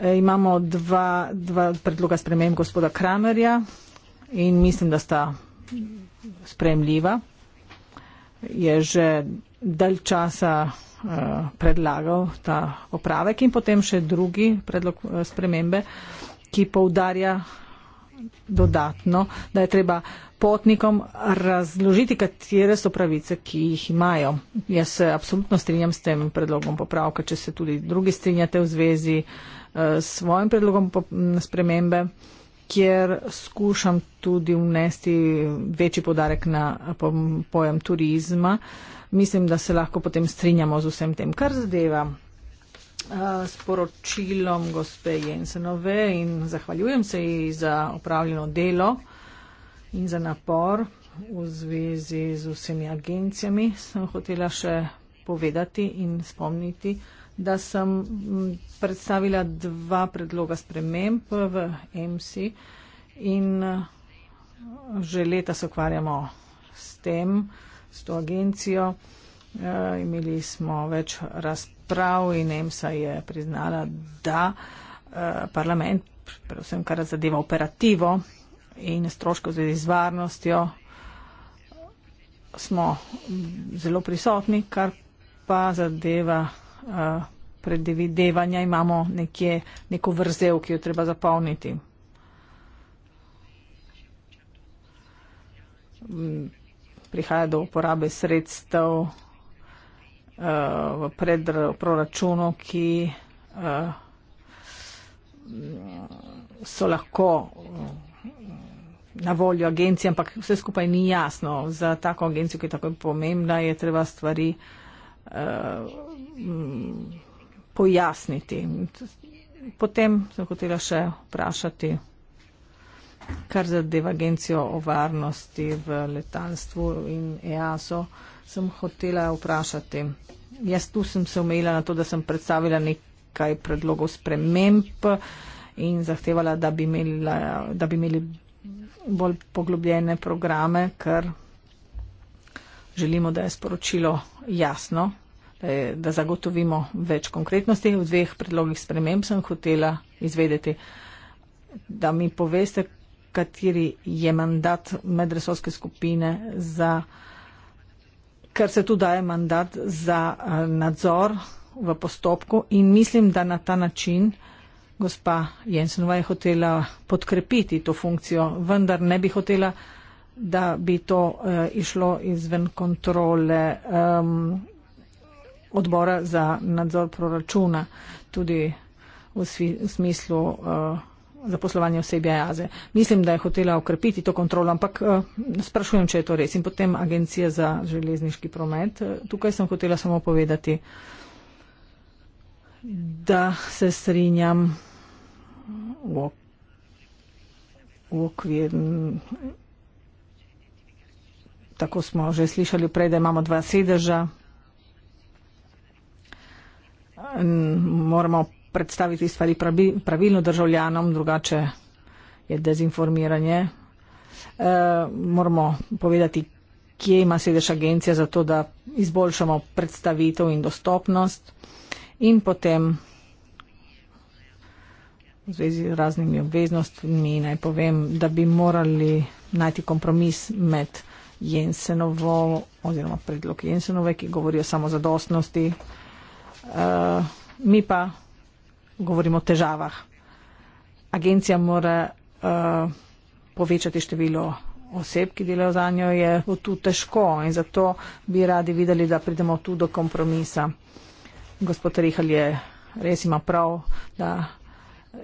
eh, imamo dva, dva predloga sprememb gospoda kramerja in mislim da sta sprejemljiva je že dalj časa eh, predlagal ta opravek in potem še drugi predlog eh, spremembe, ki poudarja dodatno, da je treba potnikom razložiti, katere so pravice, ki jih imajo. Jaz se apsolutno strinjam s tem predlogom popravka, če se tudi drugi strinjate v zvezi eh, s svojim predlogom spremembe kjer skušam tudi vnesti večji podarek na pojem turizma. Mislim, da se lahko potem strinjamo z vsem tem, kar zadeva eh, s poročilom gospe Jensenove in zahvaljujem se ji za opravljeno delo in za napor v zvezi z vsemi agencijami. Sem hotela še povedati in spomniti da sem mm, predstavila dva predloga sprememb v MC in eh, že leta se ukvarjamo s tem, s to agencijo. E, imeli smo več razprav in MSA je priznala, da e, parlament, predvsem kar zadeva operativo in stroško zvezi z varnostjo, smo zelo prisotni, kar pa zadeva Eh, predvidevanja, imamo nekje neko vrzel, ki jo treba zapolniti. Prihaja do uporabe sredstev eh, v predproračunu, ki eh, so lahko na voljo agencije, ampak vse skupaj ni jasno. Za tako agencijo, ki je tako pomembna, je treba stvari uh, Eh, pojasniti. Potem sem hotela še vprašati, kar zadeva agencijo o varnosti v letalstvu in EASO, sem hotela vprašati. Jaz tu sem se omejila na to, da sem predstavila nekaj predlogov sprememb in zahtevala, da bi imeli, da bi imeli bolj poglobljene programe, ker želimo, da je sporočilo jasno, da, je, da zagotovimo več konkretnosti. V dveh predlogih sprememb sem hotela izvedeti, da mi poveste, kateri je mandat medresorske skupine za, ker se tu daje mandat za eh, nadzor v postopku in mislim, da na ta način gospa Jensenova je hotela podkrepiti to funkcijo, vendar ne bi hotela da bi to uh, išlo izven kontrole um, odbora za nadzor proračuna, tudi v, svi, v smislu uh, zaposlovanja osebja jaze. Mislim, da je hotela okrepiti to kontrolo, ampak uh, sprašujem, če je to res. In potem Agencija za železniški promet. Tukaj sem hotela samo povedati, da se strinjam v okvir tako smo že slišali prej, da imamo dva sedeža. Moramo predstaviti stvari pravilno državljanom, drugače je dezinformiranje. Eh, moramo povedati, kje ima sedež agencija, zato da izboljšamo predstavitev in dostopnost. In potem v zvezi z raznimi obveznostmi naj povem, da bi morali najti kompromis med Jensenovo, oziroma predlog Jensenove, ki govori o samozadostnosti. E, mi pa govorimo o težavah. Agencija mora e, povečati število oseb, ki delajo za njo, je tu težko in zato bi radi videli, da pridemo tu do kompromisa. Gospod Rihal je res ima prav, da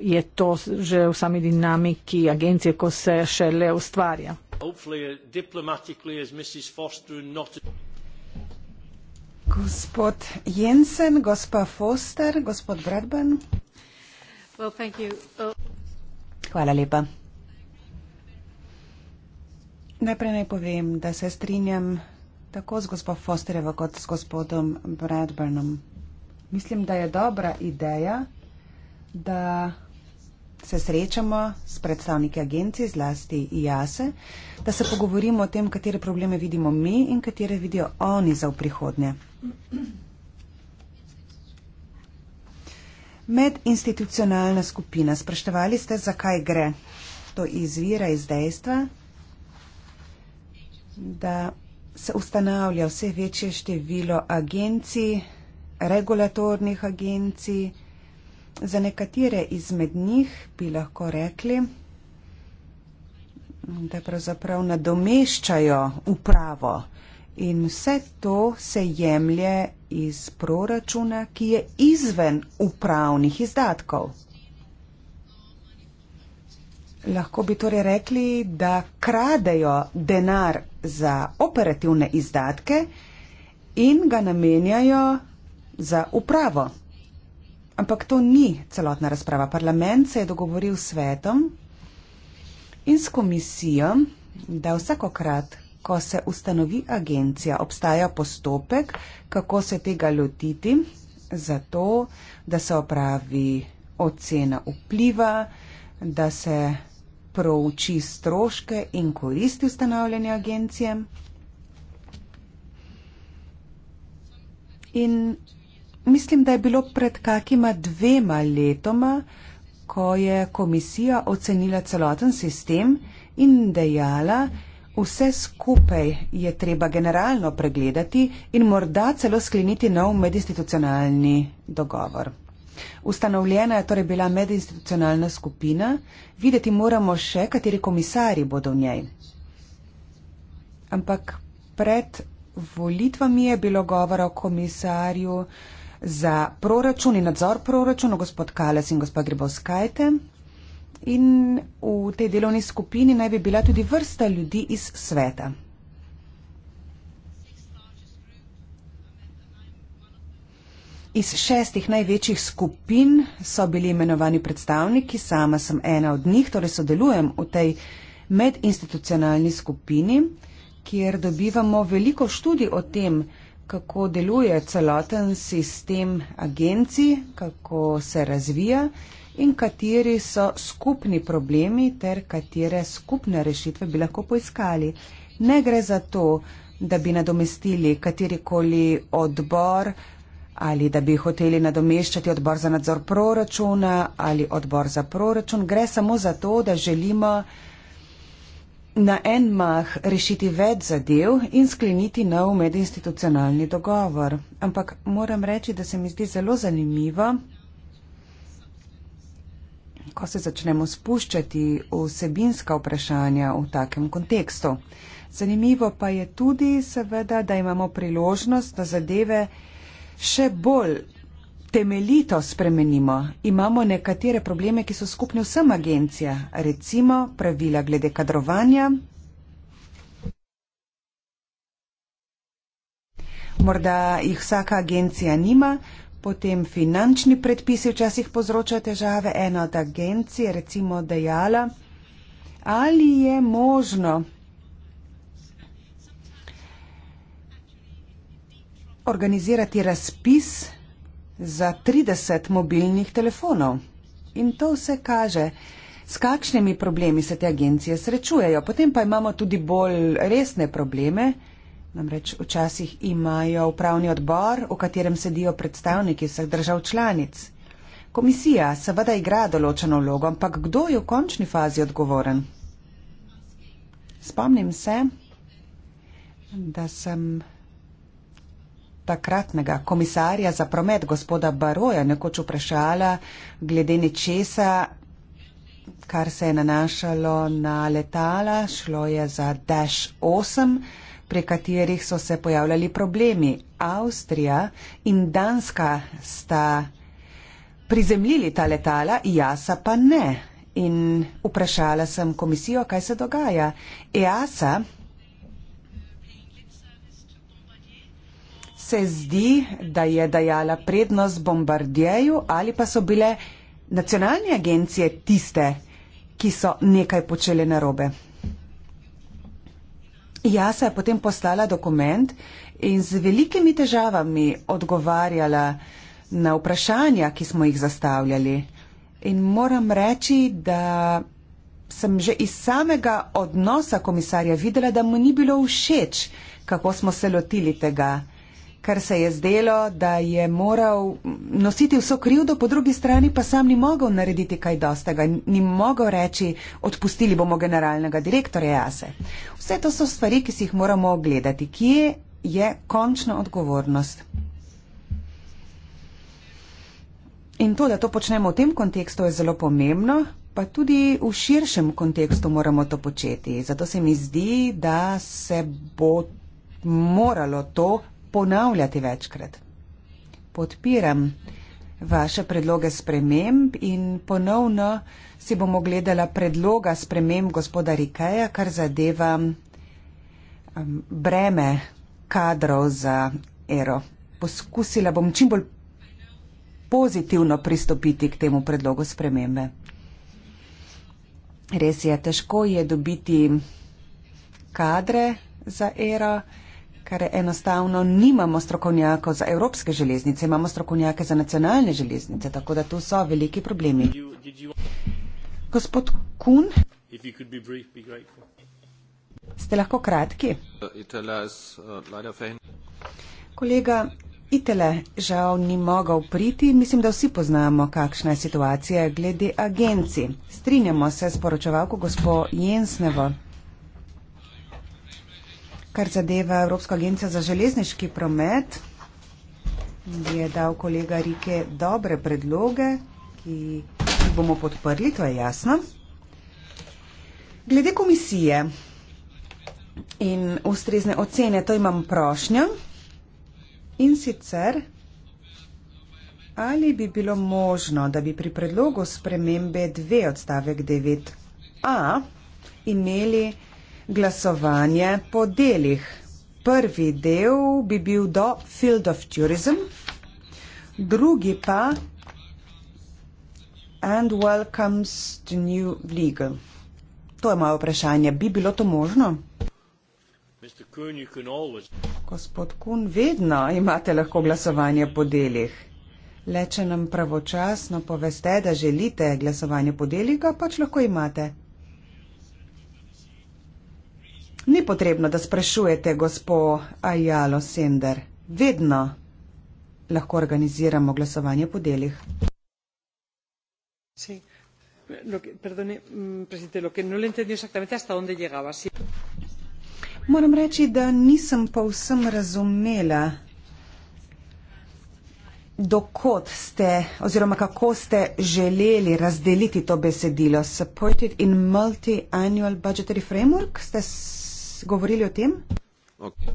je to že v sami dinamiki agencije, ko se šele ustvarja hopefully uh, diplomatically as Mrs Foster and not Gospod Jensen, gospa Foster, gospod Bradburn. Well, thank you. Oh. Hvala lepa. Najprej naj povem, da se strinjam tako z gospod Fosterjevo kot s gospodom Bradburnom. Mislim, da je dobra ideja, da se srečamo s predstavniki agencij, zlasti jase, da se pogovorimo o tem, katere probleme vidimo mi in katere vidijo oni za v prihodnje. Medinstitucionalna skupina. Spraševali ste, zakaj gre. To izvira iz dejstva, da se ustanavlja vse večje število agencij, regulatornih agencij, Za nekatere izmed njih bi lahko rekli, da pravzaprav nadomeščajo upravo in vse to se jemlje iz proračuna, ki je izven upravnih izdatkov. Lahko bi torej rekli, da kradejo denar za operativne izdatke in ga namenjajo za upravo. Ampak to ni celotna razprava. Parlament se je dogovoril s svetom in s komisijo, da vsakokrat, ko se ustanovi agencija, obstaja postopek, kako se tega lotiti, zato da se opravi ocena vpliva, da se prouči stroške in koristi ustanovljanja agencije. In Mislim, da je bilo pred kakima dvema letoma, ko je komisija ocenila celoten sistem in dejala, vse skupaj je treba generalno pregledati in morda celo skleniti nov medinstitucionalni dogovor. Ustanovljena je torej bila medinstitucionalna skupina, videti moramo še, kateri komisari bodo v njej. Ampak pred volitvami je bilo govora o komisarju, za proračun in nadzor proračuna, gospod Kales in gospod Gribovskajte. In v tej delovni skupini naj bi bila tudi vrsta ljudi iz sveta. Iz šestih največjih skupin so bili imenovani predstavniki, sama sem ena od njih, torej sodelujem v tej medinstitucionalni skupini, kjer dobivamo veliko študij o tem, kako deluje celoten sistem agencij, kako se razvija in kateri so skupni problemi ter katere skupne rešitve bi lahko poiskali. Ne gre za to, da bi nadomestili katerikoli odbor ali da bi hoteli nadomeščati odbor za nadzor proračuna ali odbor za proračun. Gre samo za to, da želimo na en mah rešiti več zadev in skleniti nov medinstitucionalni dogovor. Ampak moram reči, da se mi zdi zelo zanimivo, ko se začnemo spuščati vsebinska vprašanja v takem kontekstu. Zanimivo pa je tudi, seveda, da imamo priložnost, da zadeve še bolj temeljito spremenimo, imamo nekatere probleme, ki so skupni vsem agencijam, recimo pravila glede kadrovanja. Morda jih vsaka agencija nima, potem finančni predpisi včasih povzročajo težave. Ena od agencij je recimo dejala, ali je možno organizirati razpis za 30 mobilnih telefonov. In to vse kaže, s kakšnimi problemi se te agencije srečujejo. Potem pa imamo tudi bolj resne probleme. Namreč včasih imajo upravni odbor, v katerem sedijo predstavniki vseh držav članic. Komisija seveda igra določeno vlogo, ampak kdo je v končni fazi odgovoren? Spomnim se, da sem takratnega komisarja za promet gospoda Baroja nekoč vprašala glede nečesa, kar se je nanašalo na letala. Šlo je za Dash 8, pri katerih so se pojavljali problemi. Avstrija in Danska sta prizemljili ta letala, jasa pa ne. In vprašala sem komisijo, kaj se dogaja. EASA, se zdi, da je dajala prednost bombardjeju ali pa so bile nacionalne agencije tiste, ki so nekaj počele narobe. Jasa je potem poslala dokument in z velikimi težavami odgovarjala na vprašanja, ki smo jih zastavljali. In moram reči, da sem že iz samega odnosa komisarja videla, da mu ni bilo všeč, kako smo se lotili tega kar se je zdelo, da je moral nositi vso krivdo, po drugi strani pa sam ni mogel narediti kaj dostega, ni mogel reči, odpustili bomo generalnega direktorja Jase. Vse to so stvari, ki si jih moramo ogledati. Kje je končna odgovornost? In to, da to počnemo v tem kontekstu, je zelo pomembno, pa tudi v širšem kontekstu moramo to početi. Zato se mi zdi, da se bo moralo to ponavljati večkrat. Podpiram vaše predloge sprememb in ponovno si bomo gledala predloga sprememb gospoda Rikeja, kar zadeva um, breme kadrov za ero. Poskusila bom čim bolj pozitivno pristopiti k temu predlogu spremembe. Res je, težko je dobiti kadre za ero kar enostavno nimamo strokovnjakov za evropske železnice, imamo strokovnjake za nacionalne železnice, tako da tu so veliki problemi. Gospod Kun, ste lahko kratki? Uh, uh, Kolega Itele žal ni mogel priti. Mislim, da vsi poznamo, kakšna je situacija glede agencij. Strinjamo se s poročevalko gospod Jensnevo. Kar zadeva Evropsko agencijo za železniški promet, je dal kolega Rike dobre predloge, ki jih bomo podprli, to je jasno. Glede komisije in ustrezne ocene, to imam prošnjo. In sicer, ali bi bilo možno, da bi pri predlogu spremembe 2 odstavek 9a imeli glasovanje po delih. Prvi del bi bil do Field of Tourism, drugi pa And Welcomes to New Legal. To je moje vprašanje. Bi bilo to možno? Kuhn, always... Gospod Kun, vedno imate lahko glasovanje po delih. Le če nam pravočasno poveste, da želite glasovanje po delih, ga pač lahko imate. Ni potrebno, da sprašujete, gospod Ajalo Sender. Vedno lahko organiziramo glasovanje po delih. Sí. Que, perdone, mm, presidente, lo que no le entendió exactamente hasta dónde llegaba. Sí. Moram reči, da nisem povsem razumela, dokot ste oziroma kako ste želeli razdeliti to besedilo. Supported in multi-annual budgetary framework ste s govorili o tem? Okay.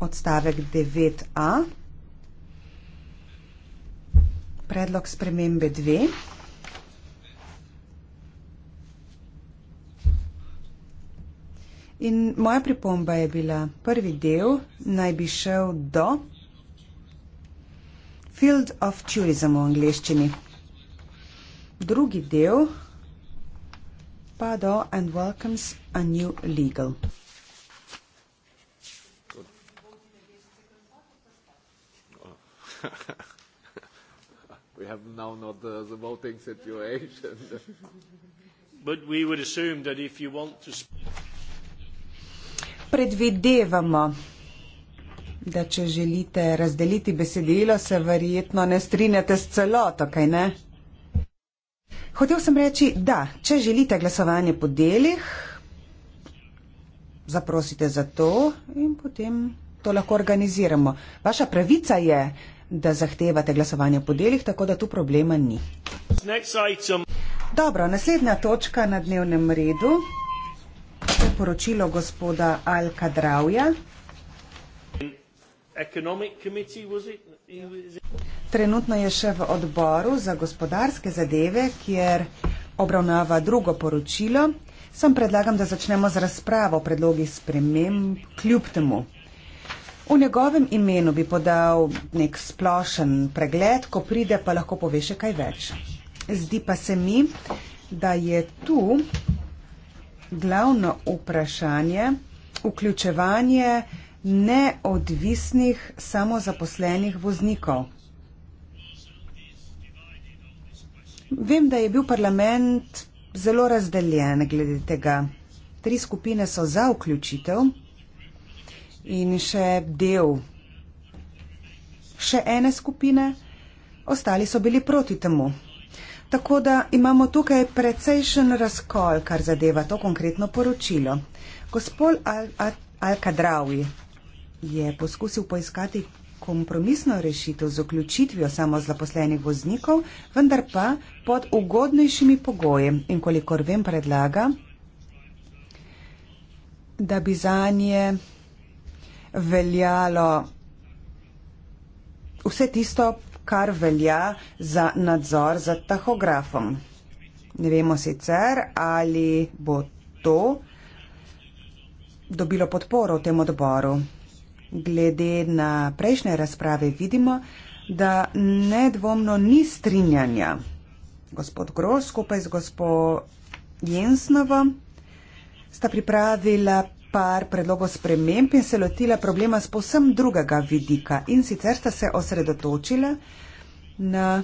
Odstavek 9a. Predlog spremembe 2. In moja pripomba je bila, prvi del naj bi šel do Field of Tourism v angleščini. Drugi del pa do And Welcome's a New Legal. *laughs* we have now not the, the voting situation. *laughs* but we would assume that if you want to. Predvidevamo. Da, če želite razdeliti besedilo, se verjetno ne strinjate s celoto, kaj ne? Hotev sem reči, da, če želite glasovanje po delih, zaprosite za to in potem to lahko organiziramo. Vaša pravica je, da zahtevate glasovanje po delih, tako da tu problema ni. Dobro, naslednja točka na dnevnem redu je poročilo gospoda Alka Dravja. Trenutno je še v odboru za gospodarske zadeve, kjer obravnava drugo poročilo. Sam predlagam, da začnemo z razpravo o predlogih sprememb kljub temu. V njegovem imenu bi podal nek splošen pregled, ko pride, pa lahko pove še kaj več. Zdi pa se mi, da je tu glavno vprašanje vključevanje neodvisnih samozaposlenih voznikov. Vem, da je bil parlament zelo razdeljen glede tega. Tri skupine so za vključitev in še del še ene skupine, ostali so bili proti temu. Tako da imamo tukaj precejšen razkol, kar zadeva to konkretno poročilo. Gospod Al-Kadravi Al je poskusil poiskati kompromisno rešitev z vključitvijo samo zaposlenih voznikov, vendar pa pod ugodnejšimi pogoji in kolikor vem predlaga, da bi zanje veljalo vse tisto, kar velja za nadzor za tahografom. Ne vemo sicer, ali bo to dobilo podporo v tem odboru. Glede na prejšnje razprave vidimo, da nedvomno ni strinjanja. Gospod Gros skupaj z gospod Jensnovo sta pripravila par predlogov sprememb in se lotila problema z posem drugega vidika. In sicer sta se osredotočila na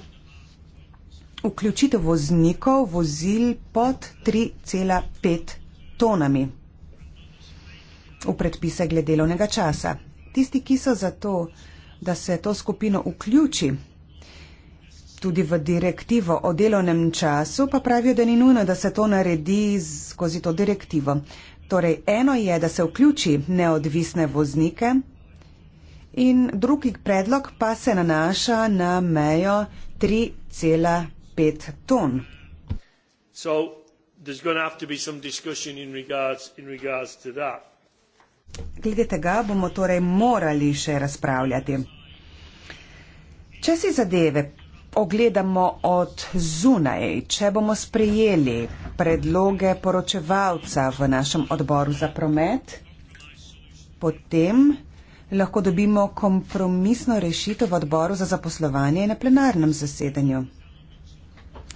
vključitev voznikov vozil pod 3,5 tonami v predpise glede delovnega časa. Tisti, ki so za to, da se to skupino vključi tudi v direktivo o delovnem času, pa pravijo, da ni nujno, da se to naredi skozi to direktivo. Torej, eno je, da se vključi neodvisne voznike in drugi predlog pa se nanaša na mejo 3,5 ton. So, Glede tega bomo torej morali še razpravljati. Če si zadeve ogledamo od zunaj, če bomo sprejeli predloge poročevalca v našem odboru za promet, potem lahko dobimo kompromisno rešitev v odboru za zaposlovanje na plenarnem zasedanju.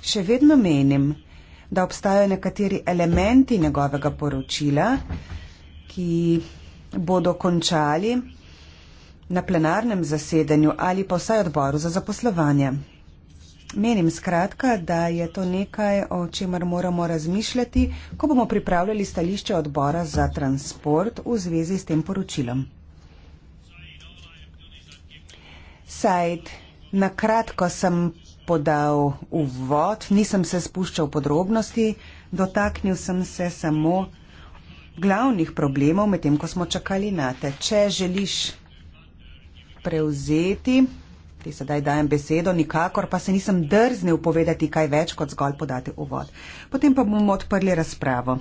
Še vedno menim, da obstajajo nekateri elementi njegovega poročila, ki bodo končali na plenarnem zasedanju ali pa vsaj odboru za zaposlovanje. Menim skratka, da je to nekaj, o čemer moramo razmišljati, ko bomo pripravljali stališče odbora za transport v zvezi s tem poročilom. Sajt, na kratko sem podal uvod, nisem se spuščal podrobnosti, dotaknil sem se samo glavnih problemov med tem, ko smo čakali na te. Če želiš prevzeti. Ti sedaj dajem besedo, nikakor pa se nisem drznil povedati kaj več kot zgolj podati uvod. Potem pa bomo odprli razpravo.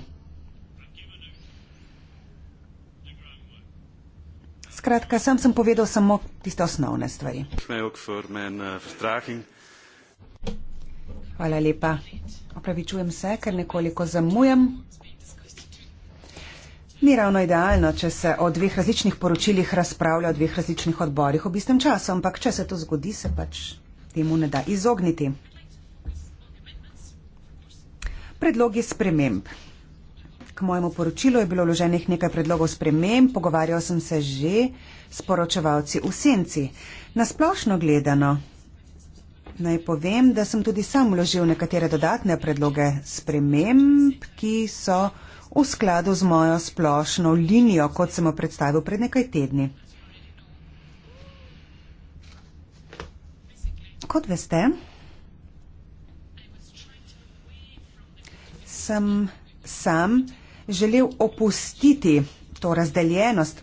Skratka, sem sem povedal samo tiste osnovne stvari. Hvala lepa. Opravičujem se, ker nekoliko zamujem. Ni ravno idealno, če se o dveh različnih poročilih razpravlja v dveh različnih odborih ob istem času, ampak če se to zgodi, se pač temu ne da izogniti. Predlogi sprememb. K mojemu poročilu je bilo vloženih nekaj predlogov sprememb, pogovarjal sem se že s poročevalci v senci. Nasplošno gledano, naj povem, da sem tudi sam vložil nekatere dodatne predloge sprememb, ki so v skladu z mojo splošno linijo, kot sem jo predstavil pred nekaj tedni. Kot veste, sem sam želel opustiti to razdeljenost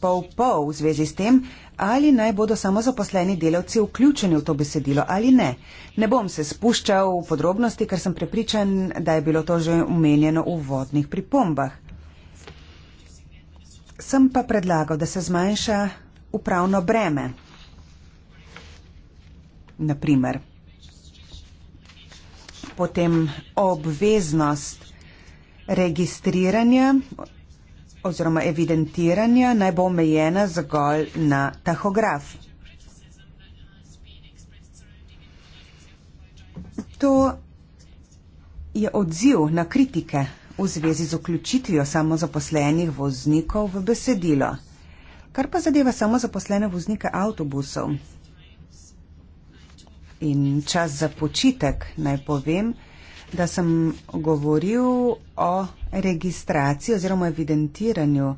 pol pol v zvezi s tem, ali naj bodo samo zaposleni delavci vključeni v to besedilo ali ne. Ne bom se spuščal v podrobnosti, ker sem prepričan, da je bilo to že umenjeno v vodnih pripombah. Sem pa predlagal, da se zmanjša upravno breme. Naprimer, potem obveznost registriranja oziroma evidentiranja naj bo omejena zgolj na tahograf. To je odziv na kritike v zvezi z vključitvijo samozaposlenih voznikov v besedilo. Kar pa zadeva samozaposlene voznike avtobusov in čas za počitek, naj povem, da sem govoril o registraciji oziroma evidentiranju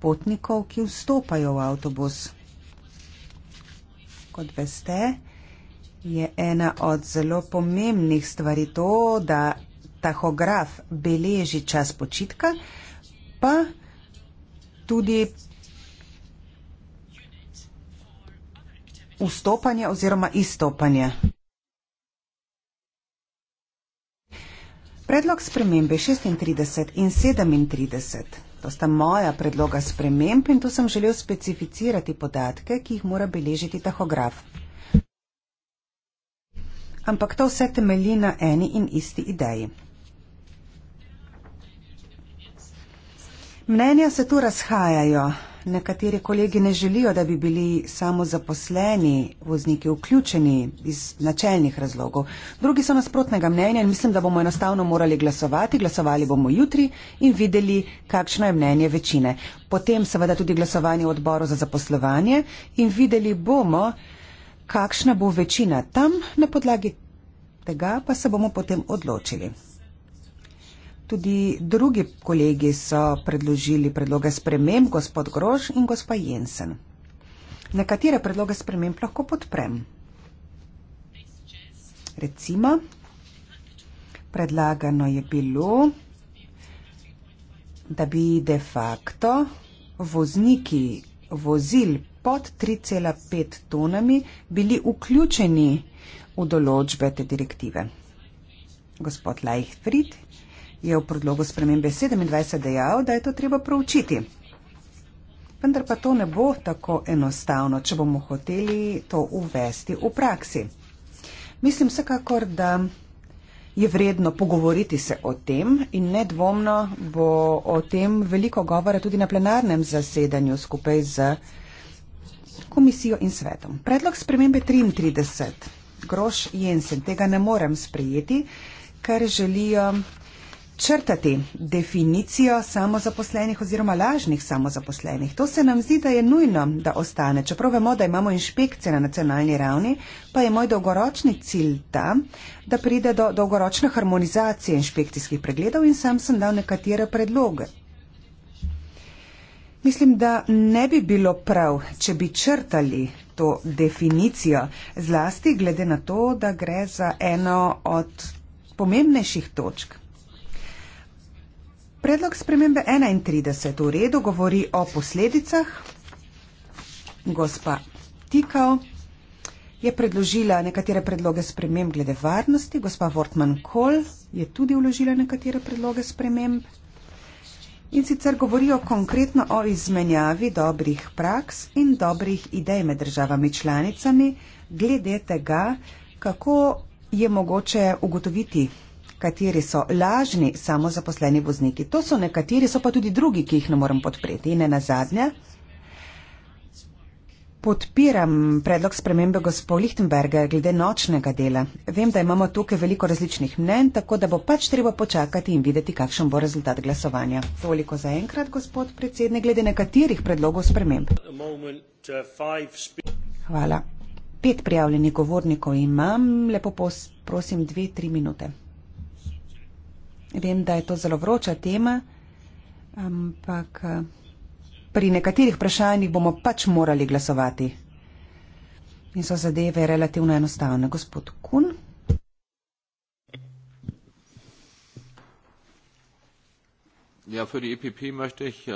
potnikov, ki vstopajo v avtobus. Kot veste, je ena od zelo pomembnih stvari to, da tahograf beleži čas počitka, pa tudi vstopanje oziroma izstopanje. Predlog spremembe 36 in 37. To sta moja predloga sprememb in tu sem želel specificirati podatke, ki jih mora beležiti tahograf. Ampak to vse temelji na eni in isti ideji. Mnenja se tu razhajajo nekateri kolegi ne želijo, da bi bili samo zaposleni vozniki vključeni iz načeljnih razlogov. Drugi so nasprotnega mnenja in mislim, da bomo enostavno morali glasovati. Glasovali bomo jutri in videli, kakšno je mnenje večine. Potem seveda tudi glasovanje v odboru za zaposlovanje in videli bomo, kakšna bo večina tam na podlagi tega, pa se bomo potem odločili. Tudi drugi kolegi so predložili predloge sprememb, gospod Grož in gospa Jensen. Nekatere predloge sprememb lahko podprem. Recimo, predlagano je bilo, da bi de facto vozniki vozil pod 3,5 tonami bili vključeni v določbe te direktive. Gospod Leichfried, je v predlogu spremembe 27 dejal, da je to treba proučiti. Vendar pa to ne bo tako enostavno, če bomo hoteli to uvesti v praksi. Mislim vsekakor, da je vredno pogovoriti se o tem in nedvomno bo o tem veliko govora tudi na plenarnem zasedanju skupaj z komisijo in svetom. Predlog spremembe 33. Grož Jensen tega ne morem sprejeti, ker želijo črtati definicijo samozaposlenih oziroma lažnih samozaposlenih. To se nam zdi, da je nujno, da ostane. Čeprav vemo, da imamo inšpekcije na nacionalni ravni, pa je moj dolgoročni cilj ta, da pride do dolgoročne harmonizacije inšpekcijskih pregledov in sam sem dal nekatere predloge. Mislim, da ne bi bilo prav, če bi črtali to definicijo zlasti glede na to, da gre za eno od pomembnejših točk Predlog spremembe 31 v redu govori o posledicah. Gospa Tikal je predložila nekatere predloge sprememb glede varnosti, gospa Wortman Kohl je tudi vložila nekatere predloge sprememb in sicer govorijo konkretno o izmenjavi dobrih praks in dobrih idej med državami članicami glede tega, kako je mogoče ugotoviti kateri so lažni samozaposleni vozniki. To so nekateri, so pa tudi drugi, ki jih ne morem podpreti. In ena zadnja. Podpiram predlog spremembe gospo Lichtenberga glede nočnega dela. Vem, da imamo tukaj veliko različnih mnen, tako da bo pač treba počakati in videti, kakšen bo rezultat glasovanja. Toliko za enkrat, gospod predsednik, glede nekaterih predlogov sprememb. Hvala. Pet prijavljenih govornikov imam. Lepo pos, prosim, dve, tri minute. Vem, da je to zelo vroča tema, ampak pri nekaterih vprašanjih bomo pač morali glasovati. In so zadeve relativno enostavne. Gospod Kun. Ja, e äh,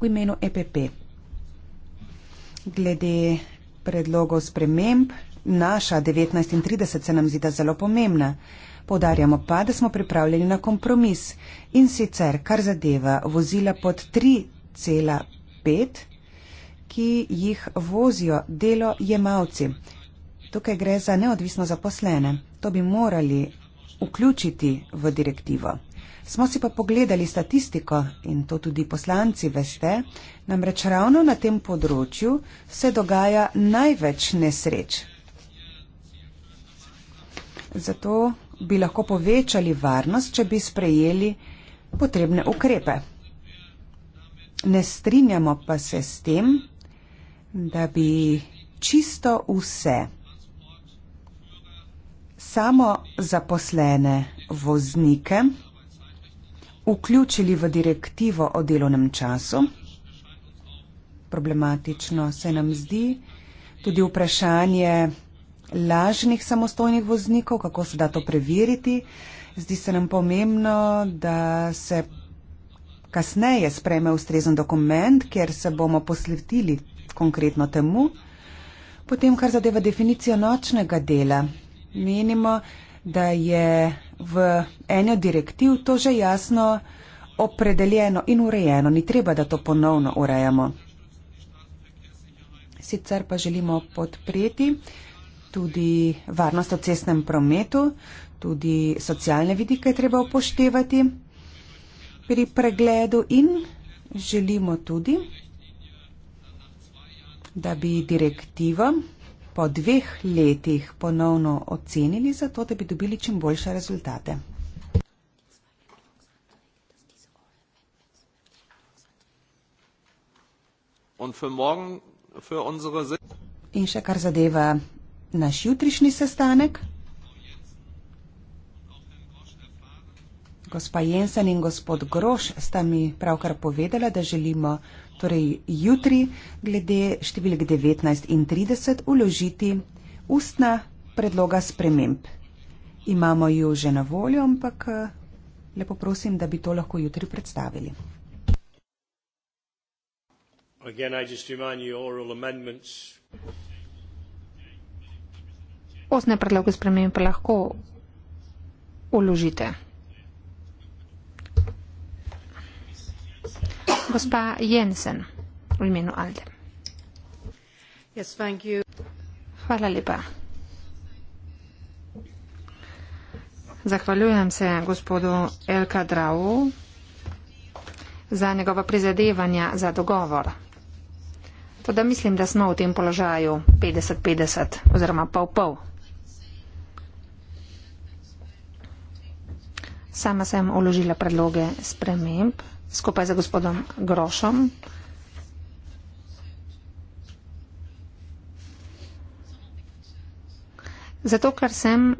v imenu EPP. Glede predlogov sprememb naša 19.30 se nam zdi zelo pomembna. Podarjamo pa, da smo pripravljeni na kompromis in sicer kar zadeva vozila pod 3,5, ki jih vozijo delo jemalci. Tukaj gre za neodvisno zaposlene. To bi morali vključiti v direktivo. Smo si pa pogledali statistiko in to tudi poslanci veste, namreč ravno na tem področju se dogaja največ nesreč. Zato bi lahko povečali varnost, če bi sprejeli potrebne ukrepe. Ne strinjamo pa se s tem, da bi čisto vse samo zaposlene voznike vključili v direktivo o delovnem času. Problematično se nam zdi tudi vprašanje lažnih samostojnih voznikov, kako se da to preveriti. Zdi se nam pomembno, da se kasneje spreme ustrezen dokument, kjer se bomo posvetili konkretno temu. Potem, kar zadeva definicijo nočnega dela, menimo, da je v eni od direktiv to že jasno opredeljeno in urejeno, ni treba, da to ponovno urejamo. Sicer pa želimo podpreti tudi varnost v cestnem prometu, tudi socialne vidike je treba upoštevati pri pregledu in želimo tudi, da bi direktiva po dveh letih ponovno ocenili, zato da bi dobili čim boljše rezultate. In še kar zadeva naš jutrišnji sestanek. Gospa Jensen in gospod Groš sta mi pravkar povedala, da želimo torej jutri glede številk 19 in 30 uložiti ustna predloga sprememb. Imamo jo že na voljo, ampak lepo prosim, da bi to lahko jutri predstavili. Again, I just remind you oral amendments ostne predloge spremembe pa lahko uložite. Gospa Jensen v imenu Alde. Yes, Hvala lepa. Zahvaljujem se gospodu Elka Dravu za njegova prizadevanja za dogovor. Toda mislim, da smo v tem položaju 50-50 oziroma pol-pol. Sama sem uložila predloge sprememb skupaj z gospodom Grošom. Zato, ker sem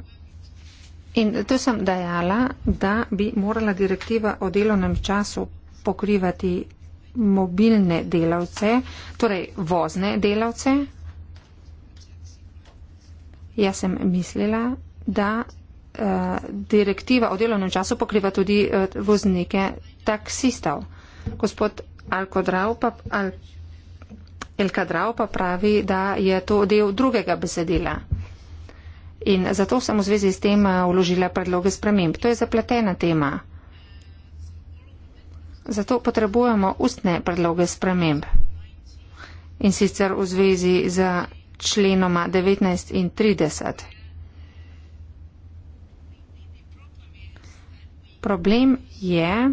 in to sem dejala, da bi morala direktiva o delovnem času pokrivati mobilne delavce, torej vozne delavce. Jaz sem mislila, da Eh, direktiva o delovnem času pokriva tudi eh, voznike taksistov. Gospod Alkodrav pa, Al, Elkadrav pa pravi, da je to del drugega besedila. In zato sem v zvezi s tem uložila eh, predloge sprememb. To je zapletena tema. Zato potrebujemo ustne predloge sprememb. In sicer v zvezi z členoma 19 in 30. problem je,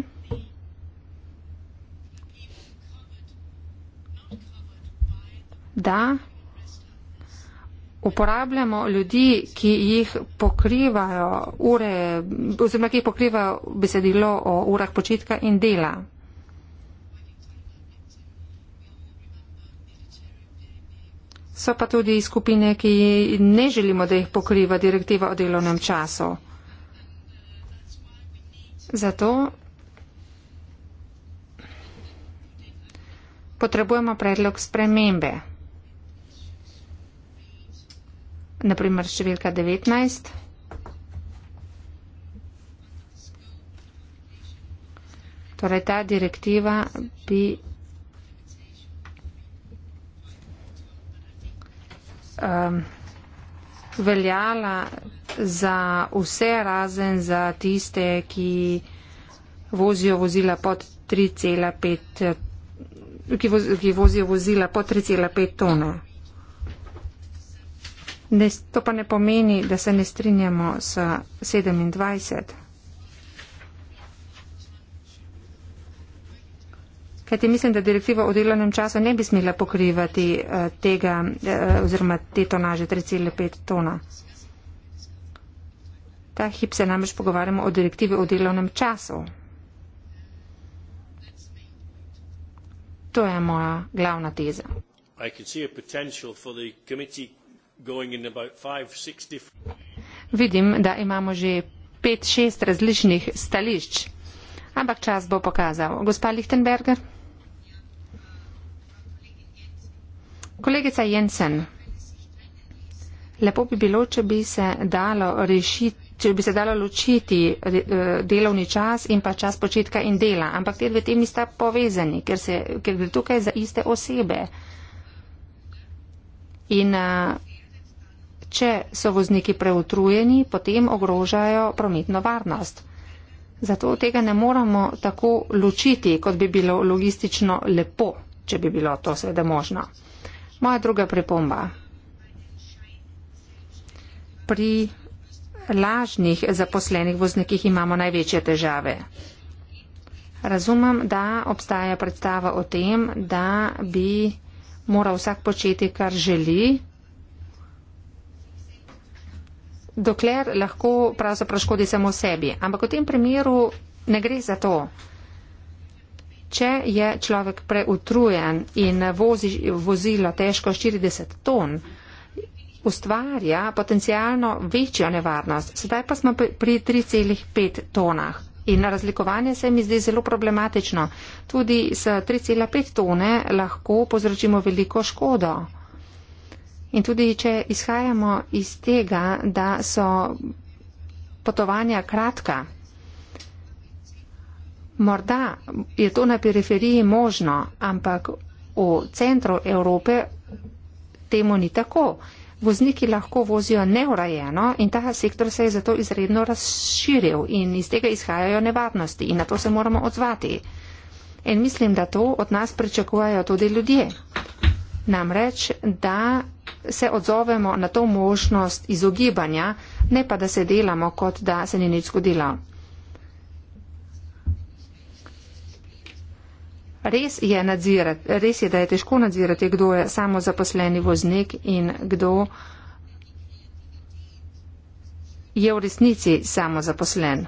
da uporabljamo ljudi, ki jih pokrivajo ure, oziroma ki jih pokrivajo besedilo o urah počitka in dela. So pa tudi skupine, ki ne želimo, da jih pokriva direktiva o delovnem času. Zato potrebujemo predlog spremembe. Naprimer številka 19. Torej ta direktiva bi um, veljala za vse razen za tiste, ki vozijo vozila pod 3,5 ki, voz, ki vozijo vozila pod 3,5 tono. Ne, to pa ne pomeni, da se ne strinjamo s 27. Kajti mislim, da direktiva o delovnem času ne bi smela pokrivati eh, tega eh, oziroma te tonaže 3,5 tona. Ta hip se namreč pogovarjamo o direktivi o delovnem času. To je moja glavna teza. Vidim, da imamo že pet, šest različnih stališč, ampak čas bo pokazal. Gospa Lichtenberger. Kolegica Jensen, lepo bi bilo, če bi se dalo rešiti če bi se dalo ločiti eh, delovni čas in pa čas počitka in dela. Ampak te dve temi sta povezani, ker, se, ker gre tukaj za iste osebe. In eh, če so vozniki preutrujeni, potem ogrožajo prometno varnost. Zato tega ne moramo tako ločiti, kot bi bilo logistično lepo, če bi bilo to seveda možno. Moja druga pripomba. Pri lažnih zaposlenih voznikih imamo največje težave. Razumem, da obstaja predstava o tem, da bi moral vsak početi, kar želi, dokler lahko pravzaprav škodi samo sebi. Ampak v tem primeru ne gre za to. Če je človek preutrujen in vozi vozilo težko 40 ton, ustvarja potencijalno večjo nevarnost. Sedaj pa smo pri 3,5 tonah. In razlikovanje se mi zdi zelo problematično. Tudi s 3,5 tone lahko povzročimo veliko škodo. In tudi, če izhajamo iz tega, da so potovanja kratka, Morda je to na periferiji možno, ampak v centru Evrope temu ni tako. Vozniki lahko vozijo neurajeno in ta sektor se je zato izredno razširil in iz tega izhajajo nevarnosti in na to se moramo odzvati. In mislim, da to od nas pričakujejo tudi ljudje. Namreč, da se odzovemo na to možnost izogibanja, ne pa da se delamo, kot da se ni nič zgodilo. Res je, nadzirat, res je, da je težko nadzirati, kdo je samo zaposleni voznik in kdo je v resnici samo zaposlen.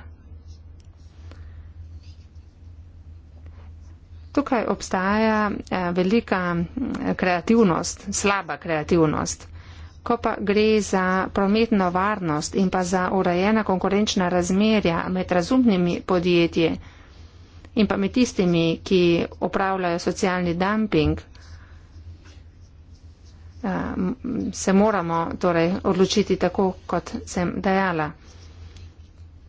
Tukaj obstaja eh, velika mm, kreativnost, slaba kreativnost. Ko pa gre za prometno varnost in pa za urejena konkurenčna razmerja med razumnimi podjetji, in pa med tistimi, ki opravljajo socialni dumping, eh, se moramo torej odločiti tako, kot sem dejala.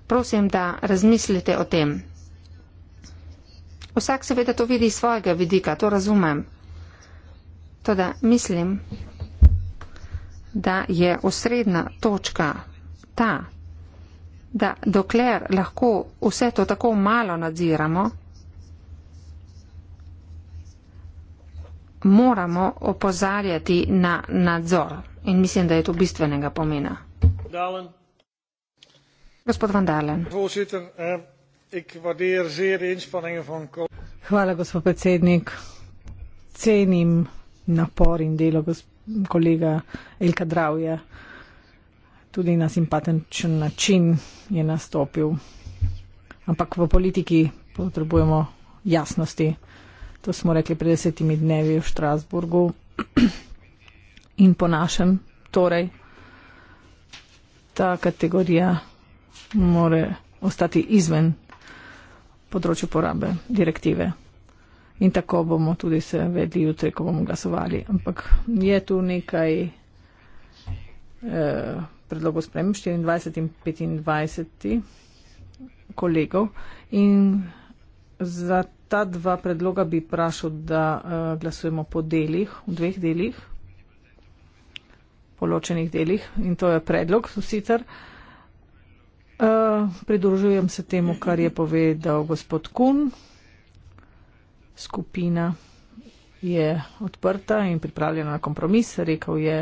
Prosim, da razmislite o tem. Vsak seveda to vidi iz svojega vidika, to razumem. Toda mislim, da je osredna točka ta, da dokler lahko vse to tako malo nadziramo, moramo opozarjati na nadzor in mislim, da je to bistvenega pomena. Dalen. Gospod Van Dalen. Eh, Hvala, gospod predsednik. Cenim napor in delo kolega Elka Dravja. Tudi na simpatičen način je nastopil. Ampak v politiki potrebujemo jasnosti to smo rekli pred desetimi dnevi v Štrasburgu *clears throat* in po našem, torej ta kategorija more ostati izven področju porabe direktive. In tako bomo tudi se vedli jutri, ko bomo glasovali. Ampak je tu nekaj eh, predlogov sprememb 24 in 25 kolegov in zato ta dva predloga bi prašal, da uh, glasujemo po delih, v dveh delih, po ločenih delih in to je predlog sicer. Uh, pridružujem se temu, kar je povedal gospod Kun. Skupina je odprta in pripravljena na kompromis. Rekel je,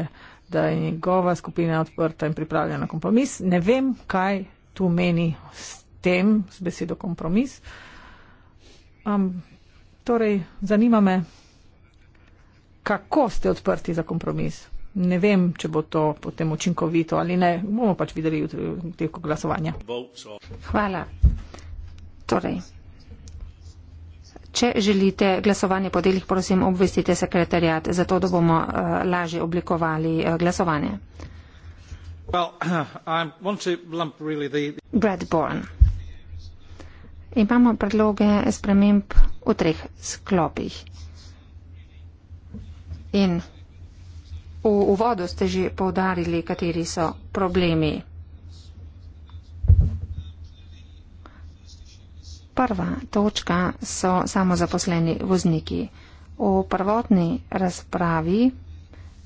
da je njegova skupina odprta in pripravljena na kompromis. Ne vem, kaj tu meni s tem, z besedo kompromis. Uh, Um, torej, zanima me, kako ste odprti za kompromis. Ne vem, če bo to potem učinkovito ali ne. Bomo pač videli jutri v teku glasovanja. Hvala. Torej, če želite glasovanje po delih, prosim, obvestite sekretarjat, zato da bomo uh, lažje oblikovali uh, glasovanje. Well, *clears throat* uh, really the... Bradborn imamo predloge sprememb v treh sklopih. In v uvodu ste že povdarili, kateri so problemi. Prva točka so samozaposleni vozniki. V prvotni razpravi,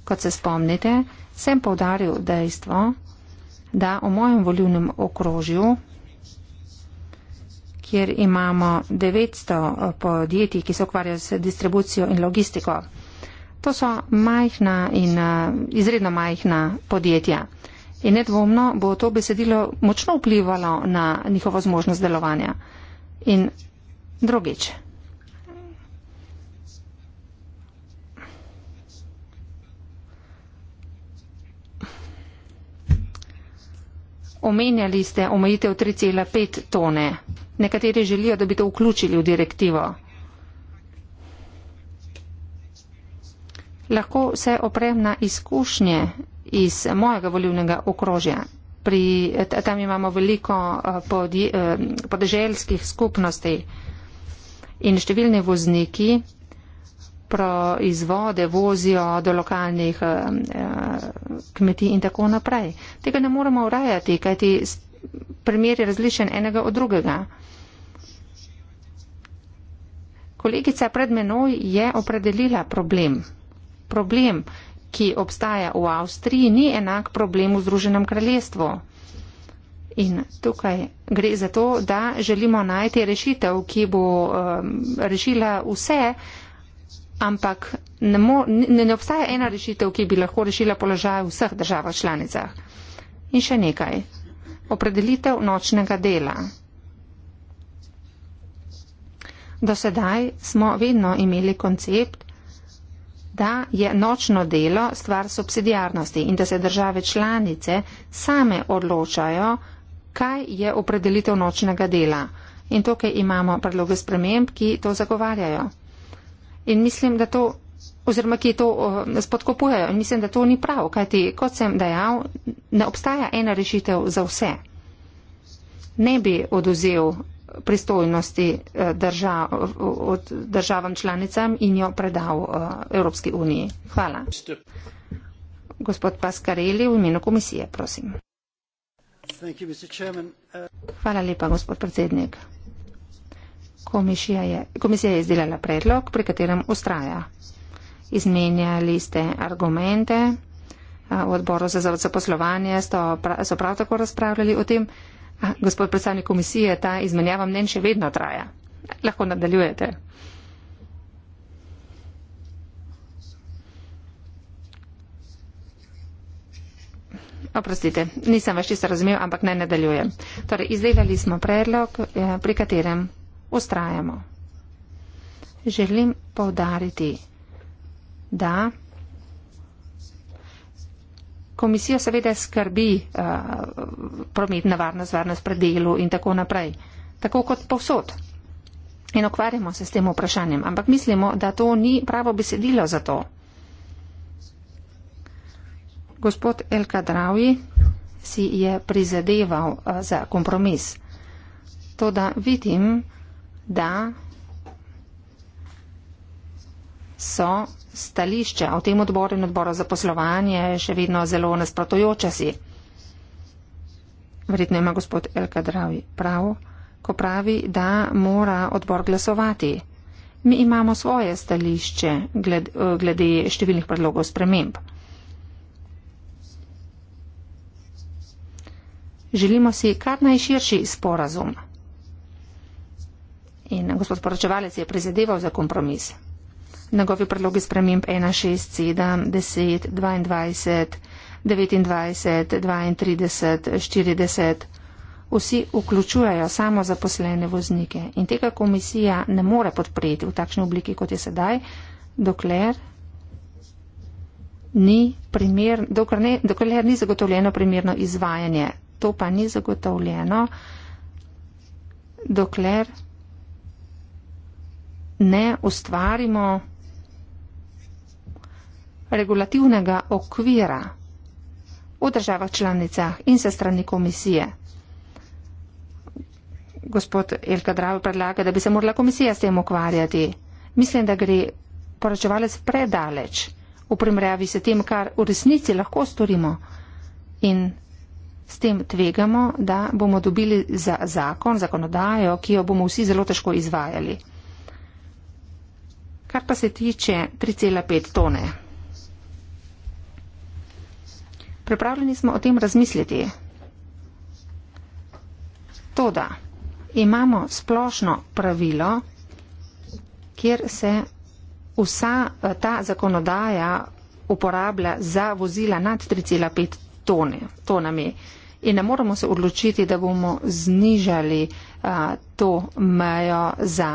kot se spomnite, sem povdaril dejstvo, da v mojem volivnem okrožju kjer imamo 900 eh, podjetij, ki se ukvarjajo z distribucijo in logistiko. To so majhna in eh, izredno majhna podjetja. In nedvomno bo to besedilo močno vplivalo na njihovo zmožnost delovanja. In drugič, Omenjali ste omejitev 3,5 tone. Nekateri želijo, da bi to vključili v direktivo. Lahko se oprem na izkušnje iz mojega volivnega okrožja. Pri, tam imamo veliko eh, podje, eh, podeželskih skupnosti in številni vozniki kopro, iz vode vozijo do lokalnih eh, kmetij in tako naprej. Tega ne moramo urajati, kajti primer je različen enega od drugega. Kolegica pred menoj je opredelila problem. Problem, ki obstaja v Avstriji, ni enak problem v Združenem kraljestvu. In tukaj gre za to, da želimo najti rešitev, ki bo um, rešila vse uh, ampak ne, mo, ne, ne obstaja ena rešitev, ki bi lahko rešila položaj v vseh državah članicah. In še nekaj. Opredelitev nočnega dela. Do sedaj smo vedno imeli koncept, da je nočno delo stvar subsidijarnosti in da se države članice same odločajo, kaj je opredelitev nočnega dela. In tukaj imamo predloge sprememb, ki to zagovarjajo in mislim, da to, oziroma ki to uh, spodkopujejo in mislim, da to ni prav, kajti, kot sem dejal, ne obstaja ena rešitev za vse. Ne bi oduzel pristojnosti eh, držav, od državam članicam in jo predal eh, Evropski uniji. Hvala. Gospod Paskareli, v imenu komisije, prosim. Uh, Hvala lepa, gospod predsednik. Komisija je, komisija je izdelala predlog, pri katerem ustraja. Izmenjali ste argumente, v odboru za zavod za poslovanje so prav tako razpravljali o tem. A, gospod predstavnik komisije, ta izmenjava mnen še vedno traja. Lahko nadaljujete. Oprostite, nisem vas čisto razumel, ampak ne nadaljujem. Torej, izdelali smo predlog, eh, pri katerem ustrajamo. Želim povdariti, da komisija seveda skrbi uh, prometna varnost, varnost pri delu in tako naprej, tako kot povsod. In okvarjamo se s tem vprašanjem, ampak mislimo, da to ni pravo besedilo za to. Gospod Elka Dravi si je prizadeval uh, za kompromis. To, da vidim, da so stališče o tem odboru in odboru za poslovanje še vedno zelo nasprotojoče si. Verjetno ima gospod Elka Dravi prav, ko pravi, da mora odbor glasovati. Mi imamo svoje stališče gled, glede številnih predlogov sprememb. Želimo si kar najširši sporazum gospod poročevalec je prizadeval za kompromis. Njegovi predlogi sprememb 1, 6, 7, 10, 22, 29, 32, 40, vsi vključujejo samo zaposlene voznike in tega komisija ne more podpreti v takšni obliki, kot je sedaj, dokler, ni, primer, dokler, ne, dokler ni zagotovljeno primerno izvajanje. To pa ni zagotovljeno, dokler ne ustvarimo regulativnega okvira v državah članicah in se strani komisije. Gospod Elka Drav predlaga, da bi se morala komisija s tem ukvarjati. Mislim, da gre poročevalec predaleč v primerjavi s tem, kar v resnici lahko storimo in s tem tvegamo, da bomo dobili za zakon, zakonodajo, ki jo bomo vsi zelo težko izvajali kar pa se tiče 3,5 tone. Pripravljeni smo o tem razmisliti. Toda imamo splošno pravilo, kjer se vsa eh, ta zakonodaja uporablja za vozila nad 3,5 tone, tonami in ne moremo se odločiti, da bomo znižali a, eh, to mejo za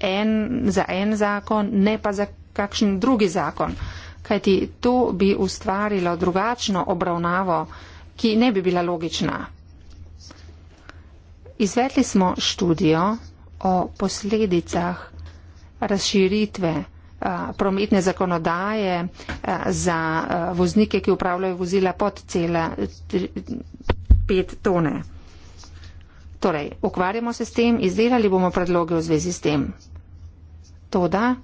en, za en zakon, ne pa za kakšen drugi zakon. Kajti to bi ustvarilo drugačno obravnavo, ki ne bi bila logična. Izvedli smo študijo o posledicah razširitve prometne zakonodaje za voznike, ki upravljajo vozila pod cela 5 tone. Torej, ukvarjamo se s tem, izdelali bomo predloge v zvezi s tem. Toda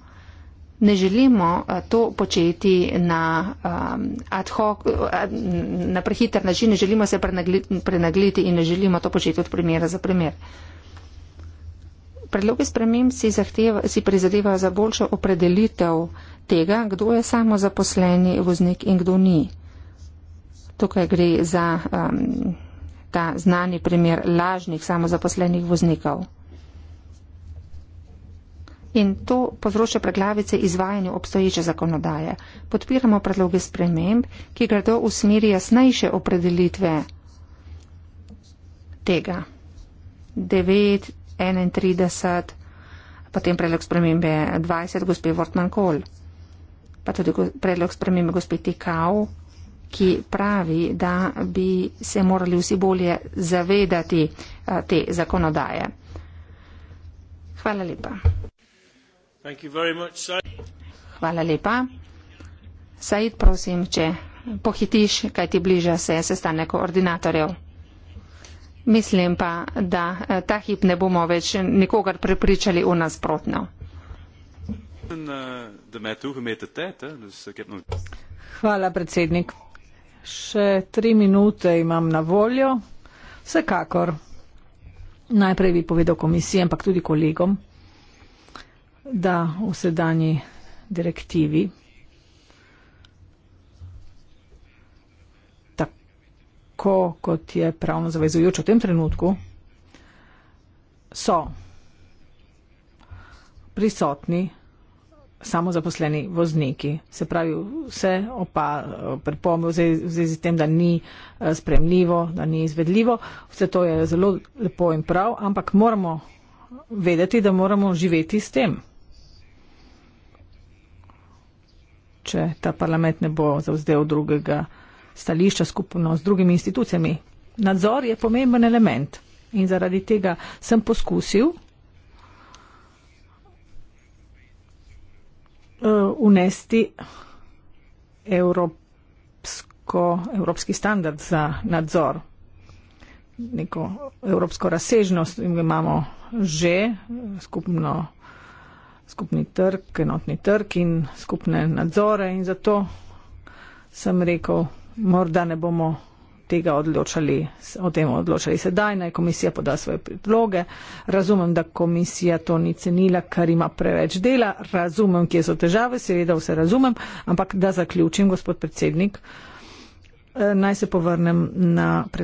ne želimo eh, to početi na ehm, ad hoc, eh, na prehiter način, ne želimo se prenagliti in ne želimo to početi od primera za primer. Predloge sprememb si, si prizadevajo za boljšo opredelitev tega, kdo je samo zaposleni voznik in kdo ni. Tukaj gre za. Um, ta znani primer lažnih samozaposlenih voznikov. In to povzroča preglavice izvajanju obstoječe zakonodaje. Podpiramo predloge sprememb, ki gredo v smeri jasnejše opredelitve tega. 9, 31, potem predlog spremembe 20, gospe Vortman Kol, pa tudi predlog spremembe gospe Tikau, ki pravi, da bi se morali vsi bolje zavedati eh, te zakonodaje. Hvala lepa. Much, Hvala lepa. Said, prosim, če pohitiš, kaj ti bliža se sestanek koordinatorjev. Mislim pa, da eh, ta hip ne bomo več nikogar prepričali v nasprotno. Eh, Hvala, predsednik še tri minute imam na voljo. Vsekakor. Najprej bi povedal komisiji, ampak tudi kolegom, da v sedanji direktivi tako kot je pravno zavezujoč v tem trenutku, so prisotni samozaposleni vozniki. Se pravi, vse opa pripombe v zvezi z tem, da ni eh, spremljivo, da ni izvedljivo. Vse to je zelo lepo in prav, ampak moramo vedeti, da moramo živeti s tem. Če ta parlament ne bo zauzdel drugega stališča skupno z drugimi institucijami. Nadzor je pomemben element in zaradi tega sem poskusil uh, unesti evropsko, evropski standard za nadzor. Neko evropsko razsežnost imamo že, skupno, skupni trg, enotni trg in skupne nadzore in zato sem rekel, morda ne bomo tega odločali, o tem odločali sedaj, naj komisija poda svoje predloge. Razumem, da komisija to ni cenila, ker ima preveč dela, razumem, kje so težave, seveda vse razumem, ampak da zaključim, gospod predsednik, eh, naj se povrnem na predlog.